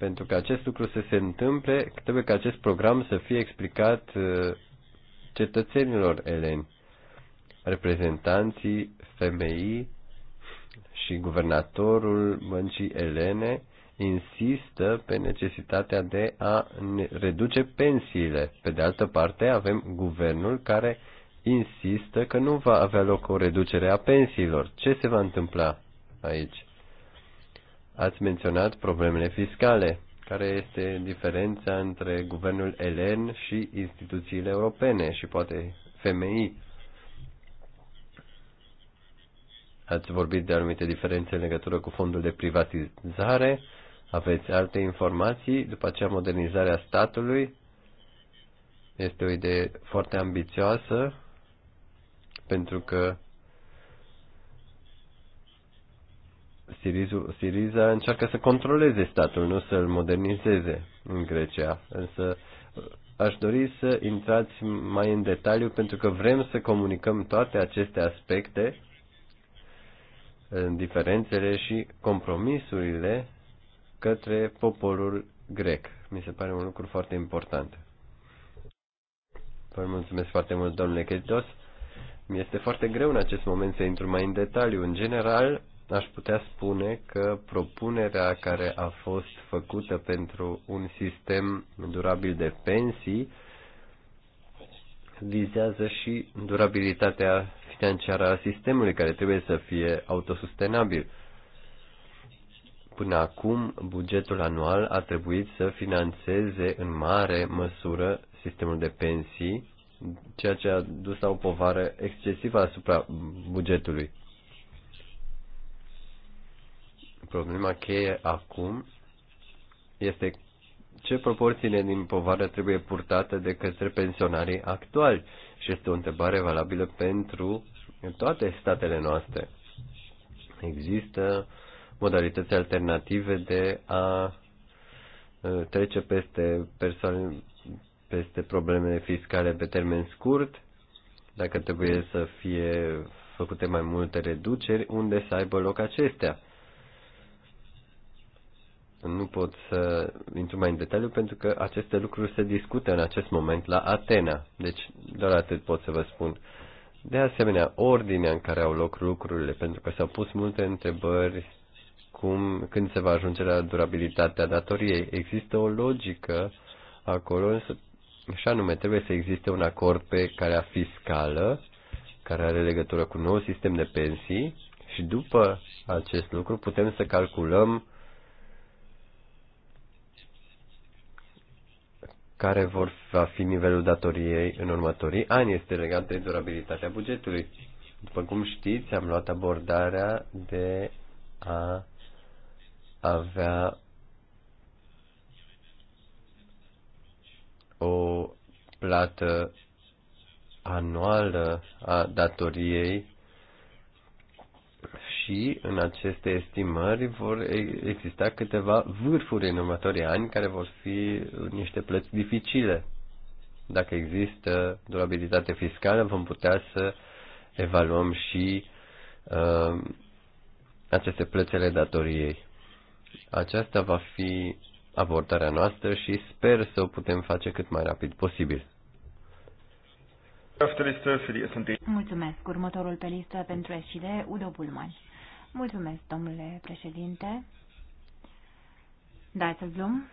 pentru că acest lucru să se întâmple, trebuie ca acest program să fie explicat uh, cetățenilor eleni, reprezentanții femei și guvernatorul băncii elene insistă pe necesitatea de a reduce pensiile. Pe de altă parte, avem guvernul care insistă că nu va avea loc o reducere a pensiilor. Ce se va întâmpla aici? Ați menționat problemele fiscale. Care este diferența între guvernul elen și instituțiile europene și poate FMI? Ați vorbit de anumite diferențe în legătură cu fondul de privatizare. Aveți alte informații? După aceea, modernizarea statului este o idee foarte ambițioasă pentru că Sirizul, Siriza încearcă să controleze statul, nu să-l modernizeze în Grecia. Însă aș dori să intrați mai în detaliu pentru că vrem să comunicăm toate aceste aspecte, diferențele și compromisurile către poporul grec. Mi se pare un lucru foarte important. Vă mulțumesc foarte mult, domnule Chetos. Mi este foarte greu în acest moment să intru mai în detaliu. În general, aș putea spune că propunerea care a fost făcută pentru un sistem durabil de pensii vizează și durabilitatea financiară a sistemului, care trebuie să fie autosustenabil. Până acum, bugetul anual a trebuit să financeze în mare măsură sistemul de pensii, ceea ce a dus la o povară excesivă asupra bugetului problema cheie acum este ce proporțiile din povară trebuie purtate de către pensionarii actuali și este o întrebare valabilă pentru toate statele noastre. Există modalități alternative de a uh, trece peste persoane, peste problemele fiscale pe termen scurt, dacă trebuie să fie făcute mai multe reduceri, unde să aibă loc acestea nu pot să intru mai în detaliu pentru că aceste lucruri se discută în acest moment la Atena. Deci doar atât pot să vă spun. De asemenea, ordinea în care au loc lucrurile, pentru că s-au pus multe întrebări cum, când se va ajunge la durabilitatea datoriei. Există o logică acolo, însă, și anume, trebuie să existe un acord pe a fiscală, care are legătură cu nou sistem de pensii, și după acest lucru putem să calculăm uh, care vor va fi nivelul datoriei în următorii ani este legat de durabilitatea bugetului. După cum știți, am luat abordarea de a avea o plată anuală a datoriei și în aceste estimări vor exista câteva vârfuri în următorii ani care vor fi niște plăți dificile. Dacă există durabilitate fiscală, vom putea să evaluăm și uh, aceste plățele datoriei. Aceasta va fi abordarea noastră și sper să o putem face cât mai rapid posibil. Mulțumesc. Următorul pe listă pentru SCD, Udo Bulman. Mulțumesc, domnule președinte. Dijsselbloem.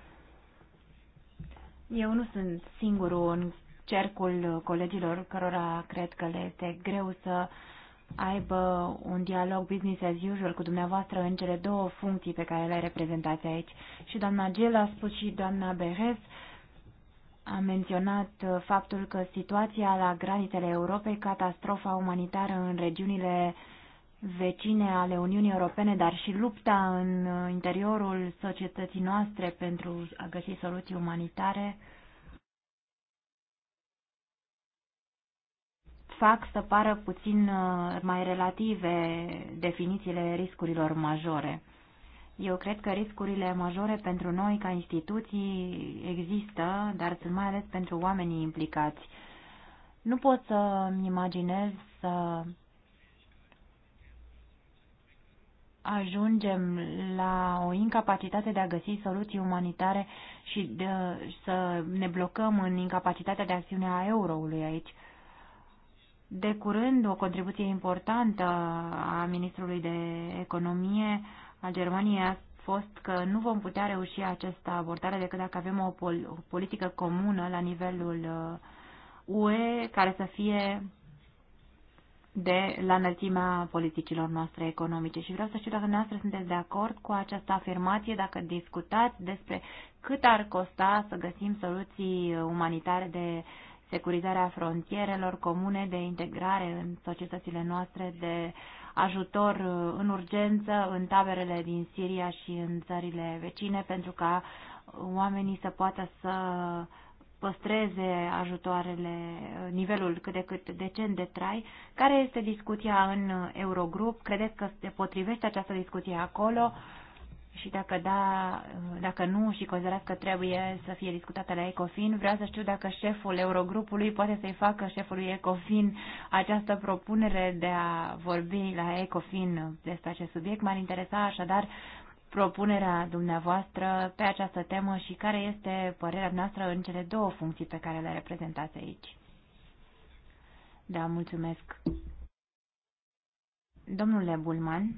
Eu nu sunt singurul în cercul colegilor cărora cred că le este greu să aibă un dialog business as usual cu dumneavoastră în cele două funcții pe care le reprezentați aici. Și doamna Gel a spus și doamna Beres a menționat faptul că situația la granițele Europei, catastrofa umanitară în regiunile uh, vecine ale Uniunii Europene, dar și lupta în uh, interiorul societății noastre pentru a găsi soluții umanitare, fac să pară puțin uh, mai relative definițiile riscurilor majore. Eu cred că riscurile majore pentru noi ca instituții există, dar sunt mai ales pentru oamenii implicați. Nu pot să-mi imaginez să ajungem la o incapacitate de a găsi soluții umanitare și de, să ne blocăm în incapacitatea de acțiune a euroului aici. De curând, o contribuție importantă a ministrului de economie al Germaniei a fost că nu vom putea reuși această abordare decât dacă avem o, pol o politică comună la nivelul UE uh, care să fie de la înălțimea politicilor noastre economice. Și vreau să știu dacă noastră sunteți de acord cu această afirmație, dacă discutați despre cât ar costa să găsim soluții umanitare de securizare a frontierelor comune, de integrare în societățile noastre, de ajutor în urgență în taberele din Siria și în țările vecine, pentru ca oamenii să poată să păstreze ajutoarele, uh, nivelul cât de cât decent de trai. Care este discuția în uh, Eurogrup? Credeți că se potrivește această discuție acolo? Și dacă da, uh, dacă nu și considerați că trebuie să fie discutată la Ecofin, vreau să știu dacă șeful Eurogrupului poate să-i facă șefului Ecofin această propunere de a vorbi la Ecofin despre acest subiect. M-ar interesa așadar propunerea dumneavoastră pe această temă și care este părerea noastră în cele două funcții pe care le reprezentați aici. Da, mulțumesc. Domnule Bulman.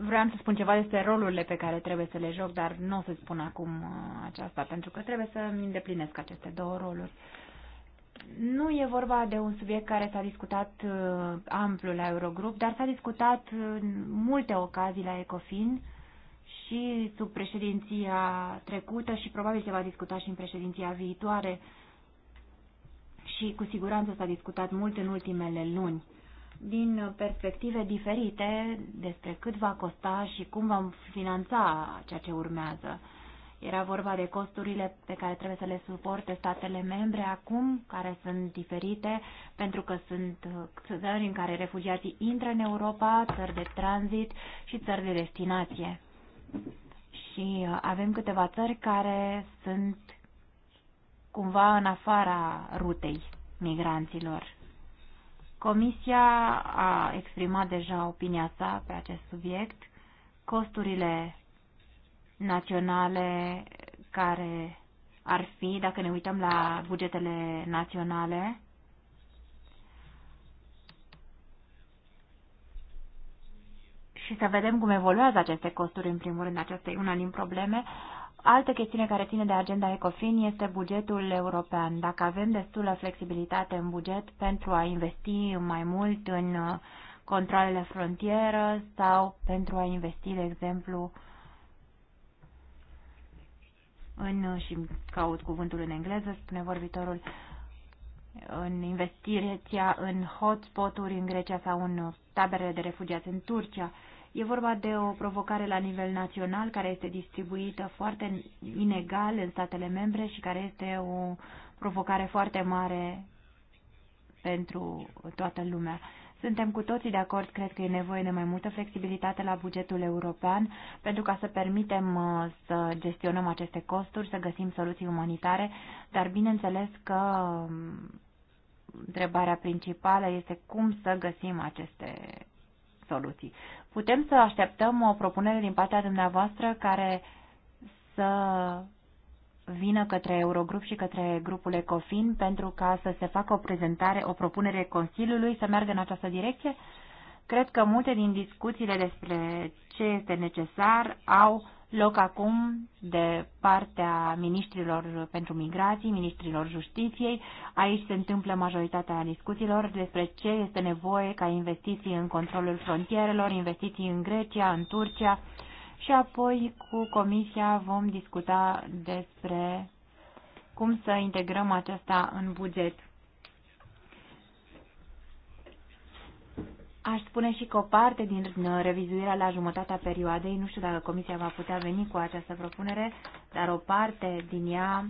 Vreau să spun ceva despre rolurile pe care trebuie să le joc, dar nu o să spun acum uh, aceasta, pentru că trebuie să îmi îndeplinesc aceste două roluri. Uh, nu e vorba de un subiect care s-a discutat uh, amplu la Eurogrup, dar s-a discutat uh, în multe ocazii la Ecofin și sub președinția trecută și probabil se va discuta și în președinția viitoare și cu siguranță s-a discutat mult în ultimele luni din perspective diferite despre cât va costa și cum vom finanța ceea ce urmează. Era vorba de costurile pe care trebuie să le suporte statele membre acum, care sunt diferite, pentru că sunt uh, țări în care refugiații intră în Europa, țări de tranzit și țări de destinație. Și uh, avem câteva țări care sunt cumva în afara rutei migranților. Comisia a exprimat deja opinia sa pe acest subiect. Costurile naționale care ar fi, dacă ne uităm la bugetele naționale, și să vedem cum evoluează aceste costuri, în primul rând, aceasta e una din probleme. Altă chestiune care ține de agenda ECOFIN este bugetul european. Dacă avem destulă flexibilitate în buget pentru a investi mai mult în uh, controlele frontieră sau pentru a investi, de exemplu, în, și caut cuvântul în engleză, spune vorbitorul, în investiția în hotspot-uri în Grecia sau în taberele de refugiați în Turcia. E vorba de o provocare la nivel național care este distribuită foarte inegal în statele membre și care este o provocare foarte mare pentru toată lumea. Suntem cu toții de acord, cred că e nevoie de mai multă flexibilitate la bugetul european pentru ca să permitem uh, să gestionăm aceste costuri, să găsim soluții umanitare, dar bineînțeles că um, întrebarea principală este cum să găsim aceste soluții. Putem să așteptăm o propunere din partea dumneavoastră care să vină către Eurogrup și către grupul ECOFIN pentru ca să se facă o prezentare, o propunere Consiliului să meargă în această direcție? Cred că multe din discuțiile despre ce este necesar au loc acum de partea ministrilor pentru migrații, ministrilor justiției. Aici se întâmplă majoritatea discuțiilor despre ce este nevoie ca investiții în controlul frontierelor, investiții în Grecia, în Turcia, și apoi cu Comisia vom discuta despre cum să integrăm aceasta în buget. Aș spune și că o parte din revizuirea la jumătatea perioadei, nu știu dacă Comisia va putea veni cu această propunere, dar o parte din ea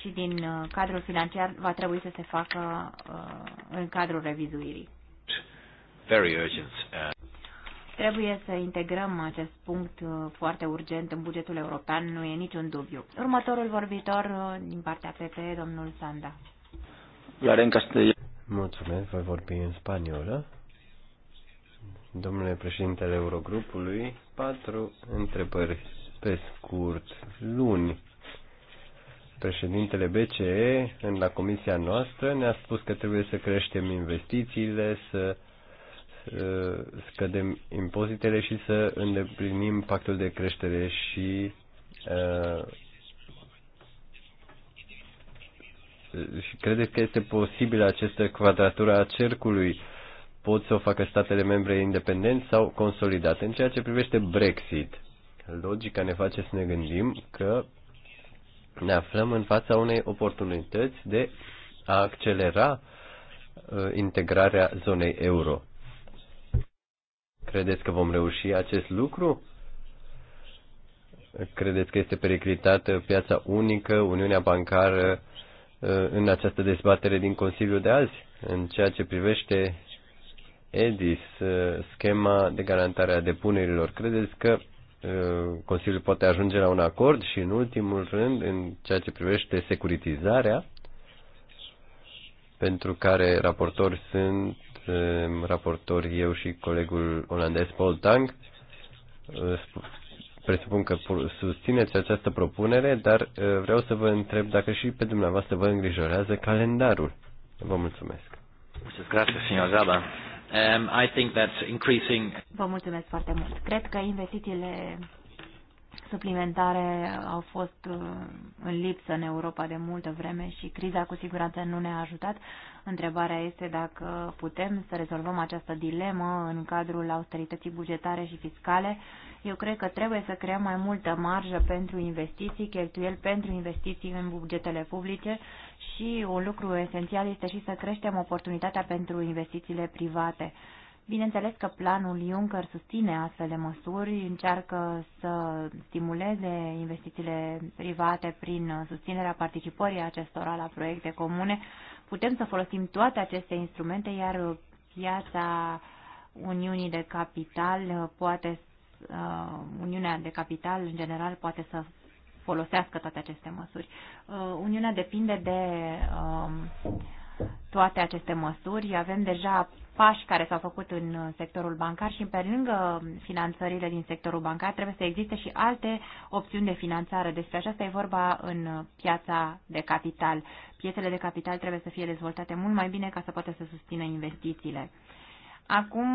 și din uh, cadrul financiar va trebui să se facă uh, în cadrul revizuirii. Very urgent uh, Trebuie să integrăm acest punct uh, foarte urgent în bugetul european, nu e niciun dubiu. Următorul vorbitor uh, din partea PP, domnul Sanda. Iar în Mulțumesc, voi vorbi în spaniolă. Domnule președintele Eurogrupului, patru întrebări pe scurt. Luni, președintele BCE, în la comisia noastră, ne-a spus că trebuie să creștem investițiile, să Uh, scădem impozitele și să îndeplinim pactul de creștere și uh, și credeți că este posibilă această quadratură a cercului? Pot să o facă statele membre independent sau consolidate? În ceea ce privește Brexit, logica ne face să ne gândim că ne aflăm în fața unei oportunități de a accelera uh, integrarea zonei euro. Credeți că vom reuși acest lucru? Credeți că este periclitată piața unică, Uniunea Bancară uh, în această dezbatere din Consiliul de azi? În ceea ce privește EDIS, uh, schema de garantare a depunerilor, credeți că uh, Consiliul poate ajunge la un acord și, în ultimul rând, în ceea ce privește securitizarea, pentru care raportori sunt suntem raportori eu și colegul olandez Paul Tang. Ehm, presupun că susțineți această propunere, dar ehm, vreau să vă întreb dacă și pe dumneavoastră vă îngrijorează calendarul. Vă mulțumesc. Ehm, vă mulțumesc foarte mult. Cred că investițiile suplimentare au fost uh, în lipsă în Europa de multă vreme și criza cu siguranță nu ne-a ajutat. Întrebarea este dacă putem să rezolvăm această dilemă în cadrul austerității bugetare și fiscale. Eu cred că trebuie să creăm mai multă marjă pentru investiții, cheltuieli pentru investiții în bugetele publice și un lucru esențial este și să creștem oportunitatea pentru investițiile private Bineînțeles că planul Juncker susține astfel de măsuri, încearcă să stimuleze investițiile private prin susținerea participării acestora la proiecte comune. Putem să folosim toate aceste instrumente, iar piața Uniunii de Capital poate, uh, Uniunea de Capital în general poate să folosească toate aceste măsuri. Uh, Uniunea depinde de uh, toate aceste măsuri. Avem deja pași care s-au făcut în uh, sectorul bancar și pe lângă um, finanțările din sectorul bancar trebuie să existe și alte opțiuni de finanțare. Despre aceasta e vorba în uh, piața de capital. Piețele de capital trebuie să fie dezvoltate mult mai bine ca să poată să susțină investițiile. Acum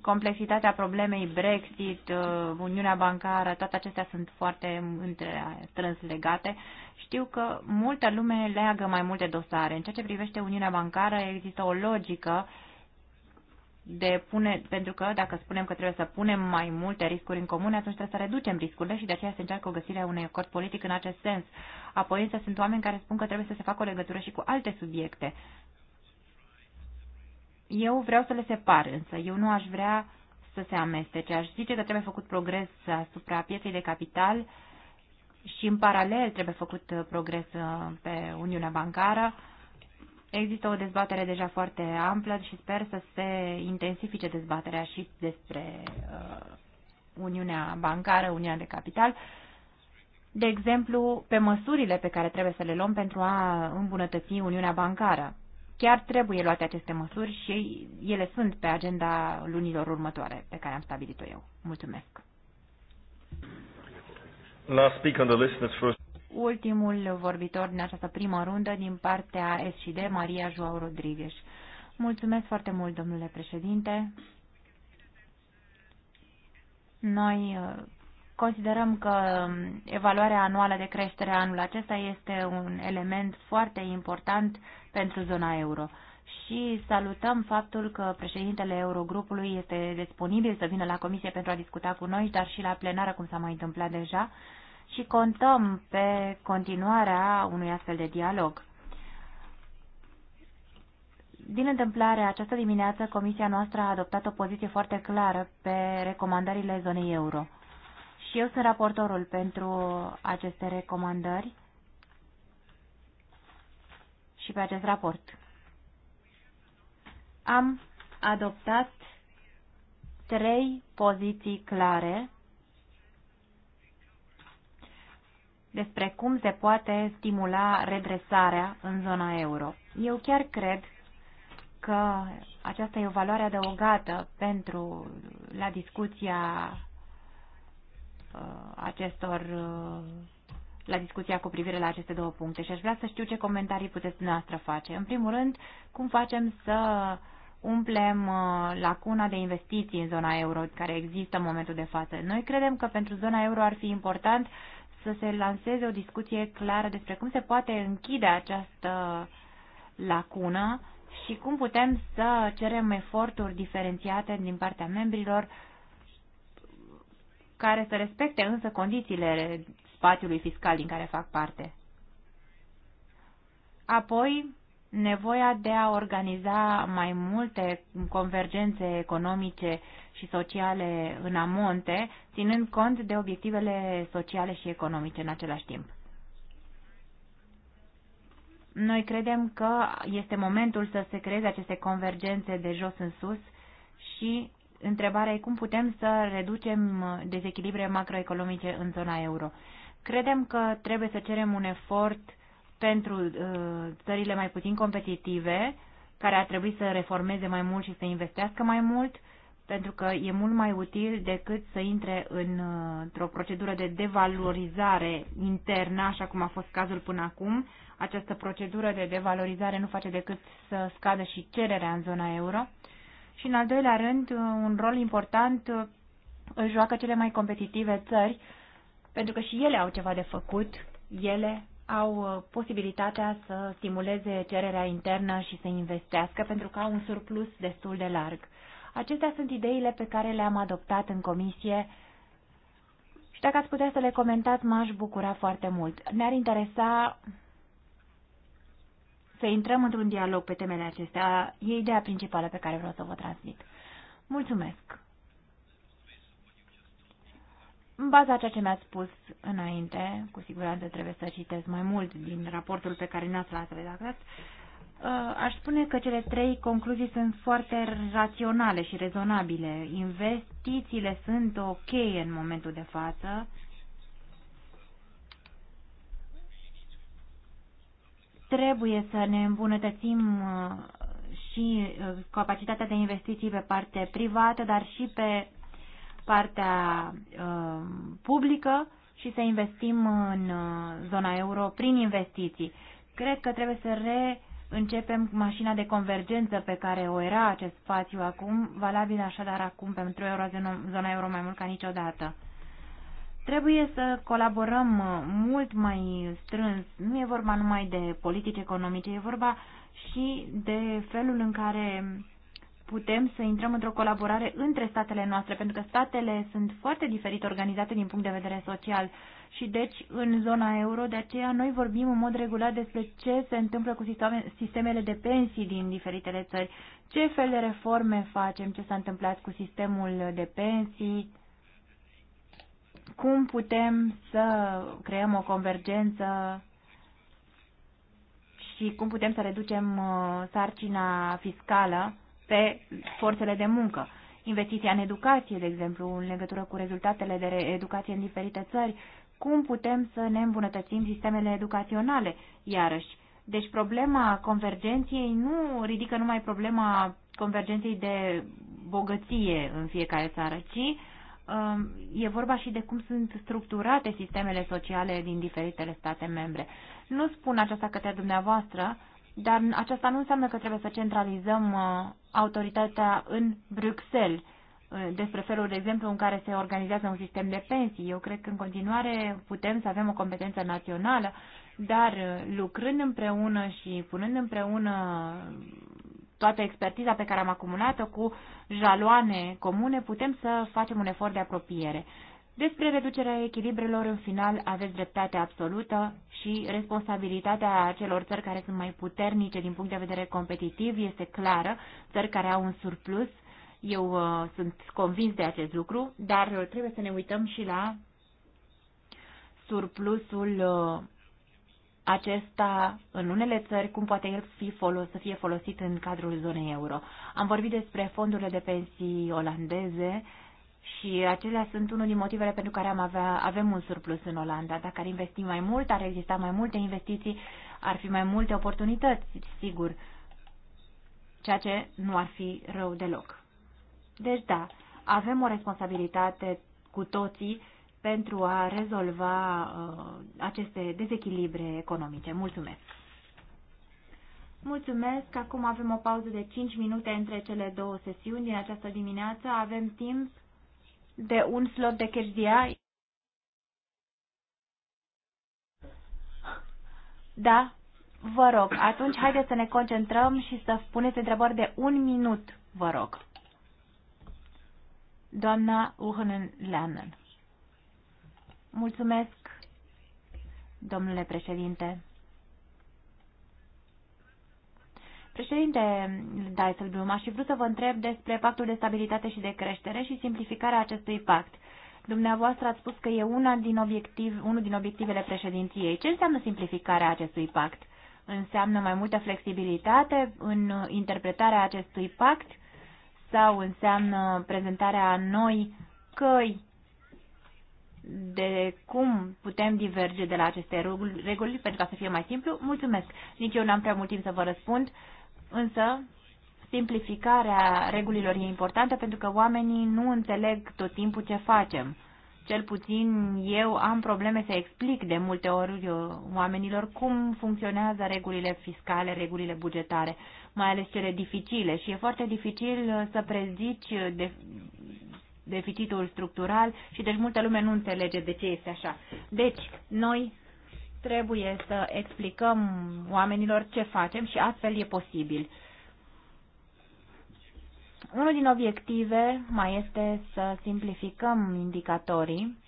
complexitatea problemei Brexit, uh, Uniunea Bancară, toate acestea sunt foarte strâns legate. Știu că multă lume leagă mai multe dosare. În ceea ce privește Uniunea Bancară există o logică de pune, pentru că dacă spunem că trebuie să punem mai multe riscuri în comune, atunci trebuie să reducem riscurile și de aceea se încearcă o găsire a unui acord politic în acest sens. Apoi însă sunt oameni care spun că trebuie să se facă o legătură și cu alte subiecte. Eu vreau să le separ, însă eu nu aș vrea să se amestece. Aș zice că trebuie făcut progres asupra pieței de capital și în paralel trebuie făcut uh, progres uh, pe Uniunea Bancară. Există o dezbatere deja foarte amplă și sper să se intensifice dezbaterea și despre uh, Uniunea Bancară, Uniunea de Capital, de exemplu, pe măsurile pe care trebuie să le luăm pentru a îmbunătăți Uniunea Bancară chiar trebuie luate aceste măsuri și ele sunt pe agenda lunilor următoare pe care am stabilit-o eu. Mulțumesc. Last speak on the list first. Ultimul vorbitor din această primă rundă din partea SCD, Maria Joao Rodriguez. Mulțumesc foarte mult, domnule președinte. Noi Considerăm că um, evaluarea anuală de creștere anul acesta este un element foarte important pentru zona euro și salutăm faptul că președintele Eurogrupului este disponibil să vină la comisie pentru a discuta cu noi, dar și la plenară, cum s-a mai întâmplat deja, și contăm pe continuarea unui astfel de dialog. Din întâmplare, această dimineață, comisia noastră a adoptat o poziție foarte clară pe recomandările zonei euro și eu sunt raportorul pentru aceste recomandări și pe acest raport. Am adoptat trei poziții clare despre cum se poate stimula redresarea în zona euro. Eu chiar cred că aceasta e o valoare adăugată pentru la discuția Uh, acestor uh, la discuția cu privire la aceste două puncte și aș vrea să știu ce comentarii puteți dumneavoastră face. În primul rând, cum facem să umplem uh, lacuna de investiții în zona euro care există în momentul de față. Noi credem că pentru zona euro ar fi important să se lanseze o discuție clară despre cum se poate închide această lacună și cum putem să cerem eforturi diferențiate din partea membrilor care să respecte însă condițiile spațiului fiscal din care fac parte. Apoi, nevoia de a organiza mai multe convergențe economice și sociale în amonte, ținând cont de obiectivele sociale și economice în același timp. Noi credem că este momentul să se creeze aceste convergențe de jos în sus și întrebarea e cum putem să reducem dezechilibre macroeconomice în zona euro. Credem că trebuie să cerem un efort pentru uh, țările mai puțin competitive, care ar trebui să reformeze mai mult și să investească mai mult, pentru că e mult mai util decât să intre în, uh, într-o procedură de devalorizare internă, așa cum a fost cazul până acum. Această procedură de devalorizare nu face decât să scadă și cererea în zona euro și, în al doilea rând, uh, un rol important uh, îl joacă cele mai competitive țări, pentru că și ele au ceva de făcut, ele au uh, posibilitatea să stimuleze cererea internă și să investească pentru că au un surplus destul de larg. Acestea sunt ideile pe care le-am adoptat în comisie și dacă ați putea să le comentați, m-aș bucura foarte mult. Ne-ar interesa să intrăm într-un dialog pe temele acestea. E ideea principală pe care vreau să vă transmit. Mulțumesc! În baza ceea ce mi-ați spus înainte, cu siguranță trebuie să citesc mai mult din raportul pe care ne-ați l redactat, uh, aș spune că cele trei concluzii sunt foarte raționale și rezonabile. Investițiile sunt ok în momentul de față, Trebuie să ne îmbunătățim uh, și uh, capacitatea de investiții pe parte privată, dar și pe partea uh, publică și să investim în zona euro prin investiții. Cred că trebuie să reîncepem mașina de convergență pe care o era acest spațiu acum, valabil așadar acum pentru euro, zona euro mai mult ca niciodată. Trebuie să colaborăm uh, mult mai strâns. Nu e vorba numai de politici economice, e vorba și de felul în care putem să intrăm într-o colaborare între statele noastre, pentru că statele sunt foarte diferit organizate din punct de vedere social și deci în zona euro, de aceea noi vorbim în mod regulat despre ce se întâmplă cu sistemele de pensii din diferitele țări, ce fel de reforme facem, ce s-a întâmplat cu sistemul de pensii, cum putem să creăm o convergență și cum putem să reducem uh, sarcina fiscală pe forțele de muncă. Investiția în educație, de exemplu, în legătură cu rezultatele de educație în diferite țări, cum putem să ne îmbunătățim sistemele educaționale, iarăși. Deci problema convergenției nu ridică numai problema convergenței de bogăție în fiecare țară, ci Um, e vorba și de cum sunt structurate sistemele sociale din diferitele state membre. Nu spun aceasta către dumneavoastră, dar aceasta nu înseamnă că trebuie să centralizăm uh, autoritatea în Bruxelles uh, despre felul, de exemplu, în care se organizează un sistem de pensii. Eu cred că în continuare putem să avem o competență națională, dar uh, lucrând împreună și punând împreună toată expertiza pe care am acumulat-o cu jaloane comune, putem să facem un efort de apropiere. Despre reducerea echilibrelor, în final, aveți dreptate absolută și responsabilitatea celor țări care sunt mai puternice din punct de vedere competitiv este clară, țări care au un surplus. Eu uh, sunt convins de acest lucru, dar uh, trebuie să ne uităm și la surplusul uh, acesta în unele țări, cum poate el fi folos, să fie folosit în cadrul zonei euro. Am vorbit despre fondurile de pensii olandeze și acelea sunt unul din motivele pentru care am avea, avem un surplus în Olanda. Dacă ar investi mai mult, ar exista mai multe investiții, ar fi mai multe oportunități, sigur, ceea ce nu ar fi rău deloc. Deci da, avem o responsabilitate cu toții pentru a rezolva uh, aceste dezechilibre economice. Mulțumesc! Mulțumesc! Acum avem o pauză de 5 minute între cele două sesiuni din această dimineață. Avem timp de un slot de HDI. Da, vă rog, atunci haideți să ne concentrăm și să puneți întrebări de un minut, vă rog. Doamna Uhonen Leanen. Mulțumesc, domnule președinte. Președinte Dijsselbloem, aș fi vrut să vă întreb despre pactul de stabilitate și de creștere și simplificarea acestui pact. Dumneavoastră ați spus că e una din obiectiv, unul din obiectivele președinției. Ce înseamnă simplificarea acestui pact? Înseamnă mai multă flexibilitate în interpretarea acestui pact sau înseamnă prezentarea noi căi de cum putem diverge de la aceste reguli, pentru ca să fie mai simplu, mulțumesc. Nici eu n-am prea mult timp să vă răspund, însă simplificarea regulilor e importantă pentru că oamenii nu înțeleg tot timpul ce facem. Cel puțin eu am probleme să explic de multe ori uh, oamenilor cum funcționează regulile fiscale, regulile bugetare, mai ales cele dificile. Și e foarte dificil uh, să prezici uh, de deficitul structural și deci multă lume nu înțelege de ce este așa. Deci, noi trebuie să explicăm oamenilor ce facem și astfel e posibil. Unul din obiective mai este să simplificăm indicatorii.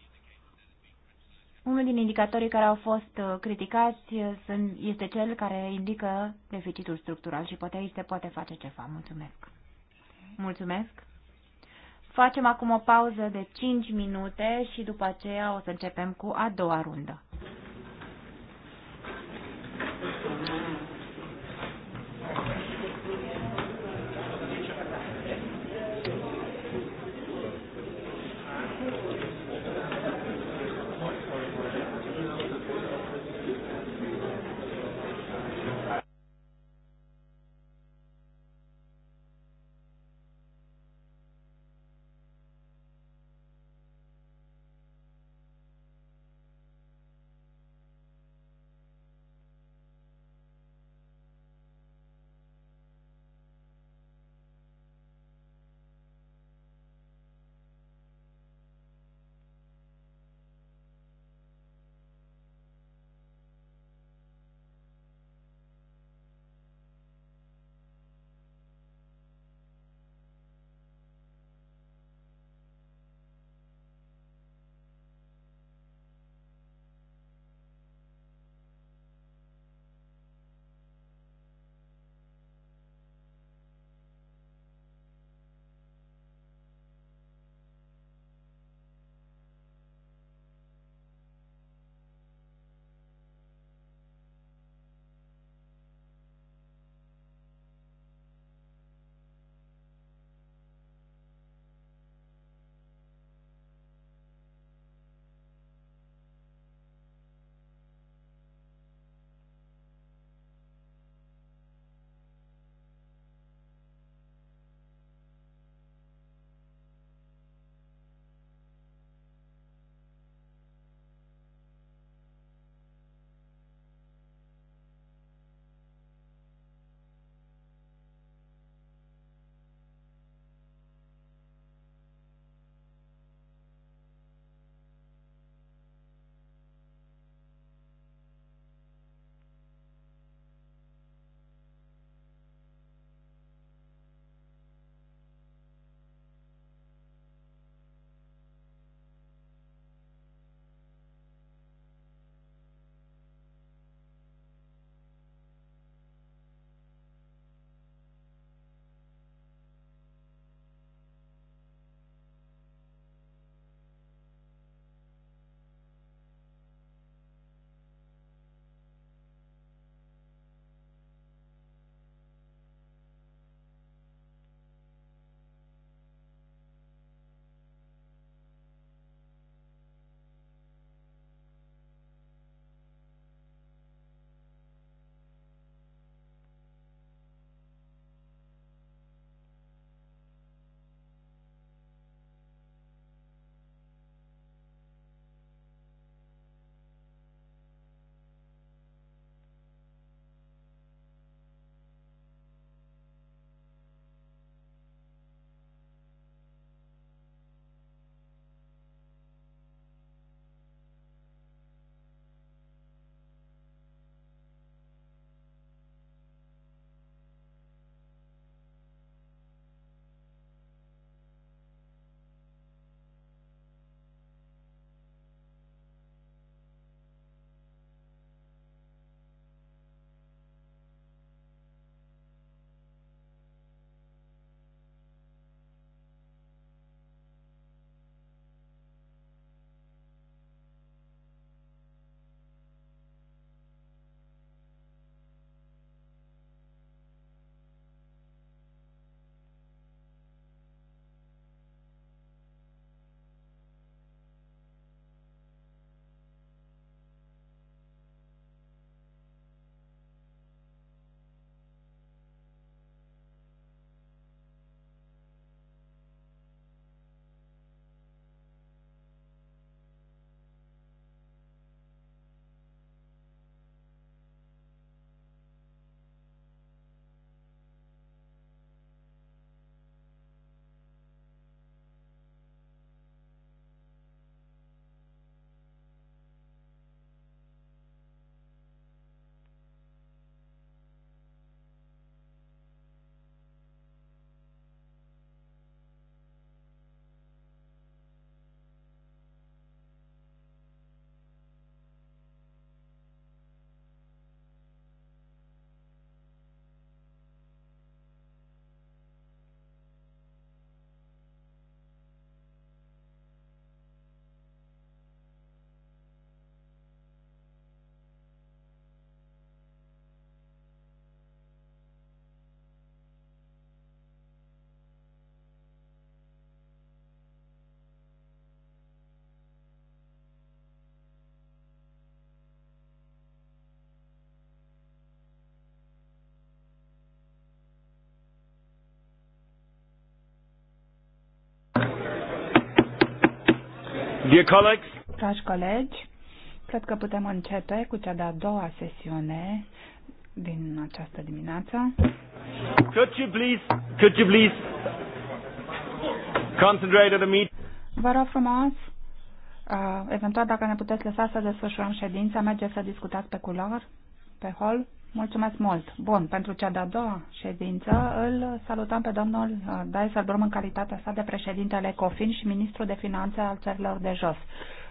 Unul din indicatorii care au fost uh, criticați este cel care indică deficitul structural și poate aici se poate face ceva. Mulțumesc. Mulțumesc. Facem acum o pauză de 5 minute și după aceea o să începem cu a doua rundă. Dear colleagues, Dragi colegi, cred că putem începe cu cea de-a doua sesiune din această dimineață. Could you please, could you please concentrate the meet? Vă rog frumos, uh, eventual dacă ne puteți lăsa să desfășurăm ședința, mergeți să discutați pe culoar, pe hol. Mulțumesc mult. Bun, pentru cea de-a doua ședință îl salutăm pe domnul uh, Dijsselbloem în calitatea sa de președintele COFIN și ministru de finanțe al țărilor de jos.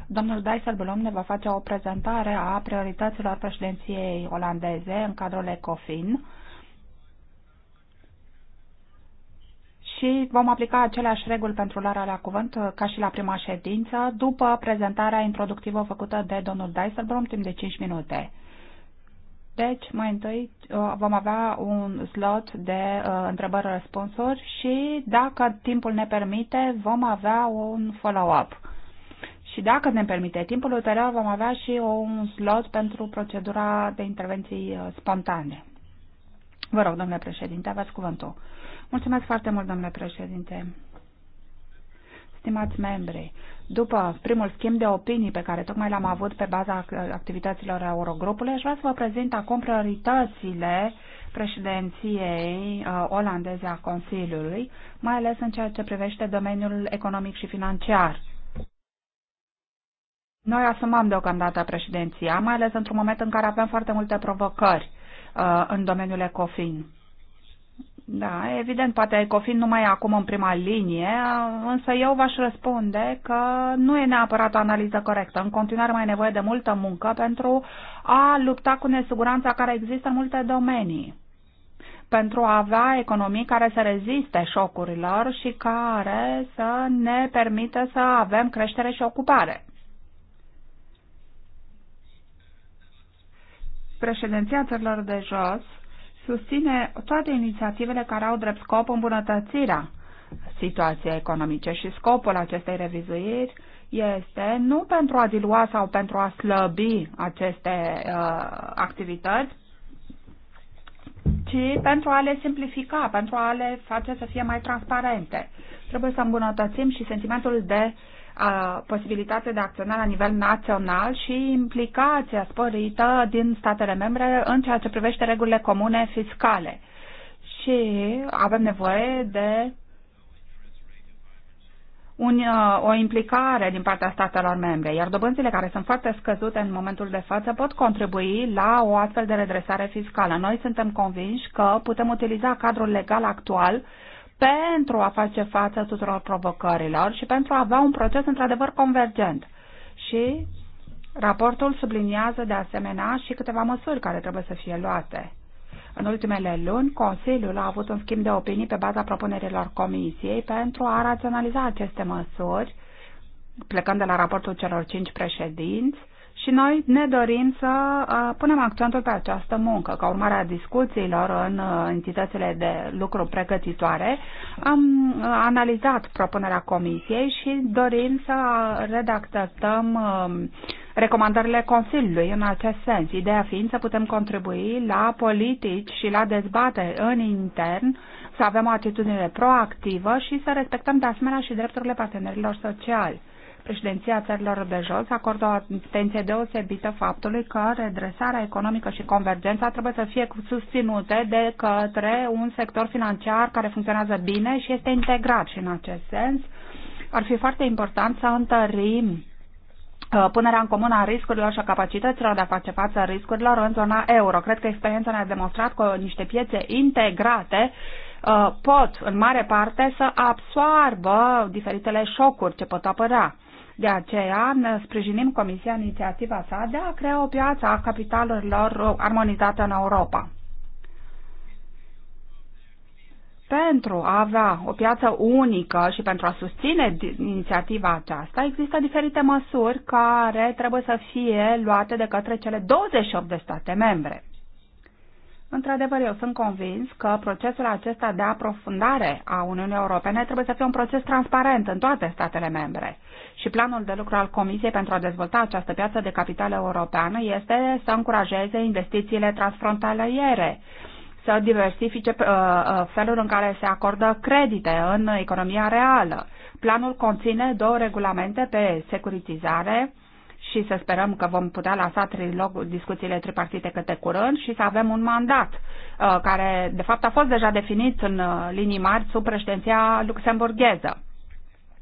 Domnul Dijsselbloem ne va face o prezentare a priorităților președinției olandeze în cadrul ECOFIN și vom aplica aceleași reguli pentru luarea la cuvânt uh, ca și la prima ședință după prezentarea introductivă făcută de domnul Dijsselbloem timp de 5 minute. Deci, mai întâi uh, vom avea un slot de uh, întrebări-răspunsuri și, dacă timpul ne permite, vom avea un follow-up. Și dacă ne permite timpul ulterior, vom avea și un slot pentru procedura de intervenții uh, spontane. Vă rog, domnule președinte, aveți cuvântul. Mulțumesc foarte mult, domnule președinte. Stimați membri, după primul schimb de opinii pe care tocmai l-am avut pe baza activităților Eurogrupului, aș vrea să vă prezint acum prioritățile președinției uh, olandeze a Consiliului, mai ales în ceea ce privește domeniul economic și financiar. Noi asumăm deocamdată președinția, mai ales într-un moment în care avem foarte multe provocări uh, în domeniul ECOFIN. Da, evident, poate Ecofin nu mai e acum în prima linie, însă eu v-aș răspunde că nu e neapărat o analiză corectă. În continuare mai e nevoie de multă muncă pentru a lupta cu nesiguranța care există în multe domenii pentru a avea economii care să reziste șocurilor și care să ne permită să avem creștere și ocupare. Președinția țărilor de jos susține toate inițiativele care au drept scop îmbunătățirea situației economice și scopul acestei revizuiri este nu pentru a dilua sau pentru a slăbi aceste uh, activități, ci pentru a le simplifica, pentru a le face să fie mai transparente. Trebuie să îmbunătățim și sentimentul de posibilitatea de a acționa la nivel național și implicația sporită din statele membre în ceea ce privește regulile comune fiscale. Și avem nevoie de un, o implicare din partea statelor membre, iar dobânzile care sunt foarte scăzute în momentul de față pot contribui la o astfel de redresare fiscală. Noi suntem convinși că putem utiliza cadrul legal actual uh, pentru a face față tuturor provocărilor și pentru a avea un proces într-adevăr convergent. Și raportul subliniază de asemenea și câteva măsuri care trebuie să fie luate. În ultimele luni, Consiliul a avut un schimb de opinii pe baza propunerilor Comisiei pentru a raționaliza aceste măsuri, plecând de la raportul celor cinci președinți, și noi ne dorim să punem accentul pe această muncă. Ca urmare a discuțiilor în entitățile de lucru pregătitoare, am analizat propunerea comisiei și dorim să redactăm recomandările Consiliului în acest sens, ideea fiind să putem contribui la politici și la dezbate în intern, să avem o atitudine proactivă și să respectăm de asemenea și drepturile partenerilor sociali președinția țărilor de jos acordă o atenție deosebită faptului că redresarea economică și convergența trebuie să fie susținute de către un sector financiar care funcționează bine și este integrat și în acest sens ar fi foarte important să întărim uh, punerea în comun a riscurilor și a capacităților de a face față riscurilor în zona euro. Cred că experiența ne-a demonstrat că niște piețe integrate uh, pot, în mare parte, să absoarbă diferitele șocuri ce pot apărea. De aceea ne sprijinim Comisia inițiativa sa de a crea o piață a capitalurilor armonizată în Europa. Pentru a avea o piață unică și pentru a susține inițiativa aceasta, există diferite măsuri care trebuie să fie luate de către cele 28 de state membre. Într-adevăr, eu sunt convins că procesul acesta de aprofundare a Uniunii Europene trebuie să fie un proces transparent în toate statele membre. Și planul de lucru al Comisiei pentru a dezvolta această piață de capital europeană este să încurajeze investițiile transfrontaliere, să diversifice uh, uh, felul în care se acordă credite în economia reală. Planul conține două regulamente pe securitizare, și să sperăm că vom putea lăsa trilog, discuțiile tripartite câte curând și să avem un mandat uh, care, de fapt, a fost deja definit în uh, linii mari sub președinția luxemburgheză.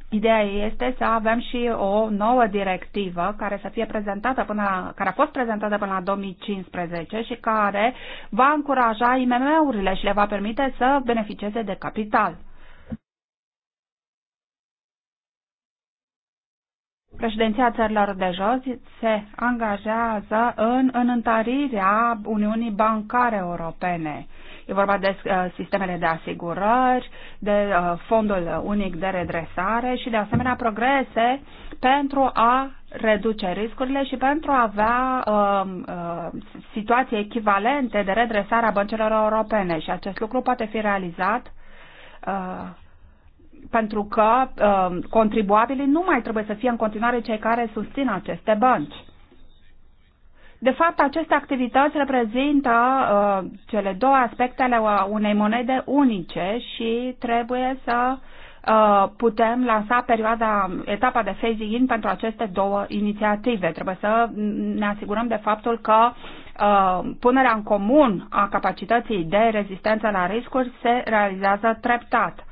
Ideea este să avem și o nouă directivă care să fie prezentată până la, care a fost prezentată până la 2015 și care va încuraja IMM-urile și le va permite să beneficieze de capital. Președinția țărilor de jos se angajează în, în întărirea Uniunii Bancare Europene. E vorba de uh, sistemele de asigurări, de uh, fondul unic de redresare și de asemenea progrese pentru a reduce riscurile și pentru a avea uh, uh, situații echivalente de redresare a băncilor europene. Și acest lucru poate fi realizat uh, pentru că uh, contribuabilii nu mai trebuie să fie în continuare cei care susțin aceste bănci. De fapt, aceste activități reprezintă uh, cele două aspecte ale unei monede unice și trebuie să uh, putem lansa perioada, etapa de phasing-in pentru aceste două inițiative. Trebuie să ne asigurăm de faptul că uh, punerea în comun a capacității de rezistență la riscuri se realizează treptat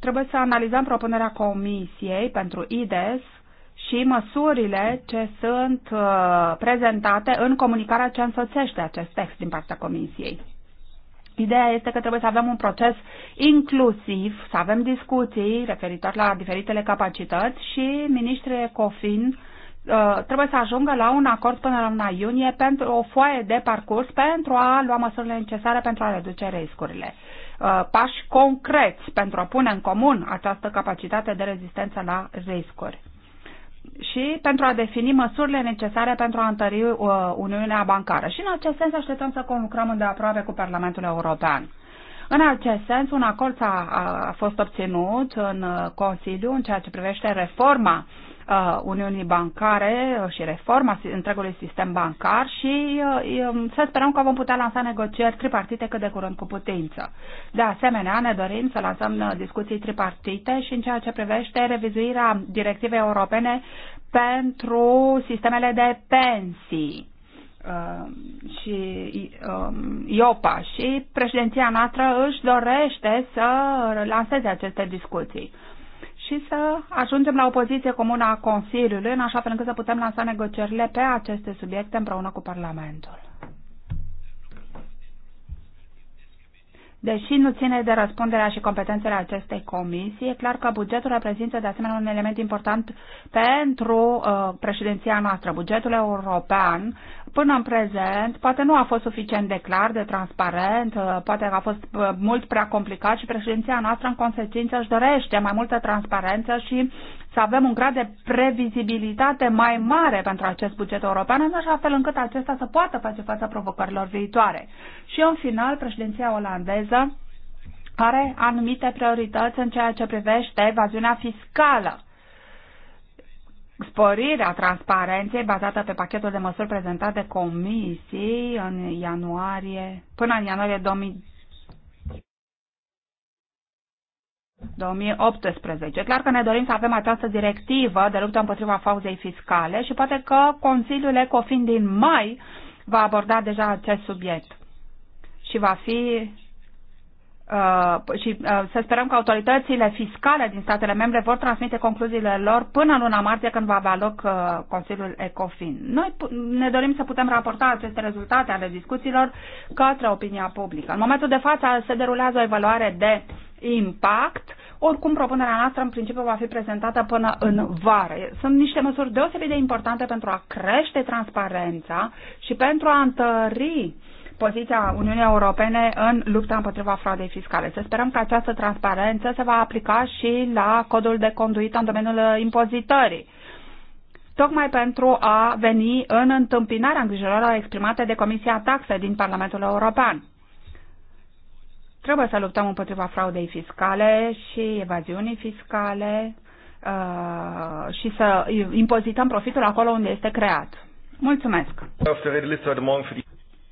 trebuie să analizăm propunerea Comisiei pentru IDES și măsurile ce sunt uh, prezentate în comunicarea ce însoțește acest text din partea Comisiei. Ideea este că trebuie să avem un proces inclusiv, să avem discuții referitor la diferitele capacități și ministrii COFIN uh, trebuie să ajungă la un acord până la luna iunie pentru o foaie de parcurs pentru a lua măsurile necesare pentru a reduce riscurile. Uh, pași concreți pentru a pune în comun această capacitate de rezistență la riscuri și pentru a defini măsurile necesare pentru a întări uh, Uniunea Bancară. Și în acest sens așteptăm să conlucrăm îndeaproape cu Parlamentul European. În acest sens, un acord a, a fost obținut în uh, Consiliu în ceea ce privește reforma uh, Uh, Uniunii Bancare uh, și reforma întregului sistem bancar și uh, um, să sperăm că vom putea lansa negocieri tripartite cât de curând cu putință. De asemenea, ne dorim să lansăm discuții tripartite și în ceea ce privește revizuirea directivei europene pentru sistemele de pensii și um, IOPA și președinția noastră își dorește să lanseze aceste discuții și să ajungem la o poziție comună a Consiliului, în așa fel încât să putem lansa negocierile pe aceste subiecte împreună cu Parlamentul. Deși nu ține de răspunderea și competențele acestei comisii, e clar că bugetul reprezintă de asemenea un element important pentru uh, președinția noastră. Bugetul european până în prezent poate nu a fost suficient de clar, de transparent, uh, poate a fost uh, mult prea complicat și președinția noastră în consecință își dorește mai multă transparență și să avem un grad de previzibilitate mai mare pentru acest buget european, în așa fel încât acesta să poată face față provocărilor viitoare. Și în final, președinția olandeză are anumite priorități în ceea ce privește evaziunea fiscală sporirea transparenței bazată pe pachetul de măsuri prezentat de comisii în ianuarie, până în ianuarie 2020. 2018. Clar că ne dorim să avem această directivă de luptă împotriva fauzei fiscale și poate că Consiliul Ecofin din mai va aborda deja acest subiect și va fi Uh, și uh, să sperăm că autoritățile fiscale din statele membre vor transmite concluziile lor până luna martie când va avea loc uh, Consiliul ECOFIN. Noi ne dorim să putem raporta aceste rezultate ale discuțiilor către opinia publică. În momentul de față se derulează o evaluare de impact. Oricum, propunerea noastră în principiu va fi prezentată până în vară. Sunt niște măsuri deosebit de importante pentru a crește transparența și pentru a întări poziția Uniunii Europene în lupta împotriva fraudei fiscale. Să sperăm că această transparență se va aplica și la codul de conduită în domeniul impozitării tocmai pentru a veni în întâmpinarea îngrijorărilor exprimate de Comisia Taxe din Parlamentul European. Trebuie să luptăm împotriva fraudei fiscale și evaziunii fiscale uh, și să impozităm profitul acolo unde este creat. Mulțumesc!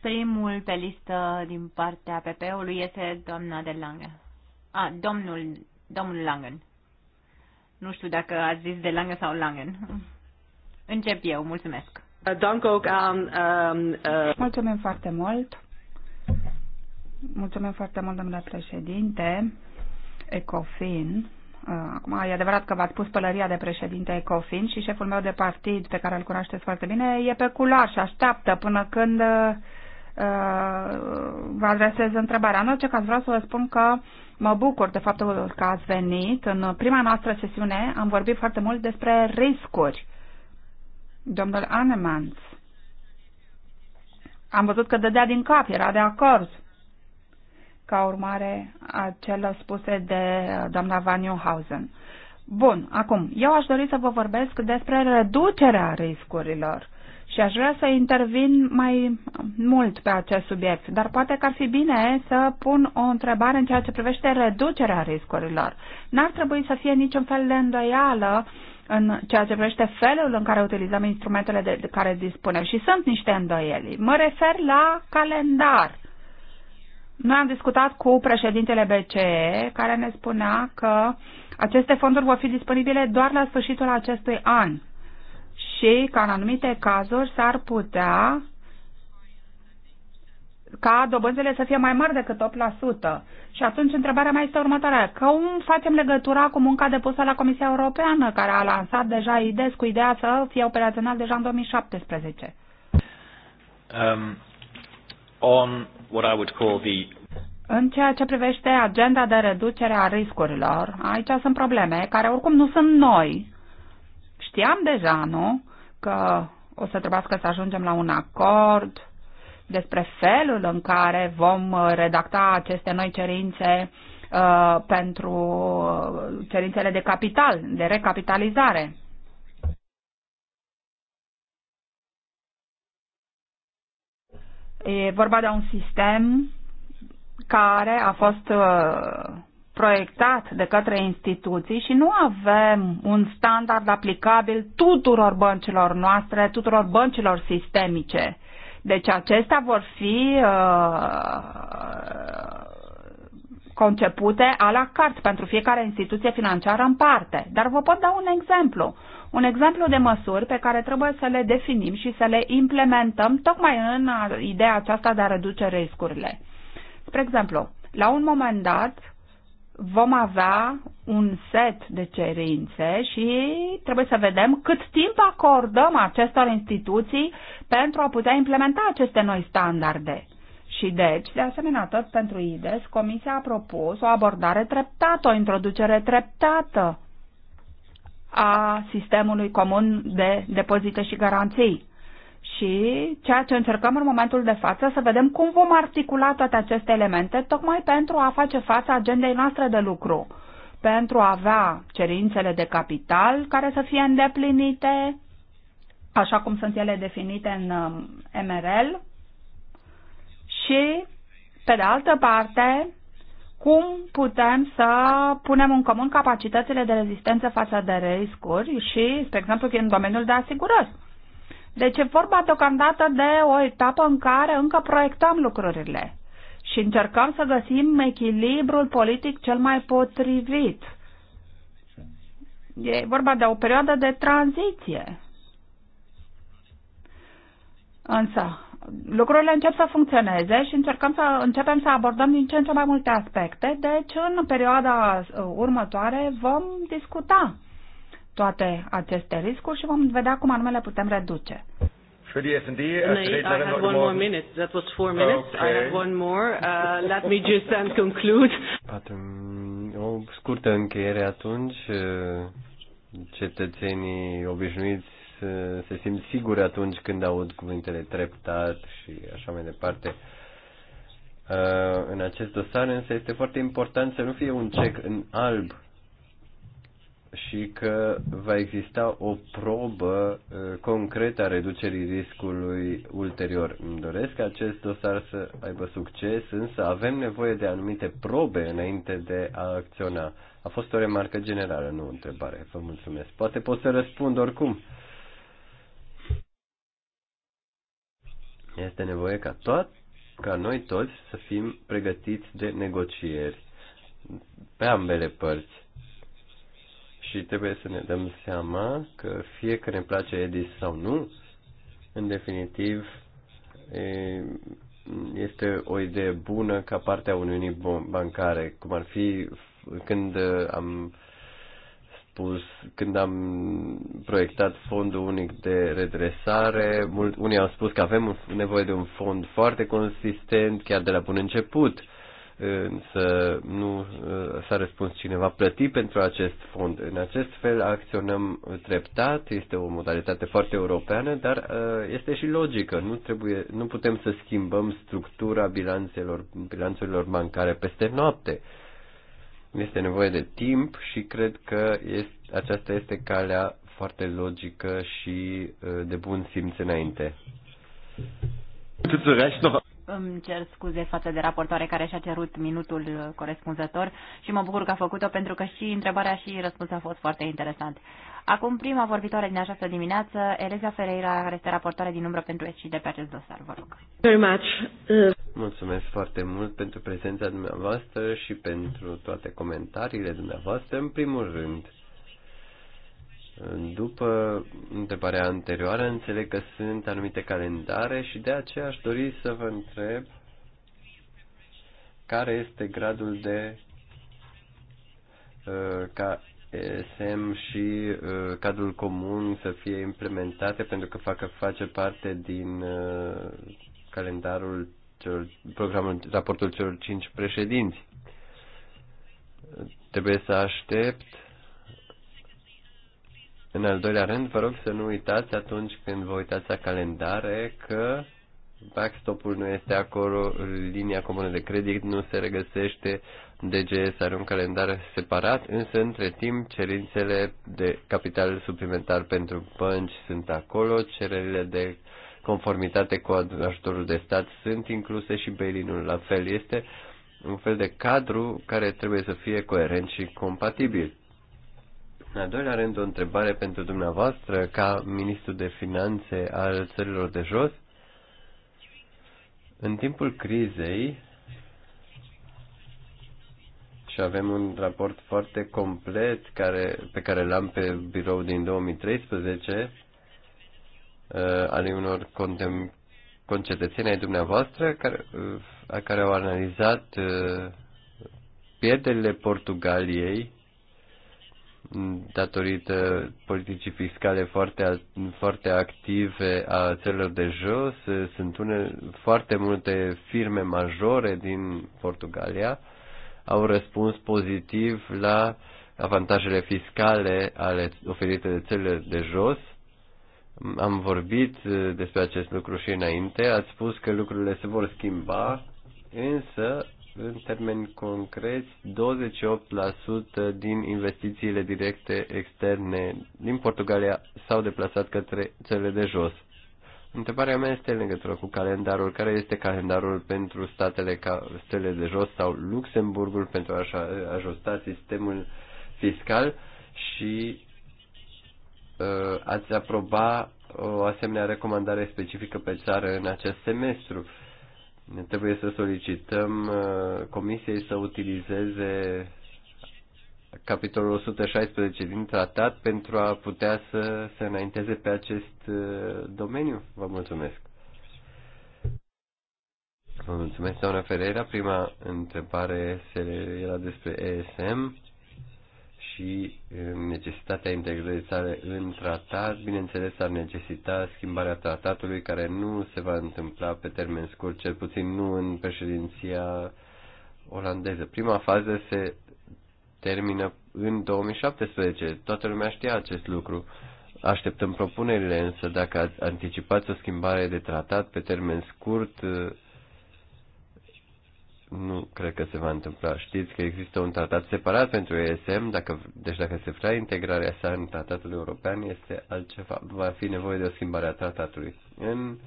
Primul pe listă din partea PP-ului este doamna de Lange. A, domnul, domnul Langen. Nu știu dacă a zis de Lange sau Langen. Încep eu, mulțumesc. Um, um, uh, Mulțumim foarte mult. Mulțumim foarte mult, domnule președinte. Ecofin. Uh, acum, e adevărat că v-ați pus pălăria de președinte Ecofin și șeful meu de partid, pe care îl cunoașteți foarte bine, e pe culoar și așteaptă până când uh, uh, vă adresez întrebarea. În orice caz vreau să vă spun că mă bucur de faptul că ați venit. În prima noastră sesiune am vorbit foarte mult despre riscuri. Domnul Anemans. Am văzut că dădea din cap, era de acord ca urmare a celor spuse de doamna Van Nieuwenhuizen. Bun, acum, eu aș dori să vă vorbesc despre reducerea riscurilor și aș vrea să intervin mai mult pe acest subiect, dar poate că ar fi bine să pun o întrebare în ceea ce privește reducerea riscurilor. N-ar trebui să fie niciun fel de îndoială în ceea ce privește felul în care utilizăm instrumentele de care dispunem și sunt niște îndoieli. Mă refer la calendar. Noi am discutat cu președintele BCE, care ne spunea că aceste fonduri vor fi disponibile doar la sfârșitul acestui an și că în anumite cazuri s-ar putea ca dobânzile să fie mai mari decât 8%. Și atunci întrebarea mea este următoarea. Cum facem legătura cu munca depusă la Comisia Europeană, care a lansat deja IDES cu ideea să fie operațional deja în 2017? Um, on what I would call the în ceea ce privește agenda de reducere a riscurilor, aici sunt probleme care oricum nu sunt noi. Știam deja, nu, că o să trebuiască să ajungem la un acord despre felul în care vom redacta aceste noi cerințe uh, pentru uh, cerințele de capital, de recapitalizare. E vorba de un sistem care a fost uh, proiectat de către instituții și nu avem un standard aplicabil tuturor băncilor noastre, tuturor băncilor sistemice. Deci acestea vor fi uh, concepute a la carte pentru fiecare instituție financiară în parte. Dar vă pot da un exemplu. Un exemplu de măsuri pe care trebuie să le definim și să le implementăm tocmai în ideea aceasta de a reduce riscurile. Spre exemplu, la un moment dat vom avea un set de cerințe și trebuie să vedem cât timp acordăm acestor instituții pentru a putea implementa aceste noi standarde. Și deci, de asemenea, tot pentru IDES, Comisia a propus o abordare treptată, o introducere treptată a sistemului comun de depozite și garanții. Și ceea ce încercăm în momentul de față, să vedem cum vom articula toate aceste elemente, tocmai pentru a face față agendei noastre de lucru, pentru a avea cerințele de capital care să fie îndeplinite, așa cum sunt ele definite în MRL, um, și, pe de altă parte, cum putem să punem în comun capacitățile de rezistență față de riscuri și, spre exemplu, în domeniul de asigurări. Deci e vorba deocamdată de o etapă în care încă proiectăm lucrurile și încercăm să găsim echilibrul politic cel mai potrivit. E vorba de o perioadă de tranziție. Însă, lucrurile încep să funcționeze și încercăm să începem să abordăm din ce în ce mai multe aspecte, deci în perioada uh, următoare vom discuta toate aceste riscuri și vom vedea cum anume le putem reduce. I had one more minute. That was four minutes. Okay. I have one more. Uh, let me just then conclude. (laughs) O scurtă încheiere atunci. Uh, cetățenii obișnuiți se simt siguri atunci când aud cuvintele treptat și așa mai departe. Uh, în acest dosar însă este foarte important să nu fie un cec în alb și că va exista o probă uh, concretă a reducerii riscului ulterior. Îmi doresc acest dosar să aibă succes, însă avem nevoie de anumite probe înainte de a acționa. A fost o remarcă generală, nu o întrebare. Vă mulțumesc. Poate pot să răspund oricum. Este nevoie ca, toat, ca noi toți să fim pregătiți de negocieri pe ambele părți. Și trebuie să ne dăm seama că fie că ne place Edis sau nu, în definitiv, este o idee bună ca parte a Uniunii Bancare, cum ar fi când am spus, când am proiectat fondul unic de redresare, mult, unii au spus că avem nevoie de un fond foarte consistent, chiar de la bun început, însă nu s-a răspuns cineva plăti pentru acest fond. În acest fel acționăm treptat, este o modalitate foarte europeană, dar uh, este și logică. Nu, trebuie, nu putem să schimbăm structura bilanțelor, bilanțelor bancare peste noapte este nevoie de timp și cred că este, aceasta este calea foarte logică și uh, de bun simț înainte îmi cer scuze față de raportoare care și-a cerut minutul corespunzător și mă bucur că a făcut-o pentru că și întrebarea și răspunsul a fost foarte interesant. Acum prima vorbitoare din această dimineață, Eleza Ferreira, care este raportoare din umbră pentru SCD pe acest dosar. Vă rog. Very much. Uh, Mulțumesc foarte mult pentru prezența dumneavoastră și pentru toate comentariile dumneavoastră. În primul rând, după întrebarea anterioară, înțeleg că sunt anumite calendare și de aceea aș dori să vă întreb care este gradul de uh, ca SM și uh, cadrul comun să fie implementate pentru că facă, face parte din uh, calendarul celor, programul, raportul celor cinci președinți. Trebuie să aștept în al doilea rând, vă rog să nu uitați atunci când vă uitați la calendare că backstop-ul nu este acolo, linia comună de credit nu se regăsește, DGS are un calendar separat, însă între timp cerințele de capital suplimentar pentru bănci sunt acolo, cererile de conformitate cu ajutorul de stat sunt incluse și bail la fel. Este un fel de cadru care trebuie să fie coerent și compatibil. În al doilea rând, o întrebare pentru dumneavoastră, ca ministru de finanțe al țărilor de jos. În timpul crizei, și avem un raport foarte complet care, pe care l-am pe birou din 2013, uh, ale unor contem- concetățeni ai dumneavoastră care, uh, care au analizat uh, pierderile Portugaliei datorită politicii fiscale foarte, foarte active a țărilor de jos. Eh, sunt une, foarte multe firme majore din Portugalia au răspuns pozitiv la avantajele fiscale ale oferite de țările de jos. Am vorbit eh, despre acest lucru și înainte, ați spus că lucrurile se vor schimba, însă în termeni concreți, 28% din investițiile directe externe din Portugalia s-au deplasat către țările de jos. Întrebarea mea este în legătură cu calendarul. Care este calendarul pentru statele ca stele de jos sau Luxemburgul pentru a-și ajusta sistemul fiscal și uh, ați aproba o asemenea recomandare specifică pe țară în acest semestru? Uh, ne Trebuie să solicităm uh, Comisiei să utilizeze capitolul 116 din tratat pentru a putea să se înainteze pe acest uh, domeniu. Vă mulțumesc. Vă mulțumesc, doamna Ferreira. Prima întrebare era despre ESM și necesitatea integrării sale în tratat, bineînțeles, ar necesita schimbarea tratatului, care nu se va întâmpla pe termen scurt, cel puțin nu în președinția olandeză. Prima fază se termină în 2017. Toată lumea știa acest lucru. Așteptăm propunerile, însă dacă anticipați o schimbare de tratat pe termen scurt, nu cred că se va întâmpla. Știți că există un tratat separat pentru ESM, dacă, deci dacă se vrea integrarea sa în tratatul european, este altceva. Va fi nevoie de o schimbare a tratatului. În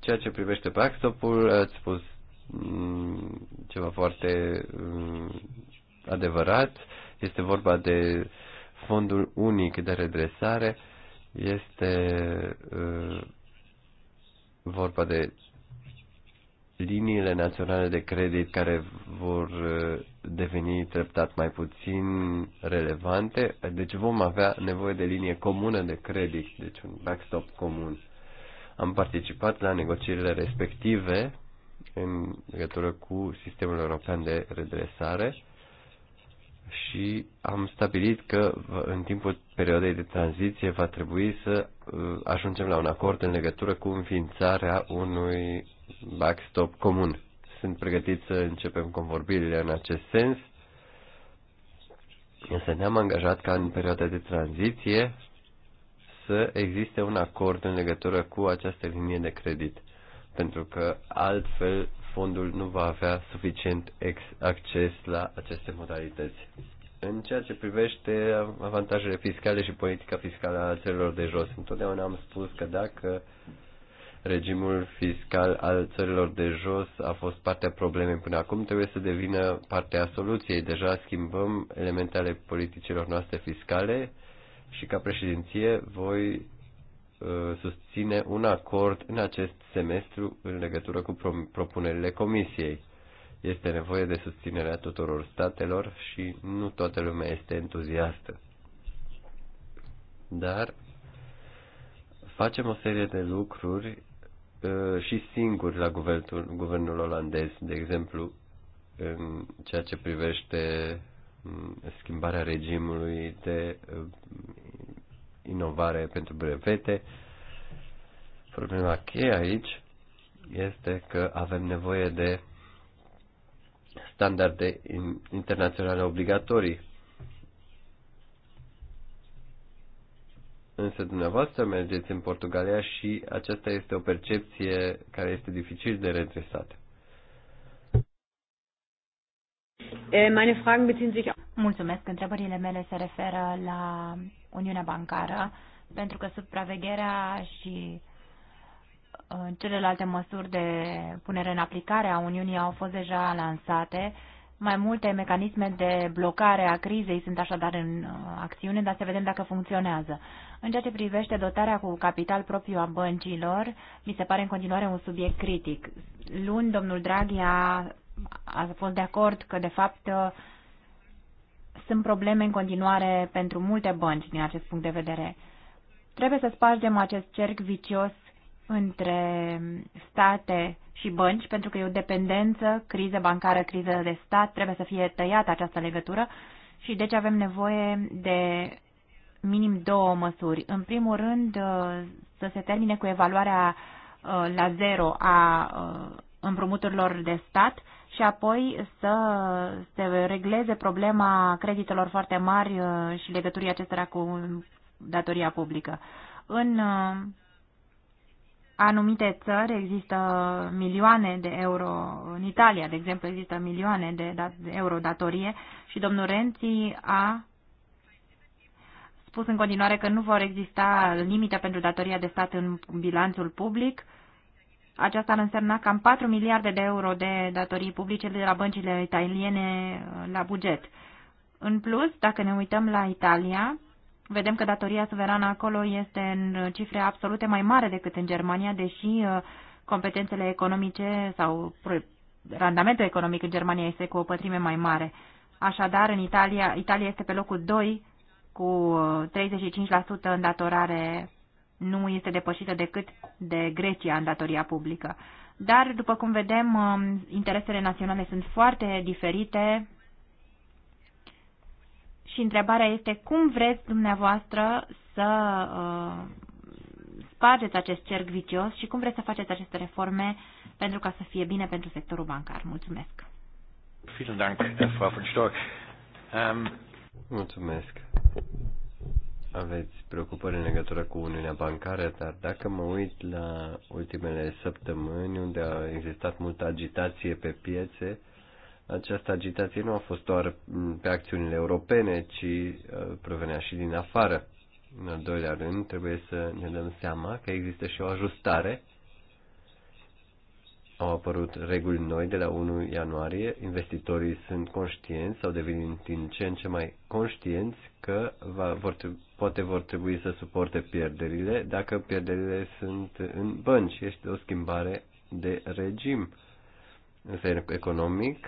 ceea ce privește backstop-ul, ați spus mm, ceva foarte mm, adevărat. Este vorba de fondul unic de redresare. Este mm, vorba de liniile naționale de credit care vor uh, deveni treptat mai puțin relevante, deci vom avea nevoie de linie comună de credit, deci un backstop comun. Am participat la negocierile respective în legătură cu sistemul european de redresare și am stabilit că în timpul perioadei de tranziție va trebui să uh, ajungem la un acord în legătură cu înființarea unui backstop comun. Sunt pregătit să începem convorbirile în acest sens, însă ne-am angajat ca în perioada de tranziție să existe un acord în legătură cu această linie de credit, pentru că altfel fondul nu va avea suficient acces la aceste modalități. În ceea ce privește avantajele fiscale și politica fiscală a țărilor de jos, întotdeauna am spus că dacă uh, regimul fiscal al țărilor de jos a fost partea problemei până acum, trebuie să devină partea soluției. Deja schimbăm elemente ale politicilor noastre fiscale și ca președinție voi uh, susține un acord în acest semestru în legătură cu propunerile Comisiei. Este nevoie de susținerea tuturor statelor și nu toată lumea este entuziastă. Dar facem o serie de lucruri Uh, și singuri la guvernul, guvernul olandez, de exemplu, în ceea ce privește um, schimbarea regimului de uh, inovare pentru brevete. Problema cheie aici este că avem nevoie de standarde internaționale obligatorii Însă dumneavoastră mergeți în Portugalia și aceasta este o percepție care este dificil de redresat. Meine Fragen beziehen sich Mulțumesc. Întrebările mele se referă la Uniunea Bancară, pentru că supravegherea și uh, celelalte măsuri de punere în aplicare a Uniunii au fost deja lansate mai multe mecanisme de blocare a crizei sunt așadar în uh, acțiune, dar să vedem dacă funcționează. În ceea ce privește dotarea cu capital propriu a băncilor, mi se pare în continuare un subiect critic. Luni, domnul Draghi a, a fost de acord că, de fapt, uh, sunt probleme în continuare pentru multe bănci din acest punct de vedere. Trebuie să spargem acest cerc vicios între state și bănci, pentru că e o dependență, criză bancară, criză de stat, trebuie să fie tăiată această legătură și deci avem nevoie de minim două măsuri. În primul rând, uh, să se termine cu evaluarea uh, la zero a uh, împrumuturilor de stat și apoi să se regleze problema creditelor foarte mari și legăturii acestora cu datoria publică. În anumite țări există milioane de euro, în Italia, de exemplu, există milioane de, de euro datorie și domnul Renzi a spus în continuare că nu vor exista limite pentru datoria de stat în bilanțul public. Aceasta ar însemna cam 4 miliarde de euro de datorii publice de la băncile italiene la buget. În plus, dacă ne uităm la Italia, Vedem că datoria suverană acolo este în uh, cifre absolute mai mare decât în Germania, deși uh, competențele economice sau randamentul economic în Germania este cu o pătrime mai mare. Așadar, în Italia, Italia este pe locul 2 cu 35% uh, datorare nu este depășită decât de Grecia în datoria publică. Dar, după cum vedem, um, interesele naționale sunt foarte diferite și întrebarea este cum vreți dumneavoastră să uh, spargeți acest cerc vicios și cum vreți să faceți aceste reforme pentru ca să fie bine pentru sectorul bancar. Mulțumesc! Ähm, Mulțumesc! Aveți preocupări în legătură cu Uniunea Bancară, dar dacă mă uit la ultimele săptămâni unde a existat multă agitație pe piețe, această agitație nu a fost doar pe acțiunile europene, ci uh, provenea și din afară. În al doilea rând, trebuie să ne dăm seama că există și o ajustare. Au apărut reguli noi de la 1 ianuarie, investitorii sunt conștienți sau devin din ce în ce mai conștienți că va, vor, poate vor trebui să suporte pierderile dacă pierderile sunt în bănci. Este o schimbare de regim. Însă economic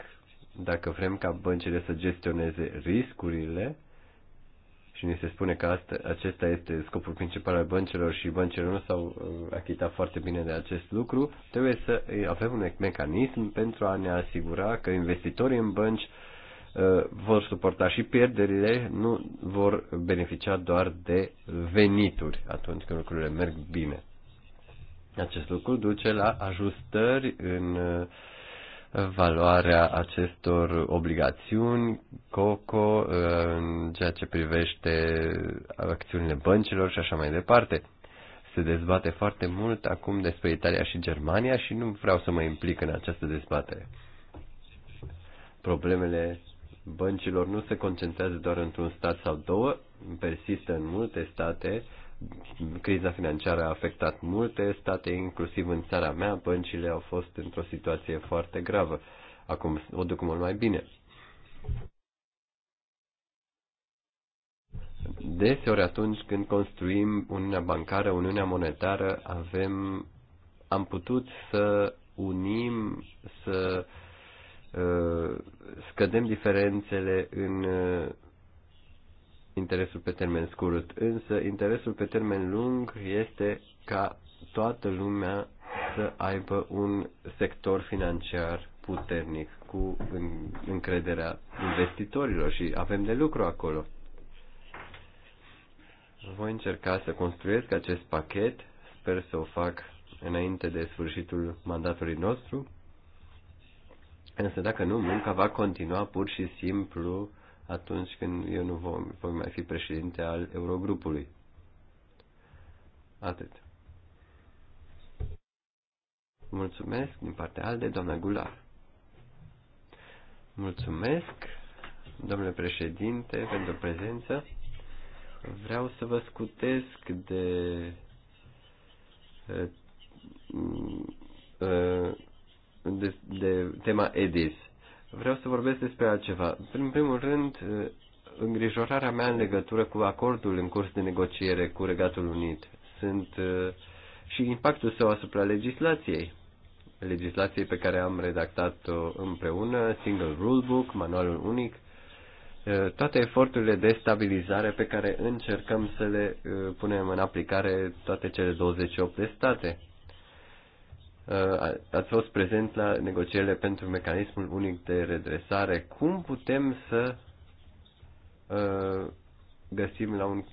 dacă vrem ca băncile să gestioneze riscurile, și ni se spune că asta, acesta este scopul principal al băncilor și băncile nu s-au uh, achitat foarte bine de acest lucru, trebuie să uh, avem un mecanism pentru a ne asigura că investitorii în bănci uh, vor suporta și pierderile, nu vor beneficia doar de venituri atunci când lucrurile merg bine. Acest lucru duce la ajustări în uh, valoarea acestor obligațiuni, COCO, în ceea ce privește acțiunile băncilor și așa mai departe. Se dezbate foarte mult acum despre Italia și Germania și nu vreau să mă implic în această dezbatere. Problemele băncilor nu se concentrează doar într-un stat sau două, persistă în multe state criza financiară a afectat multe state, inclusiv în țara mea, băncile au fost într-o situație foarte gravă. Acum o duc mult mai bine. Deseori atunci când construim Uniunea Bancară, Uniunea Monetară, avem, am putut să unim, să uh, scădem diferențele în uh, interesul pe termen scurt, însă interesul pe termen lung este ca toată lumea să aibă un sector financiar puternic cu încrederea investitorilor și avem de lucru acolo. Voi încerca să construiesc acest pachet, sper să o fac înainte de sfârșitul mandatului nostru, însă dacă nu, munca va continua pur și simplu atunci când eu nu vom, voi mai fi președinte al Eurogrupului. Atât. Mulțumesc din partea al de doamna Gular. Mulțumesc, domnule președinte, pentru prezență. Vreau să vă scutesc de eh, eh, de, de tema EDIS vreau să vorbesc despre altceva. În primul rând, îngrijorarea mea în legătură cu acordul în curs de negociere cu Regatul Unit sunt și impactul său asupra legislației. Legislației pe care am redactat-o împreună, Single Rulebook, Manualul Unic, toate eforturile de stabilizare pe care încercăm să le punem în aplicare toate cele 28 de state. Uh, ați fost prezent la negocierile pentru mecanismul unic de redresare. Cum putem să uh, găsim la un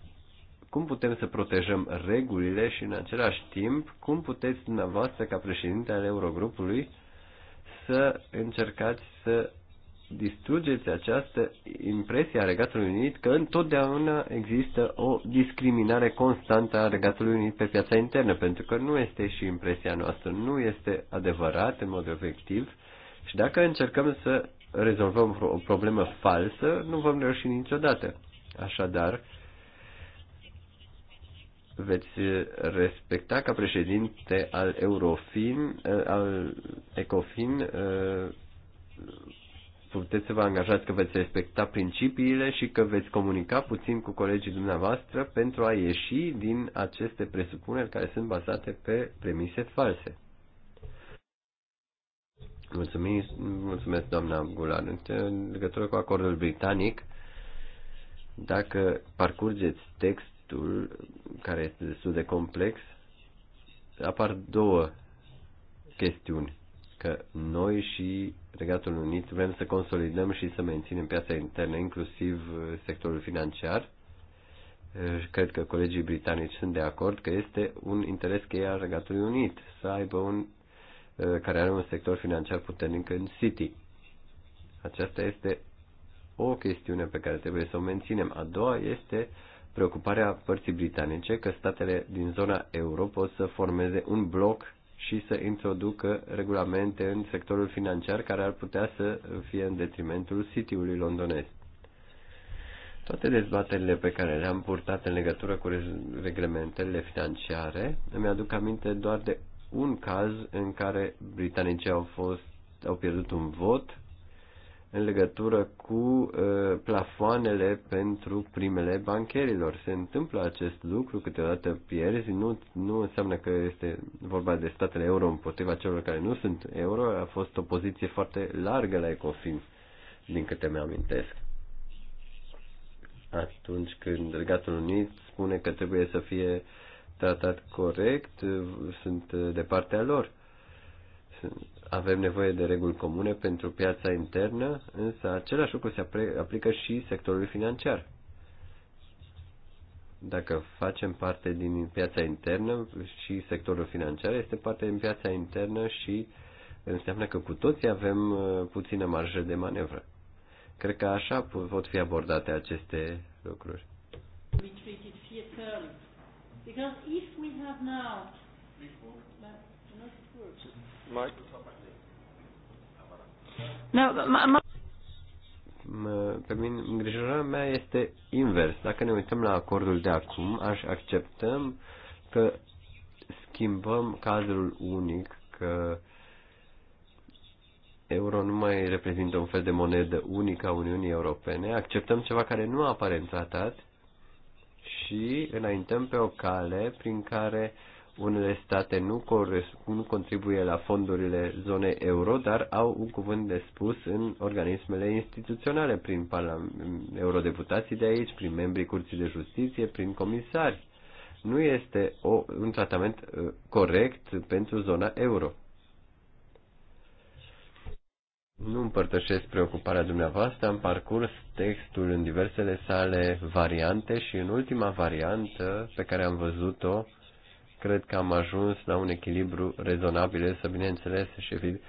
cum putem să protejăm regulile și în același timp cum puteți dumneavoastră ca președinte al Eurogrupului să încercați să distrugeți această impresie a Regatului Unit că întotdeauna există o discriminare constantă a Regatului Unit pe piața internă, pentru că nu este și impresia noastră, nu este adevărat în mod obiectiv și dacă încercăm să rezolvăm o problemă falsă, nu vom reuși niciodată. Așadar, veți respecta ca președinte al Eurofin, eh, al Ecofin, eh, puteți să vă angajați că veți respecta principiile și că veți comunica puțin cu colegii dumneavoastră pentru a ieși din aceste presupuneri care sunt bazate pe premise false. Mulțumim, mulțumesc, doamna Gular. În legătură cu acordul britanic, dacă parcurgeți textul, care este destul de complex, apar două chestiuni că noi și Regatul Unit vrem să consolidăm și să menținem piața internă, inclusiv uh, sectorul financiar. Uh, cred că colegii britanici sunt de acord că este un interes cheie al Regatului Unit să aibă un uh, care are un sector financiar puternic în City. Aceasta este o chestiune pe care trebuie să o menținem. A doua este preocuparea părții britanice că statele din zona euro pot să formeze un bloc și să introducă regulamente în sectorul financiar care ar putea să fie în detrimentul City-ului londonez. Toate dezbaterile pe care le-am purtat în legătură cu reglementele financiare îmi aduc aminte doar de un caz în care britanicii au, fost, au pierdut un vot în legătură cu uh, plafoanele pentru primele bancherilor. Se întâmplă acest lucru, câteodată pierzi, nu, nu înseamnă că este vorba de statele euro împotriva celor care nu sunt euro, a fost o poziție foarte largă la Ecofin, din câte mi-amintesc. Atunci când Regatul Unit spune că trebuie să fie tratat corect, sunt de partea lor. Sunt avem nevoie de reguli comune pentru piața internă, însă același lucru se aplică și sectorului financiar. Dacă facem parte din piața internă și sectorul financiar este parte din piața internă și înseamnă că cu toții avem uh, puțină marjă de manevră. Cred că așa pot fi abordate aceste lucruri. Because if we have now... Mike? No, ma, ma... Pe mine, îngrijorarea mea este invers. Dacă ne uităm la acordul de acum, aș acceptăm că schimbăm cadrul unic, că euro nu mai reprezintă un fel de monedă unică a Uniunii Europene, acceptăm ceva care nu apare în tratat și înaintăm pe o cale prin care uh, unele state nu, nu contribuie la fondurile zonei euro, dar au un cuvânt de spus în organismele instituționale, prin eurodeputații de aici, prin membrii Curții de Justiție, prin comisari. Nu este o, un tratament uh, corect pentru zona euro. Nu împărtășesc preocuparea dumneavoastră, am parcurs textul în diversele sale variante și în ultima variantă pe care am văzut-o cred că am ajuns la un echilibru rezonabil, Să bineînțeles, șefii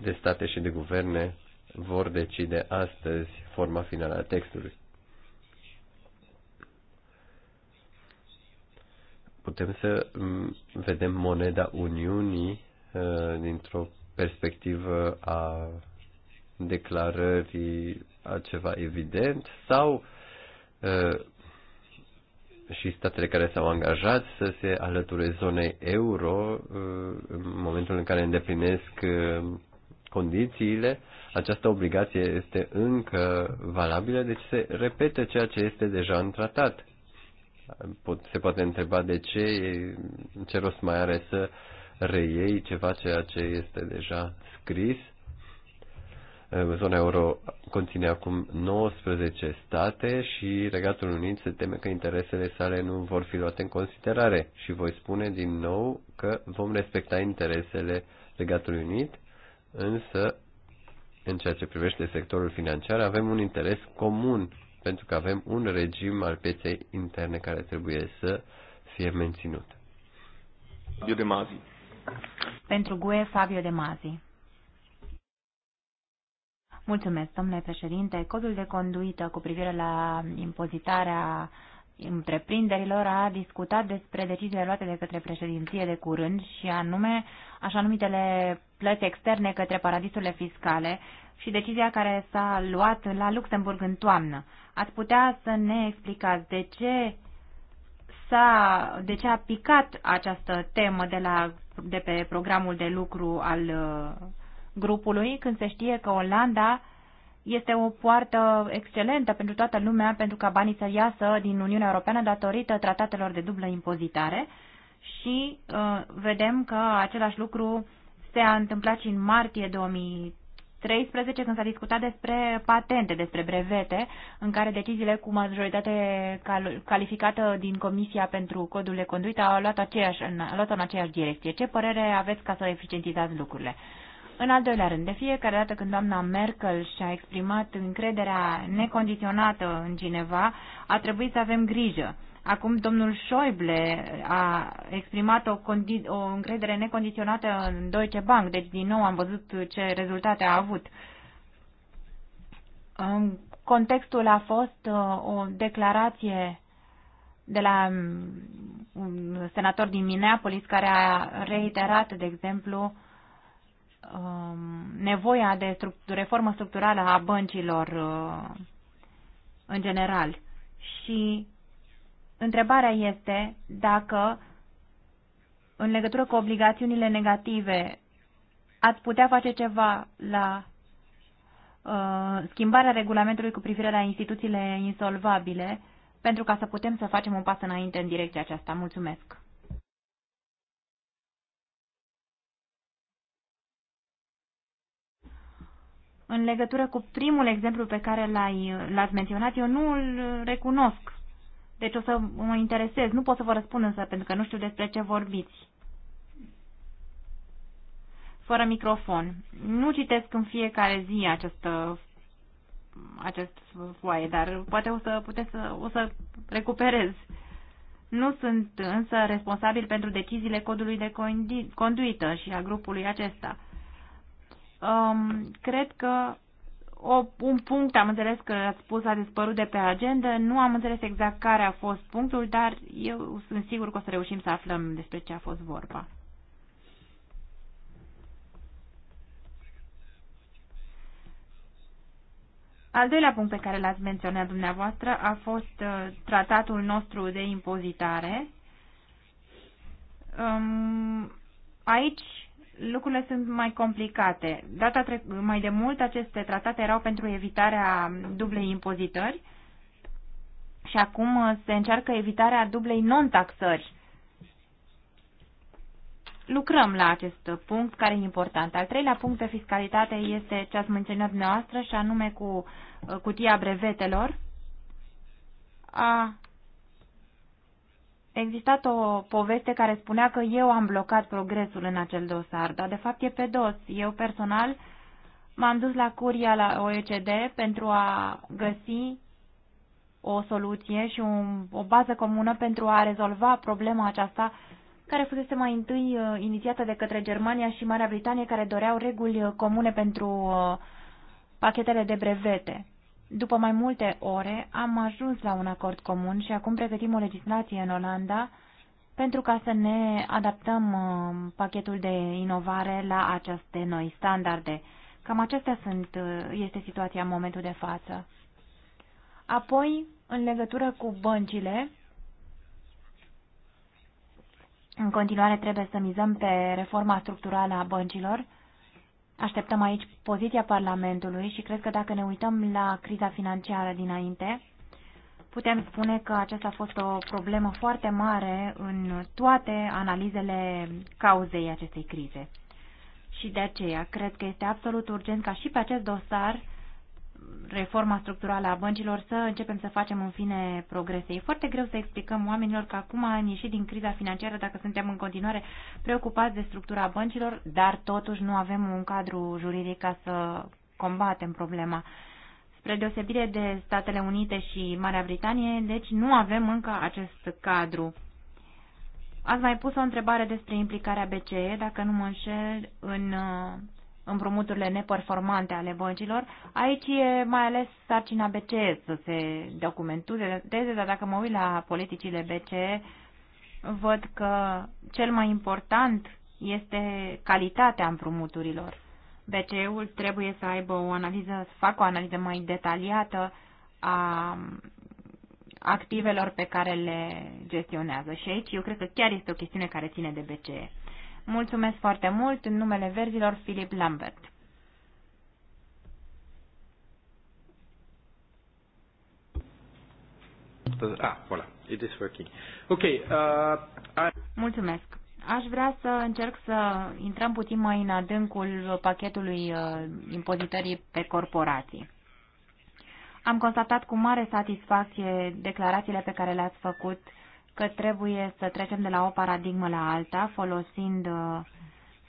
de state și de guverne vor decide astăzi forma finală a textului. Putem să mm, vedem moneda Uniunii uh, dintr-o perspectivă a declarării a ceva evident sau uh, și statele care s-au angajat să se alăture zonei euro uh, în momentul în care îndeplinesc uh, condițiile, această obligație este încă valabilă, deci se repetă ceea ce este deja în tratat. Se poate întreba de ce, ce rost mai are să reiei ceva ceea ce este deja scris Eh, zona euro conține acum 19 state și Regatul Unit se teme că interesele sale nu vor fi luate în considerare și voi spune din nou că vom respecta interesele Regatului Unit, însă în ceea ce privește sectorul financiar avem un interes comun pentru că avem un regim al pieței interne care trebuie să fie menținut. Fabio De Mazi. Pentru GUE, Fabio De Mazi. Mulțumesc, domnule președinte. Codul de conduită cu privire la impozitarea întreprinderilor a discutat despre deciziile luate de către președinție de curând și anume așa numitele plăți externe către paradisurile fiscale și decizia care s-a luat la Luxemburg în toamnă. Ați putea să ne explicați de ce s-a, de ce a picat această temă de, la, de pe programul de lucru al uh, grupului când se știe că Olanda este o poartă excelentă pentru toată lumea pentru ca banii să iasă din Uniunea Europeană datorită tratatelor de dublă impozitare și uh, vedem că același lucru se a întâmplat și în martie 2013 când s-a discutat despre patente, despre brevete, în care deciziile cu majoritate calificată din Comisia pentru Codul de Conduită au luat, aceeași, în, luat în aceeași direcție. Ce părere aveți ca să eficientizați lucrurile? În al doilea rând, de fiecare dată când doamna Merkel și-a exprimat încrederea necondiționată în cineva, a trebuit să avem grijă. Acum domnul Schäuble a exprimat o, o încredere necondiționată în Deutsche Bank, deci din nou am văzut ce rezultate a avut. Contextul a fost uh, o declarație de la um, un senator din Minneapolis care a reiterat, de exemplu, Um, nevoia de reformă structurală a băncilor uh, în general. Și întrebarea este dacă, în legătură cu obligațiunile negative, ați putea face ceva la uh, schimbarea regulamentului cu privire la instituțiile insolvabile pentru ca să putem să facem un pas înainte în direcția aceasta. Mulțumesc! În legătură cu primul exemplu pe care l-ați menționat, eu nu îl recunosc. Deci o să mă interesez. Nu pot să vă răspund însă, pentru că nu știu despre ce vorbiți. Fără microfon. Nu citesc în fiecare zi această, acest foaie, dar poate o să, puteți să, o să recuperez. Nu sunt însă responsabil pentru deciziile codului de conduită și a grupului acesta. Um, cred că o, un punct, am înțeles că ați spus, a dispărut de pe agenda. Nu am înțeles exact care a fost punctul, dar eu sunt sigur că o să reușim să aflăm despre ce a fost vorba. Al doilea punct pe care l-ați menționat dumneavoastră a fost uh, tratatul nostru de impozitare. Um, aici lucrurile sunt mai complicate. Data trec- mai de mult aceste tratate erau pentru evitarea dublei impozitări și acum uh, se încearcă evitarea dublei non-taxări. Lucrăm la acest punct care e important. Al treilea punct de fiscalitate este ce ați menționat dumneavoastră și anume cu uh, cutia brevetelor. A existat o poveste care spunea că eu am blocat progresul în acel dosar, dar de fapt e pe dos. Eu personal m-am dus la curia la OECD pentru a găsi o soluție și un, o bază comună pentru a rezolva problema aceasta care fusese mai întâi uh, inițiată de către Germania și Marea Britanie care doreau reguli uh, comune pentru uh, pachetele de brevete. După mai multe ore, am ajuns la un acord comun și acum pregătim o legislație în Olanda pentru ca să ne adaptăm uh, pachetul de inovare la aceste noi standarde. Cam acestea sunt, uh, este situația în momentul de față. Apoi, în legătură cu băncile, în continuare trebuie să mizăm pe reforma structurală a băncilor Așteptăm aici poziția Parlamentului și cred că dacă ne uităm la criza financiară dinainte, putem spune că aceasta a fost o problemă foarte mare în toate analizele cauzei acestei crize. Și de aceea cred că este absolut urgent ca și pe acest dosar reforma structurală a băncilor, să începem să facem în fine progrese. E foarte greu să explicăm oamenilor că acum am ieșit din criza financiară dacă suntem în continuare preocupați de structura băncilor, dar totuși nu avem un cadru juridic ca să combatem problema. Spre deosebire de Statele Unite și Marea Britanie, deci nu avem încă acest cadru. Ați mai pus o întrebare despre implicarea BCE, dacă nu mă înșel, în uh, împrumuturile neperformante ale băncilor. Aici e mai ales sarcina BCE să se documenteze, dar dacă mă uit la politicile BCE, văd că cel mai important este calitatea împrumuturilor. BCE-ul trebuie să aibă o analiză, să facă o analiză mai detaliată a um, activelor pe care le gestionează. Și aici eu cred că chiar este o chestiune care ține de BCE. Mulțumesc foarte mult în numele verzilor Philip Lambert. Ah, voilà. It is working. Ok. Uh, I... Mulțumesc. Aș vrea să încerc să intrăm puțin mai în adâncul pachetului uh, impozitării pe corporații. Am constatat cu mare satisfacție declarațiile pe care le-ați făcut uh, că trebuie să trecem de la o paradigmă la alta, folosind uh,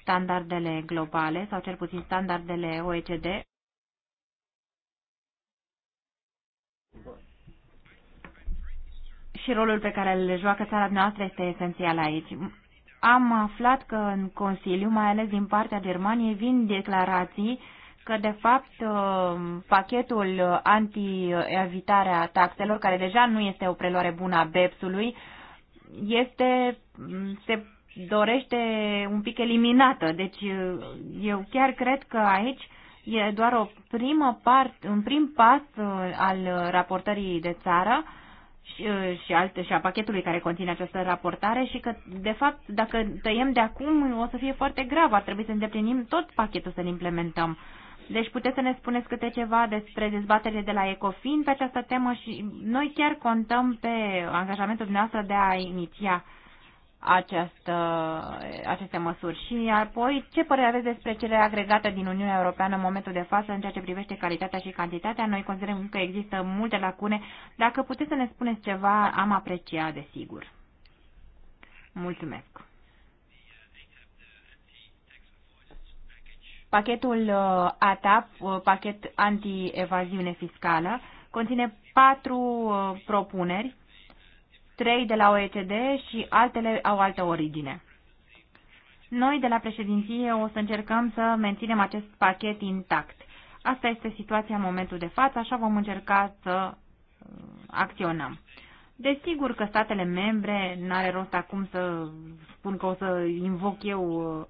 standardele globale sau cel puțin standardele OECD. Și rolul pe care îl joacă țara noastră este esențial aici. Am aflat că în Consiliu, mai ales din partea Germaniei, vin declarații că, de fapt, uh, pachetul anti-evitarea taxelor, care deja nu este o preluare bună a BEPS-ului, este, se dorește un pic eliminată. Deci eu chiar cred că aici e doar o primă part, un prim pas uh, al raportării de țară și, uh, și, alte, și a pachetului care conține această raportare și că, de fapt, dacă tăiem de acum, o să fie foarte grav. Ar trebui să îndeplinim tot pachetul să-l implementăm. Uh, deci puteți să ne spuneți câte ceva despre dezbaterile de la Ecofin pe această temă și noi chiar contăm pe angajamentul dumneavoastră de a iniția această, aceste măsuri. Și apoi, ce părere aveți despre cele agregate din Uniunea Europeană în momentul de față în ceea ce privește calitatea și cantitatea? Noi considerăm că există multe lacune. Dacă puteți să ne spuneți ceva, am apreciat, desigur. Mulțumesc. Pachetul uh, ATAP, uh, pachet anti-evaziune fiscală, conține patru uh, propuneri, trei de la OECD și altele au altă origine. Noi, de la președinție, o să încercăm să menținem acest pachet intact. Asta este situația în momentul de față, așa vom încerca să acționăm. Desigur că statele membre, n-are rost acum să spun că o să invoc eu uh,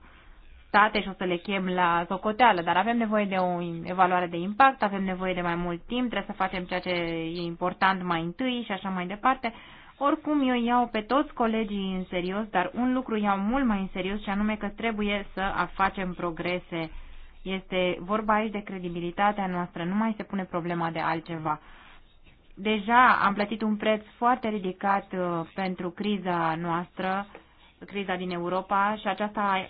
state și o să le chem la socoteală, dar avem nevoie de o evaluare de impact, avem nevoie de mai mult timp, trebuie să facem ceea ce e important mai întâi și așa mai departe. Oricum, eu iau pe toți colegii în serios, dar un lucru iau mult mai în serios și anume că trebuie să facem progrese. Este vorba aici de credibilitatea noastră, nu mai se pune problema de altceva. Deja am plătit un preț foarte ridicat uh, pentru criza noastră, criza din Europa și aceasta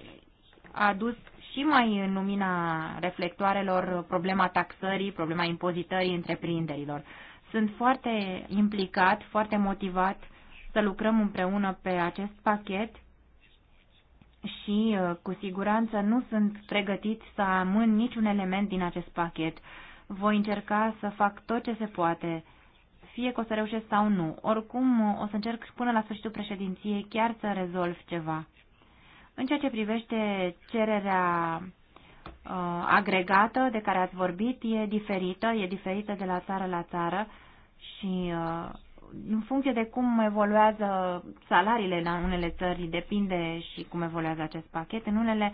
a adus și mai în lumina reflectoarelor problema taxării, problema impozitării întreprinderilor. Sunt foarte implicat, foarte motivat să lucrăm împreună pe acest pachet și uh, cu siguranță nu sunt pregătit să amân niciun element din acest pachet. Voi încerca să fac tot ce se poate, fie că o să reușesc sau nu. Oricum, o să încerc până la sfârșitul președinției chiar să rezolv ceva. În ceea ce privește cererea uh, agregată de care ați vorbit, e diferită, e diferită de la țară la țară și uh, în funcție de cum evoluează salariile la unele țări, depinde și cum evoluează acest pachet. În unele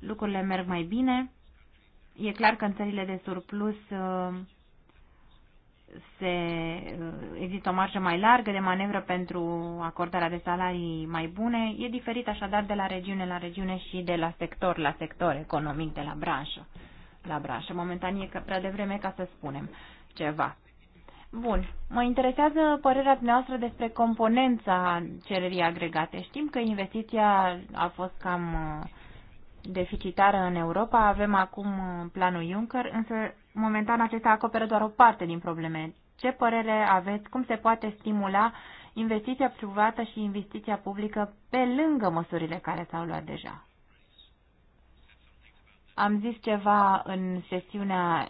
lucrurile merg mai bine. E clar că în țările de surplus uh, se, uh, există o marjă mai largă de manevră pentru acordarea de salarii mai bune. E diferit așadar de la regiune la regiune și de la sector la sector economic, de la branșă la branșă. Momentan e prea devreme ca să spunem ceva. Bun. Mă interesează părerea dumneavoastră despre componența cererii agregate. Știm că investiția a fost cam uh, deficitară în Europa. Avem acum uh, planul Juncker, însă momentan acestea acoperă doar o parte din probleme. Ce părere aveți? Cum se poate stimula investiția privată și investiția publică pe lângă măsurile care s-au luat deja? Am zis ceva în sesiunea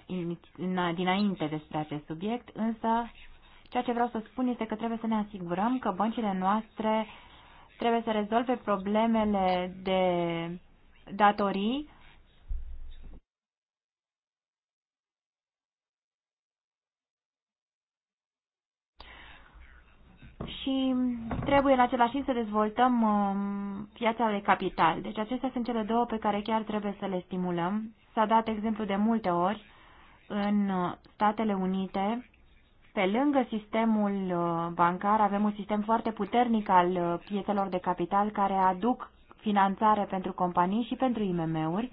dinainte despre acest subiect, însă ceea ce vreau să spun este că trebuie să ne asigurăm că băncile noastre trebuie să rezolve problemele de datorii și trebuie în același timp să dezvoltăm um, piața de capital. Deci acestea sunt cele două pe care chiar trebuie să le stimulăm. S-a dat exemplu de multe ori în uh, Statele Unite. Pe lângă sistemul uh, bancar avem un sistem foarte puternic al uh, piețelor de capital care aduc finanțare pentru companii și pentru IMM-uri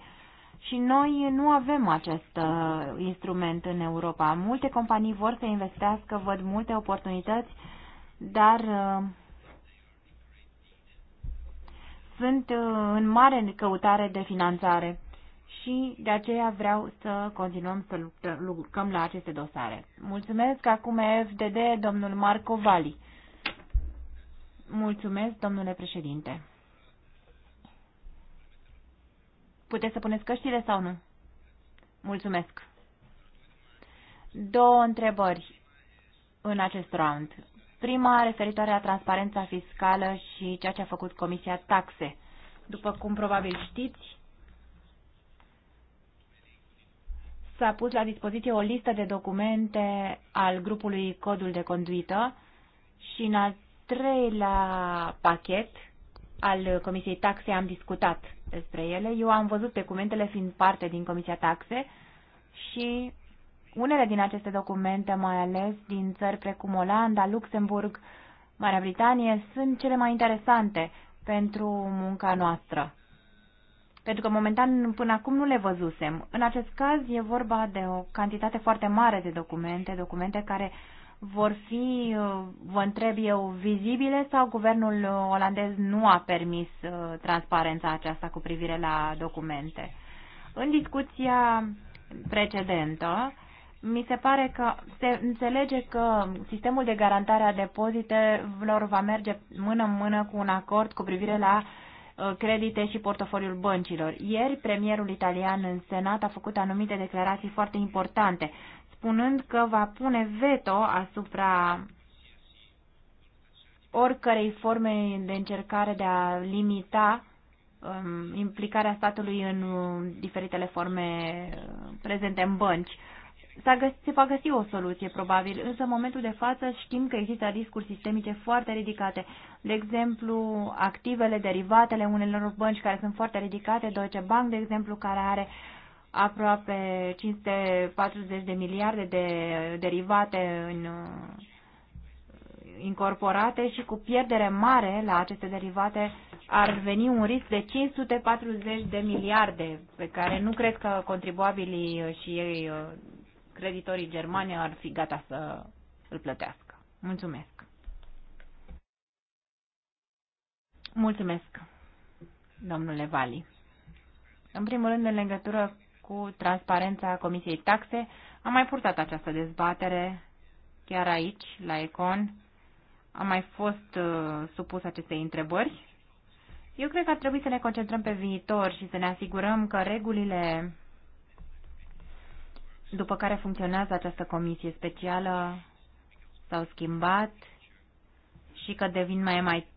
și noi nu avem acest uh, instrument în Europa. Multe companii vor să investească, văd multe oportunități dar uh, sunt uh, în mare căutare de finanțare și de aceea vreau să continuăm să lucrăm la aceste dosare. Mulțumesc acum FDD, domnul Marco Vali. Mulțumesc, domnule președinte. Puteți să puneți căștile sau nu? Mulțumesc. Două întrebări în acest round. Prima referitoare la transparența fiscală și ceea ce a făcut Comisia Taxe. După cum probabil știți, s-a pus la dispoziție o listă de documente al grupului Codul de Conduită și în al treilea pachet al Comisiei Taxe am discutat despre ele. Eu am văzut documentele fiind parte din Comisia Taxe și unele din aceste documente, mai ales din țări precum Olanda, Luxemburg, Marea Britanie, sunt cele mai interesante pentru munca noastră. Pentru că momentan până acum nu le văzusem. În acest caz e vorba de o cantitate foarte mare de documente, documente care vor fi, vă întreb eu, vizibile sau guvernul olandez nu a permis uh, transparența aceasta cu privire la documente? În discuția precedentă mi se pare că se înțelege că sistemul de garantare a depozitelor va merge mână în mână cu un acord cu privire la uh, credite și portofoliul băncilor. Ieri, premierul italian în Senat a făcut anumite declarații foarte importante, spunând că va pune veto asupra oricărei forme de încercare de a limita um, implicarea statului în uh, diferitele forme uh, prezente în bănci se va găsi o soluție, probabil, însă în momentul de față știm că există riscuri sistemice foarte ridicate. De exemplu, activele, derivatele unelor bănci care sunt foarte ridicate, Deutsche Bank, de exemplu, care are aproape 540 de miliarde de derivate în, incorporate și cu pierdere mare la aceste derivate ar veni un risc de 540 de miliarde pe care nu cred că contribuabilii și ei uh, creditorii germani ar fi gata să îl plătească. Mulțumesc! Mulțumesc, domnule Vali. În primul rând, în legătură cu transparența Comisiei Taxe, am mai purtat această dezbatere chiar aici, la Econ. Am mai fost uh, supus acestei întrebări. Eu cred că ar trebui să ne concentrăm pe viitor și să ne asigurăm că regulile după care funcționează această comisie specială s-au schimbat și că devin mai, mai,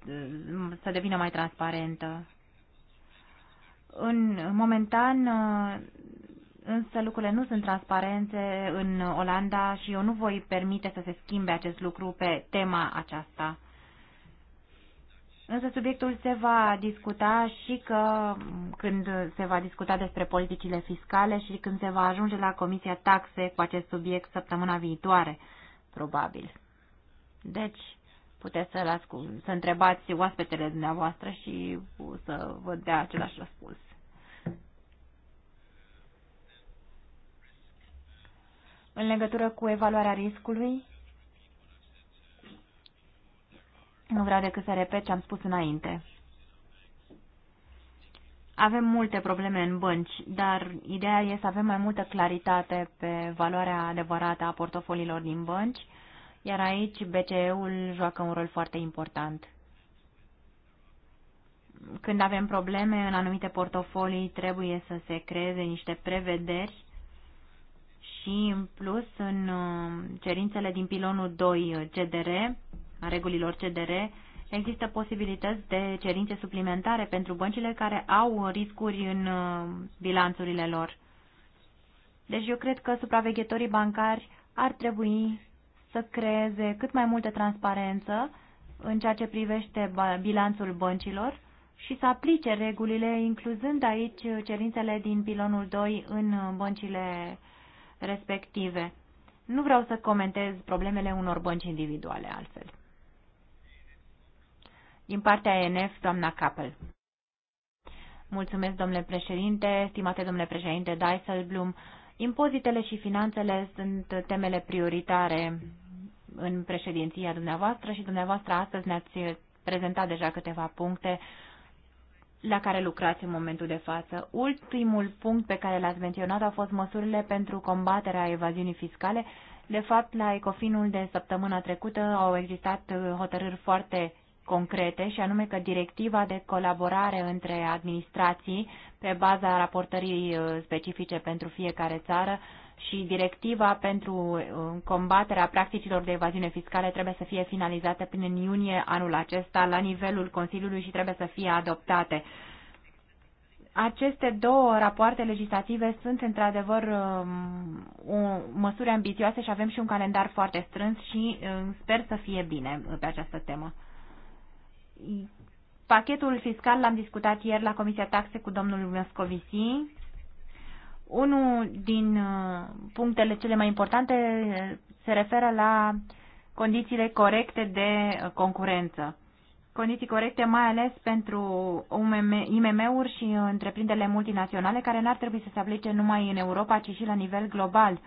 să devină mai transparentă. În, momentan, însă lucrurile nu sunt transparente în Olanda și eu nu voi permite să se schimbe acest lucru pe tema aceasta. Însă subiectul se va discuta și că când se va discuta despre politicile fiscale și când se va ajunge la Comisia Taxe cu acest subiect săptămâna viitoare, probabil. Deci, puteți să, las cu, să întrebați oaspetele dumneavoastră și să vă dea același răspuns. În legătură cu evaluarea riscului, Nu vreau decât să repet ce am spus înainte. Avem multe probleme în bănci, dar ideea e să avem mai multă claritate pe valoarea adevărată a portofoliilor din bănci, iar aici BCE-ul joacă un rol foarte important. Când avem probleme în anumite portofolii, trebuie să se creeze niște prevederi și, în plus, în uh, cerințele din pilonul 2 CDR, uh, a regulilor CDR, există posibilități de cerințe suplimentare pentru băncile care au riscuri în uh, bilanțurile lor. Deci eu cred că supraveghetorii bancari ar trebui să creeze cât mai multă transparență în ceea ce privește bilanțul băncilor și să aplice regulile, incluzând aici cerințele din pilonul 2 în băncile respective. Nu vreau să comentez problemele unor bănci individuale altfel. Din partea ENF, doamna Capel. Mulțumesc, domnule președinte, stimate domnule președinte Dijsselbloem. Impozitele și finanțele sunt temele prioritare în președinția dumneavoastră și dumneavoastră astăzi ne-ați prezentat deja câteva puncte la care lucrați în momentul de față. Ultimul punct pe care l-ați menționat a fost măsurile pentru combaterea evaziunii fiscale. De fapt, la Ecofinul de săptămâna trecută au existat hotărâri foarte concrete, și anume că directiva de colaborare între administrații pe baza raportării uh, specifice pentru fiecare țară și directiva pentru uh, combaterea practicilor de evaziune fiscală trebuie să fie finalizate până în iunie anul acesta la nivelul Consiliului și trebuie să fie adoptate. Aceste două rapoarte legislative sunt într-adevăr um, o măsură ambițioasă și avem și un calendar foarte strâns și uh, sper să fie bine pe această temă. Pachetul fiscal l-am discutat ieri la Comisia Taxe cu domnul Moscovici. Unul din uh, punctele cele mai importante uh, se referă la condițiile corecte de uh, concurență. Condiții corecte mai ales pentru IMM-uri și întreprinderile multinaționale care n-ar trebui să se aplice numai în Europa, ci și la nivel global.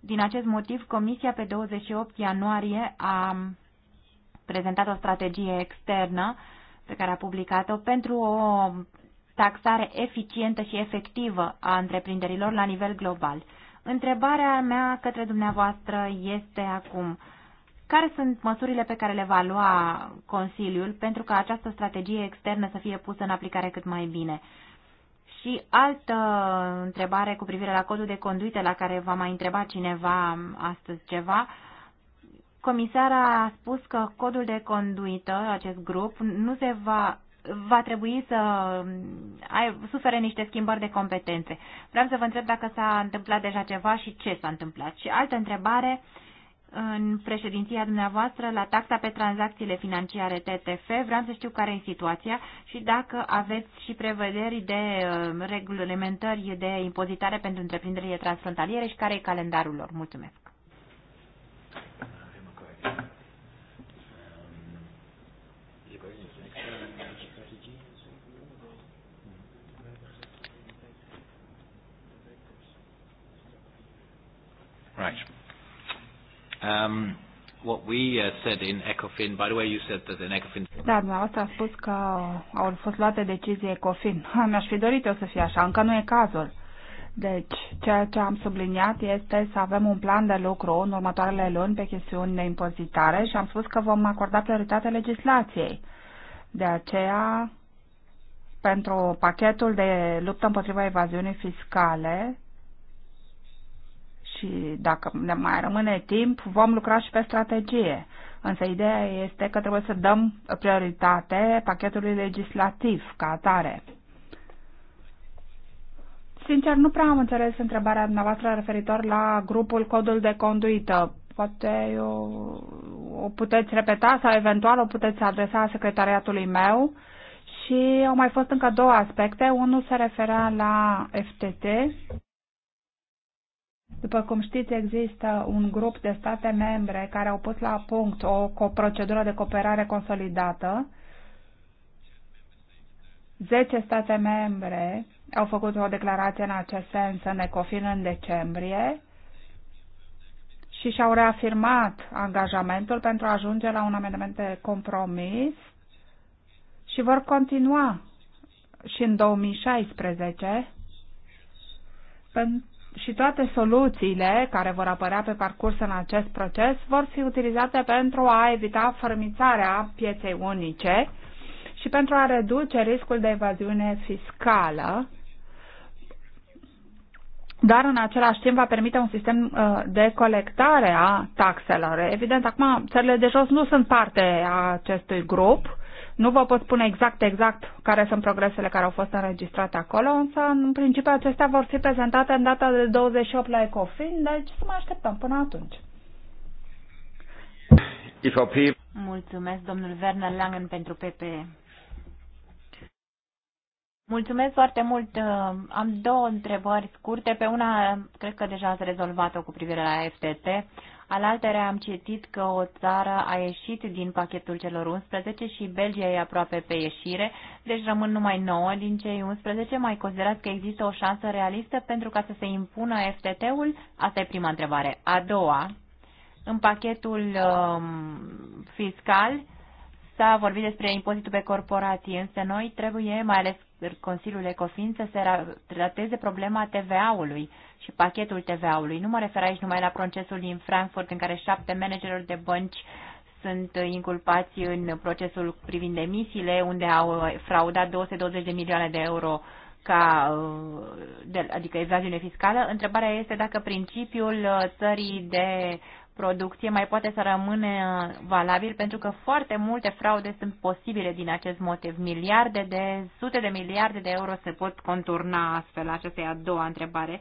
Din acest motiv, Comisia pe 28 ianuarie a prezentat o strategie externă pe care a publicat-o pentru o taxare eficientă și efectivă a întreprinderilor la nivel global. Întrebarea mea către dumneavoastră este acum, care sunt măsurile pe care le va lua Consiliul pentru ca această strategie externă să fie pusă în aplicare cât mai bine? Și altă întrebare cu privire la codul de conduită la care v-a mai întrebat cineva astăzi ceva, uh, Comisara a spus că codul de conduită, acest grup, nu se va va trebui să ai, sufere niște schimbări de competențe. Vreau să vă întreb dacă s-a întâmplat deja ceva și ce s-a întâmplat. Și altă întrebare, în președinția dumneavoastră la taxa pe tranzacțiile financiare TTF, vreau să știu care e situația și dacă aveți și prevederi de uh, reglementări de impozitare pentru întreprinderile transfrontaliere și care e calendarul lor. Mulțumesc! Right. Um, what we uh, said in ECOFIN, by the way, you said that in ECOFIN. Da, dumneavoastră a spus că au fost luate decizii ECOFIN. Mi-aș fi dorit eu să fie așa, încă nu e cazul. Deci, ceea ce am subliniat este să avem un plan de lucru în următoarele luni pe chestiuni de impozitare și am spus că vom acorda prioritate legislației. De aceea, pentru pachetul de luptă împotriva evaziunii fiscale, și dacă ne mai rămâne timp, vom lucra și pe strategie. Însă ideea este că trebuie să dăm prioritate pachetului legislativ ca atare. Sincer, nu prea am înțeles întrebarea dumneavoastră referitor la grupul codul de conduită. Poate o, o puteți repeta sau eventual o puteți adresa secretariatului meu. Și au mai fost încă două aspecte. Unul se referea la FTT. După cum știți, există un grup de state membre care au pus la punct o, o procedură de cooperare consolidată. 10 state membre au făcut o declarație în acest sens în Ecofin în decembrie și și-au reafirmat angajamentul pentru a ajunge la un amendament de compromis și vor continua și în 2016 și toate soluțiile care vor apărea pe parcurs în acest proces vor fi utilizate pentru a evita fărmițarea pieței unice și pentru a reduce riscul de evaziune fiscală dar în același timp va permite un sistem uh, de colectare a taxelor. Evident, acum țările de jos nu sunt parte a acestui grup, nu vă pot spune exact, exact care sunt progresele care au fost înregistrate acolo, însă în principiu acestea vor fi prezentate în data de 28 la Ecofin, deci să mai așteptăm până atunci. IVP. Mulțumesc, domnul Werner Langen, pentru PPE. Mulțumesc foarte mult. Uh, am două întrebări scurte. Pe una, cred că deja ați rezolvat-o cu privire la FTT. Al alterea am citit că o țară a ieșit din pachetul celor 11 și Belgia e aproape pe ieșire, deci rămân numai 9 din cei 11. Mai considerați că există o șansă realistă pentru ca să se impună FTT-ul? Asta e prima întrebare. A doua, în pachetul um, fiscal s-a vorbit despre impozitul pe corporații, însă noi trebuie, mai ales Consiliul Ecofin să se trateze problema TVA-ului și pachetul TVA-ului. Nu mă refer aici numai la procesul din Frankfurt în care șapte manageri de bănci sunt inculpați în procesul privind emisiile, unde au fraudat 220 de milioane de euro ca, uh, de, adică evaziune fiscală. Întrebarea este dacă principiul uh, țării de producție mai poate să rămâne uh, valabil pentru că foarte multe fraude sunt posibile din acest motiv. Miliarde de, sute de miliarde de euro se pot conturna astfel. Aceasta e a doua întrebare.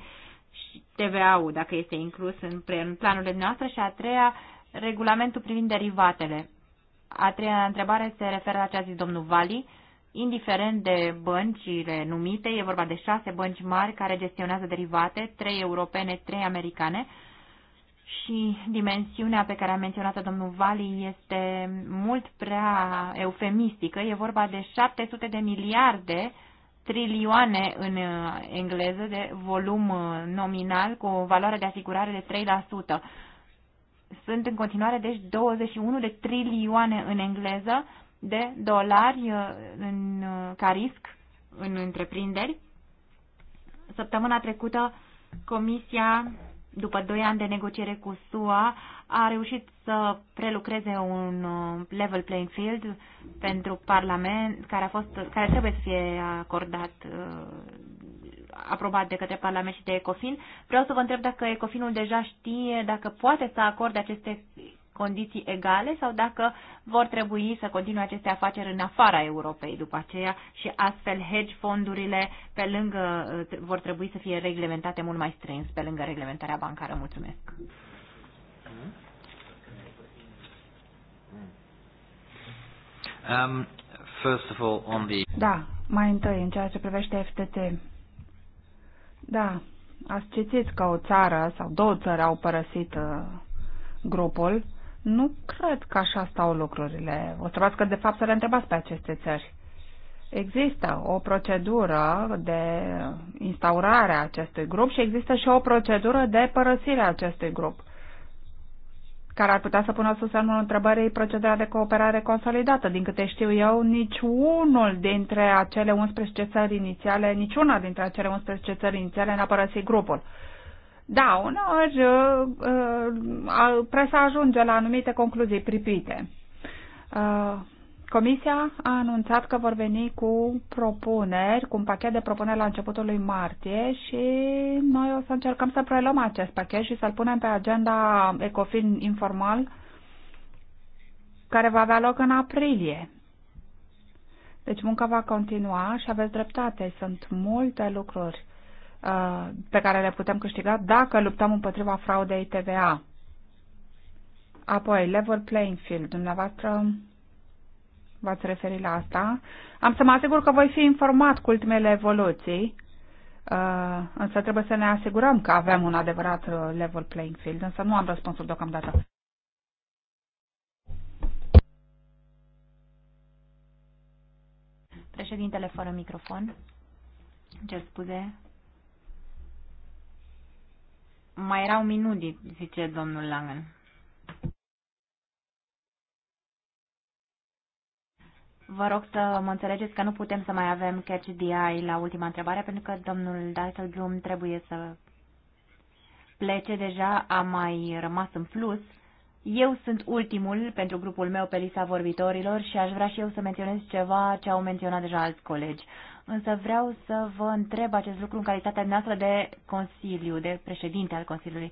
Și TVA-ul, dacă este inclus în planurile noastre. Și a treia, regulamentul privind derivatele. A treia întrebare se referă la ce a zis domnul Vali. Indiferent de băncile numite, e vorba de șase bănci mari care gestionează derivate, trei europene, trei americane, și dimensiunea pe care a menționat-o domnul Vali este mult prea eufemistică. E vorba de 700 de miliarde trilioane în uh, engleză de volum uh, nominal cu o valoare de asigurare de 3%. Sunt în continuare deci 21 de trilioane în engleză de dolari uh, în, ca risc în întreprinderi. Săptămâna trecută Comisia după doi ani de negociere cu SUA, a reușit să prelucreze un uh, level playing field pentru Parlament, care, a fost, care trebuie să fie acordat, uh, aprobat de către Parlament și de Ecofin. Vreau să vă întreb dacă Ecofinul deja știe, dacă poate să acorde aceste condiții egale sau dacă vor trebui să continue aceste afaceri în afara Europei după aceea și astfel hedge fondurile pe lângă uh, vor trebui să fie reglementate mult mai strâns pe lângă reglementarea bancară. Mulțumesc. Um, first of all, on the... Da, mai întâi în ceea ce privește FTT. Da, ați citit că o țară sau două țări au părăsit uh, grupul. Uh, nu cred că așa stau lucrurile. O să că, de fapt, să le întrebați pe aceste țări. Există o procedură de instaurare a acestui grup și există și o procedură de părăsire a acestui grup, care ar putea să pună sub semnul întrebării procedura de cooperare consolidată. Din câte știu eu, niciunul dintre acele 11 țări inițiale, niciuna dintre acele 11 țări inițiale n-a părăsit grupul. Da, uneori uh, uh, presa ajunge la anumite concluzii pripite. Uh, Comisia a anunțat că vor veni cu propuneri, cu un pachet de propuneri la începutul lui martie și noi o să încercăm să preluăm acest pachet și să-l punem pe agenda ECOFIN informal care va avea loc în aprilie. Deci munca va continua și aveți dreptate. Sunt multe lucruri Uh, pe care le putem câștiga dacă luptăm împotriva fraudei TVA. Apoi, level playing field. Dumneavoastră v-ați referit la asta. Am să mă asigur că voi fi informat cu ultimele evoluții, uh, însă trebuie să ne asigurăm că avem un adevărat uh, level playing field, însă nu am răspunsul deocamdată. Președintele fără microfon. Ce spune? Mai erau minuni, zice domnul Langen. Vă rog să mă înțelegeți că nu putem să mai avem catch DI la ultima întrebare, pentru că domnul Dijsselbloem trebuie să plece deja, a mai rămas în plus eu sunt ultimul pentru grupul meu pe lista vorbitorilor și aș vrea și eu să menționez ceva ce au menționat deja alți colegi. Însă vreau să vă întreb acest lucru în calitatea noastră de Consiliu, de președinte al Consiliului.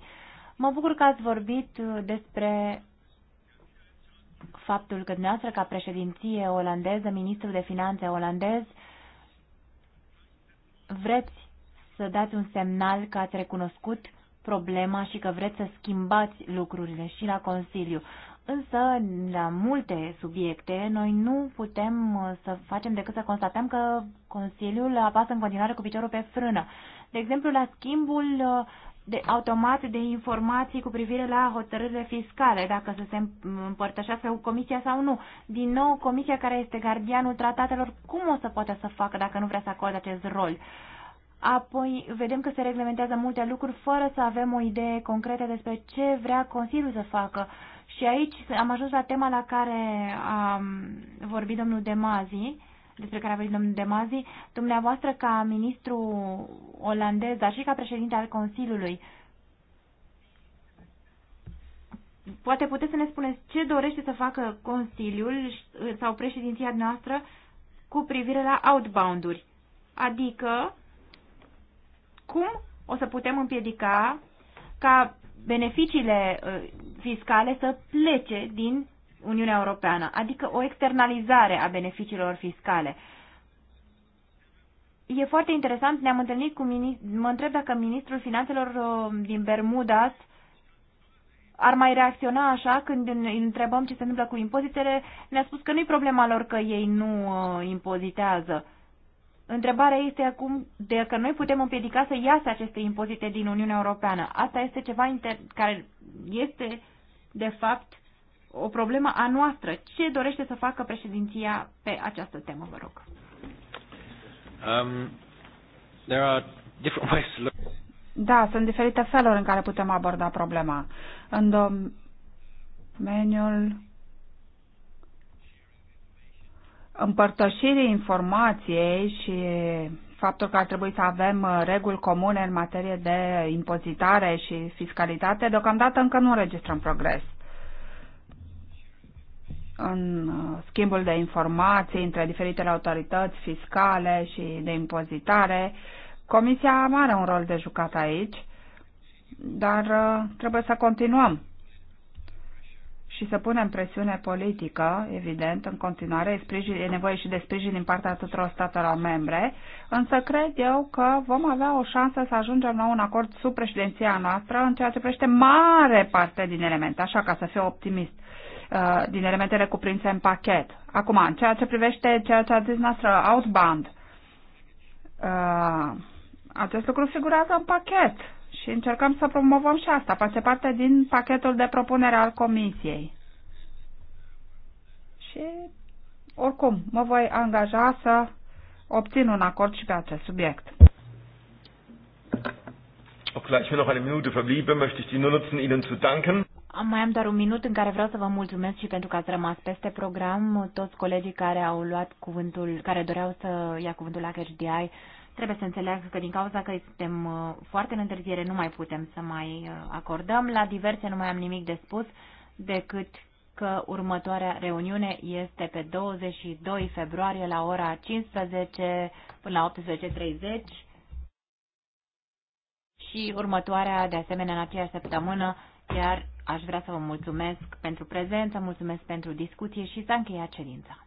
Mă bucur că ați vorbit despre faptul că dumneavoastră, ca președinție olandeză, ministrul de finanțe olandez, vreți să dați un semnal că ați recunoscut problema și că vreți să schimbați lucrurile și la Consiliu. Însă, la multe subiecte, noi nu putem uh, să facem decât să constatăm că Consiliul apasă în continuare cu piciorul pe frână. De exemplu, la schimbul uh, de, automat de informații cu privire la hotărârile fiscale, dacă să se împărtășească cu comisia sau nu. Din nou, comisia care este gardianul tratatelor, cum o să poată să facă dacă nu vrea să acorde acest rol? Uh, Apoi vedem că se reglementează multe lucruri fără să avem o idee concretă despre ce vrea Consiliul să facă. Și aici am ajuns la tema la care a vorbit domnul Demazi, despre care a vorbit domnul Demazi, dumneavoastră ca ministru olandez, dar și ca președinte al Consiliului. Poate puteți să ne spuneți ce dorește să facă Consiliul sau președinția noastră cu privire la outbound-uri, adică cum o să putem împiedica ca beneficiile uh, fiscale să plece din Uniunea Europeană, adică o externalizare a beneficiilor fiscale. E foarte interesant, ne-am întâlnit cu mă întreb dacă ministrul finanțelor uh, din Bermudas ar mai reacționa așa când îi întrebăm ce se întâmplă cu impozitele, ne-a spus că nu-i problema lor că ei nu uh, impozitează. Întrebarea este acum dacă noi putem împiedica să iasă aceste impozite din Uniunea Europeană. Asta este ceva care este, de fapt, o problemă a noastră. Ce dorește să facă președinția pe această temă, vă rog? Um, there are different (laughs) ways to look. Da, sunt diferite feluri în care putem aborda problema. În domeniul împărtășirii informației și faptul că ar trebui să avem uh, reguli comune în materie de impozitare și fiscalitate, deocamdată încă nu înregistrăm progres în uh, schimbul de informații între diferitele autorități fiscale și de impozitare. Comisia are un rol de jucat aici, dar uh, trebuie să continuăm și să punem presiune politică, evident, în continuare, sprijin, e nevoie și de sprijin din partea tuturor statelor membre, însă cred eu că vom avea o șansă să ajungem la un acord sub președinția noastră în ceea ce privește mare parte din elemente, așa ca să fiu optimist, uh, din elementele cuprinse în pachet. Acum, în ceea ce privește ceea ce a zis noastră, outbound, uh, acest lucru figurează în pachet și încercăm să promovăm și asta. Face parte din pachetul de propunere al Comisiei. Și, oricum, mă voi angaja să obțin un acord și pe acest subiect. Obgleich mir noch eine Minute verbliebe, möchte ich die nur nutzen, Ihnen zu danken. Am mai am doar un minut în care vreau să vă mulțumesc și pentru că ați rămas peste program. Toți colegii care au luat cuvântul, care doreau să ia cuvântul la HDI, trebuie să înțeleagă că din cauza că suntem uh, foarte în întârziere nu mai putem să mai uh, acordăm. La diverse nu mai am nimic de spus decât că următoarea reuniune este pe 22 februarie la ora 15 până la 18.30 și următoarea, de asemenea, în aceeași săptămână, Iar aș vrea să vă mulțumesc pentru prezență, mulțumesc pentru discuție și să încheia ședința.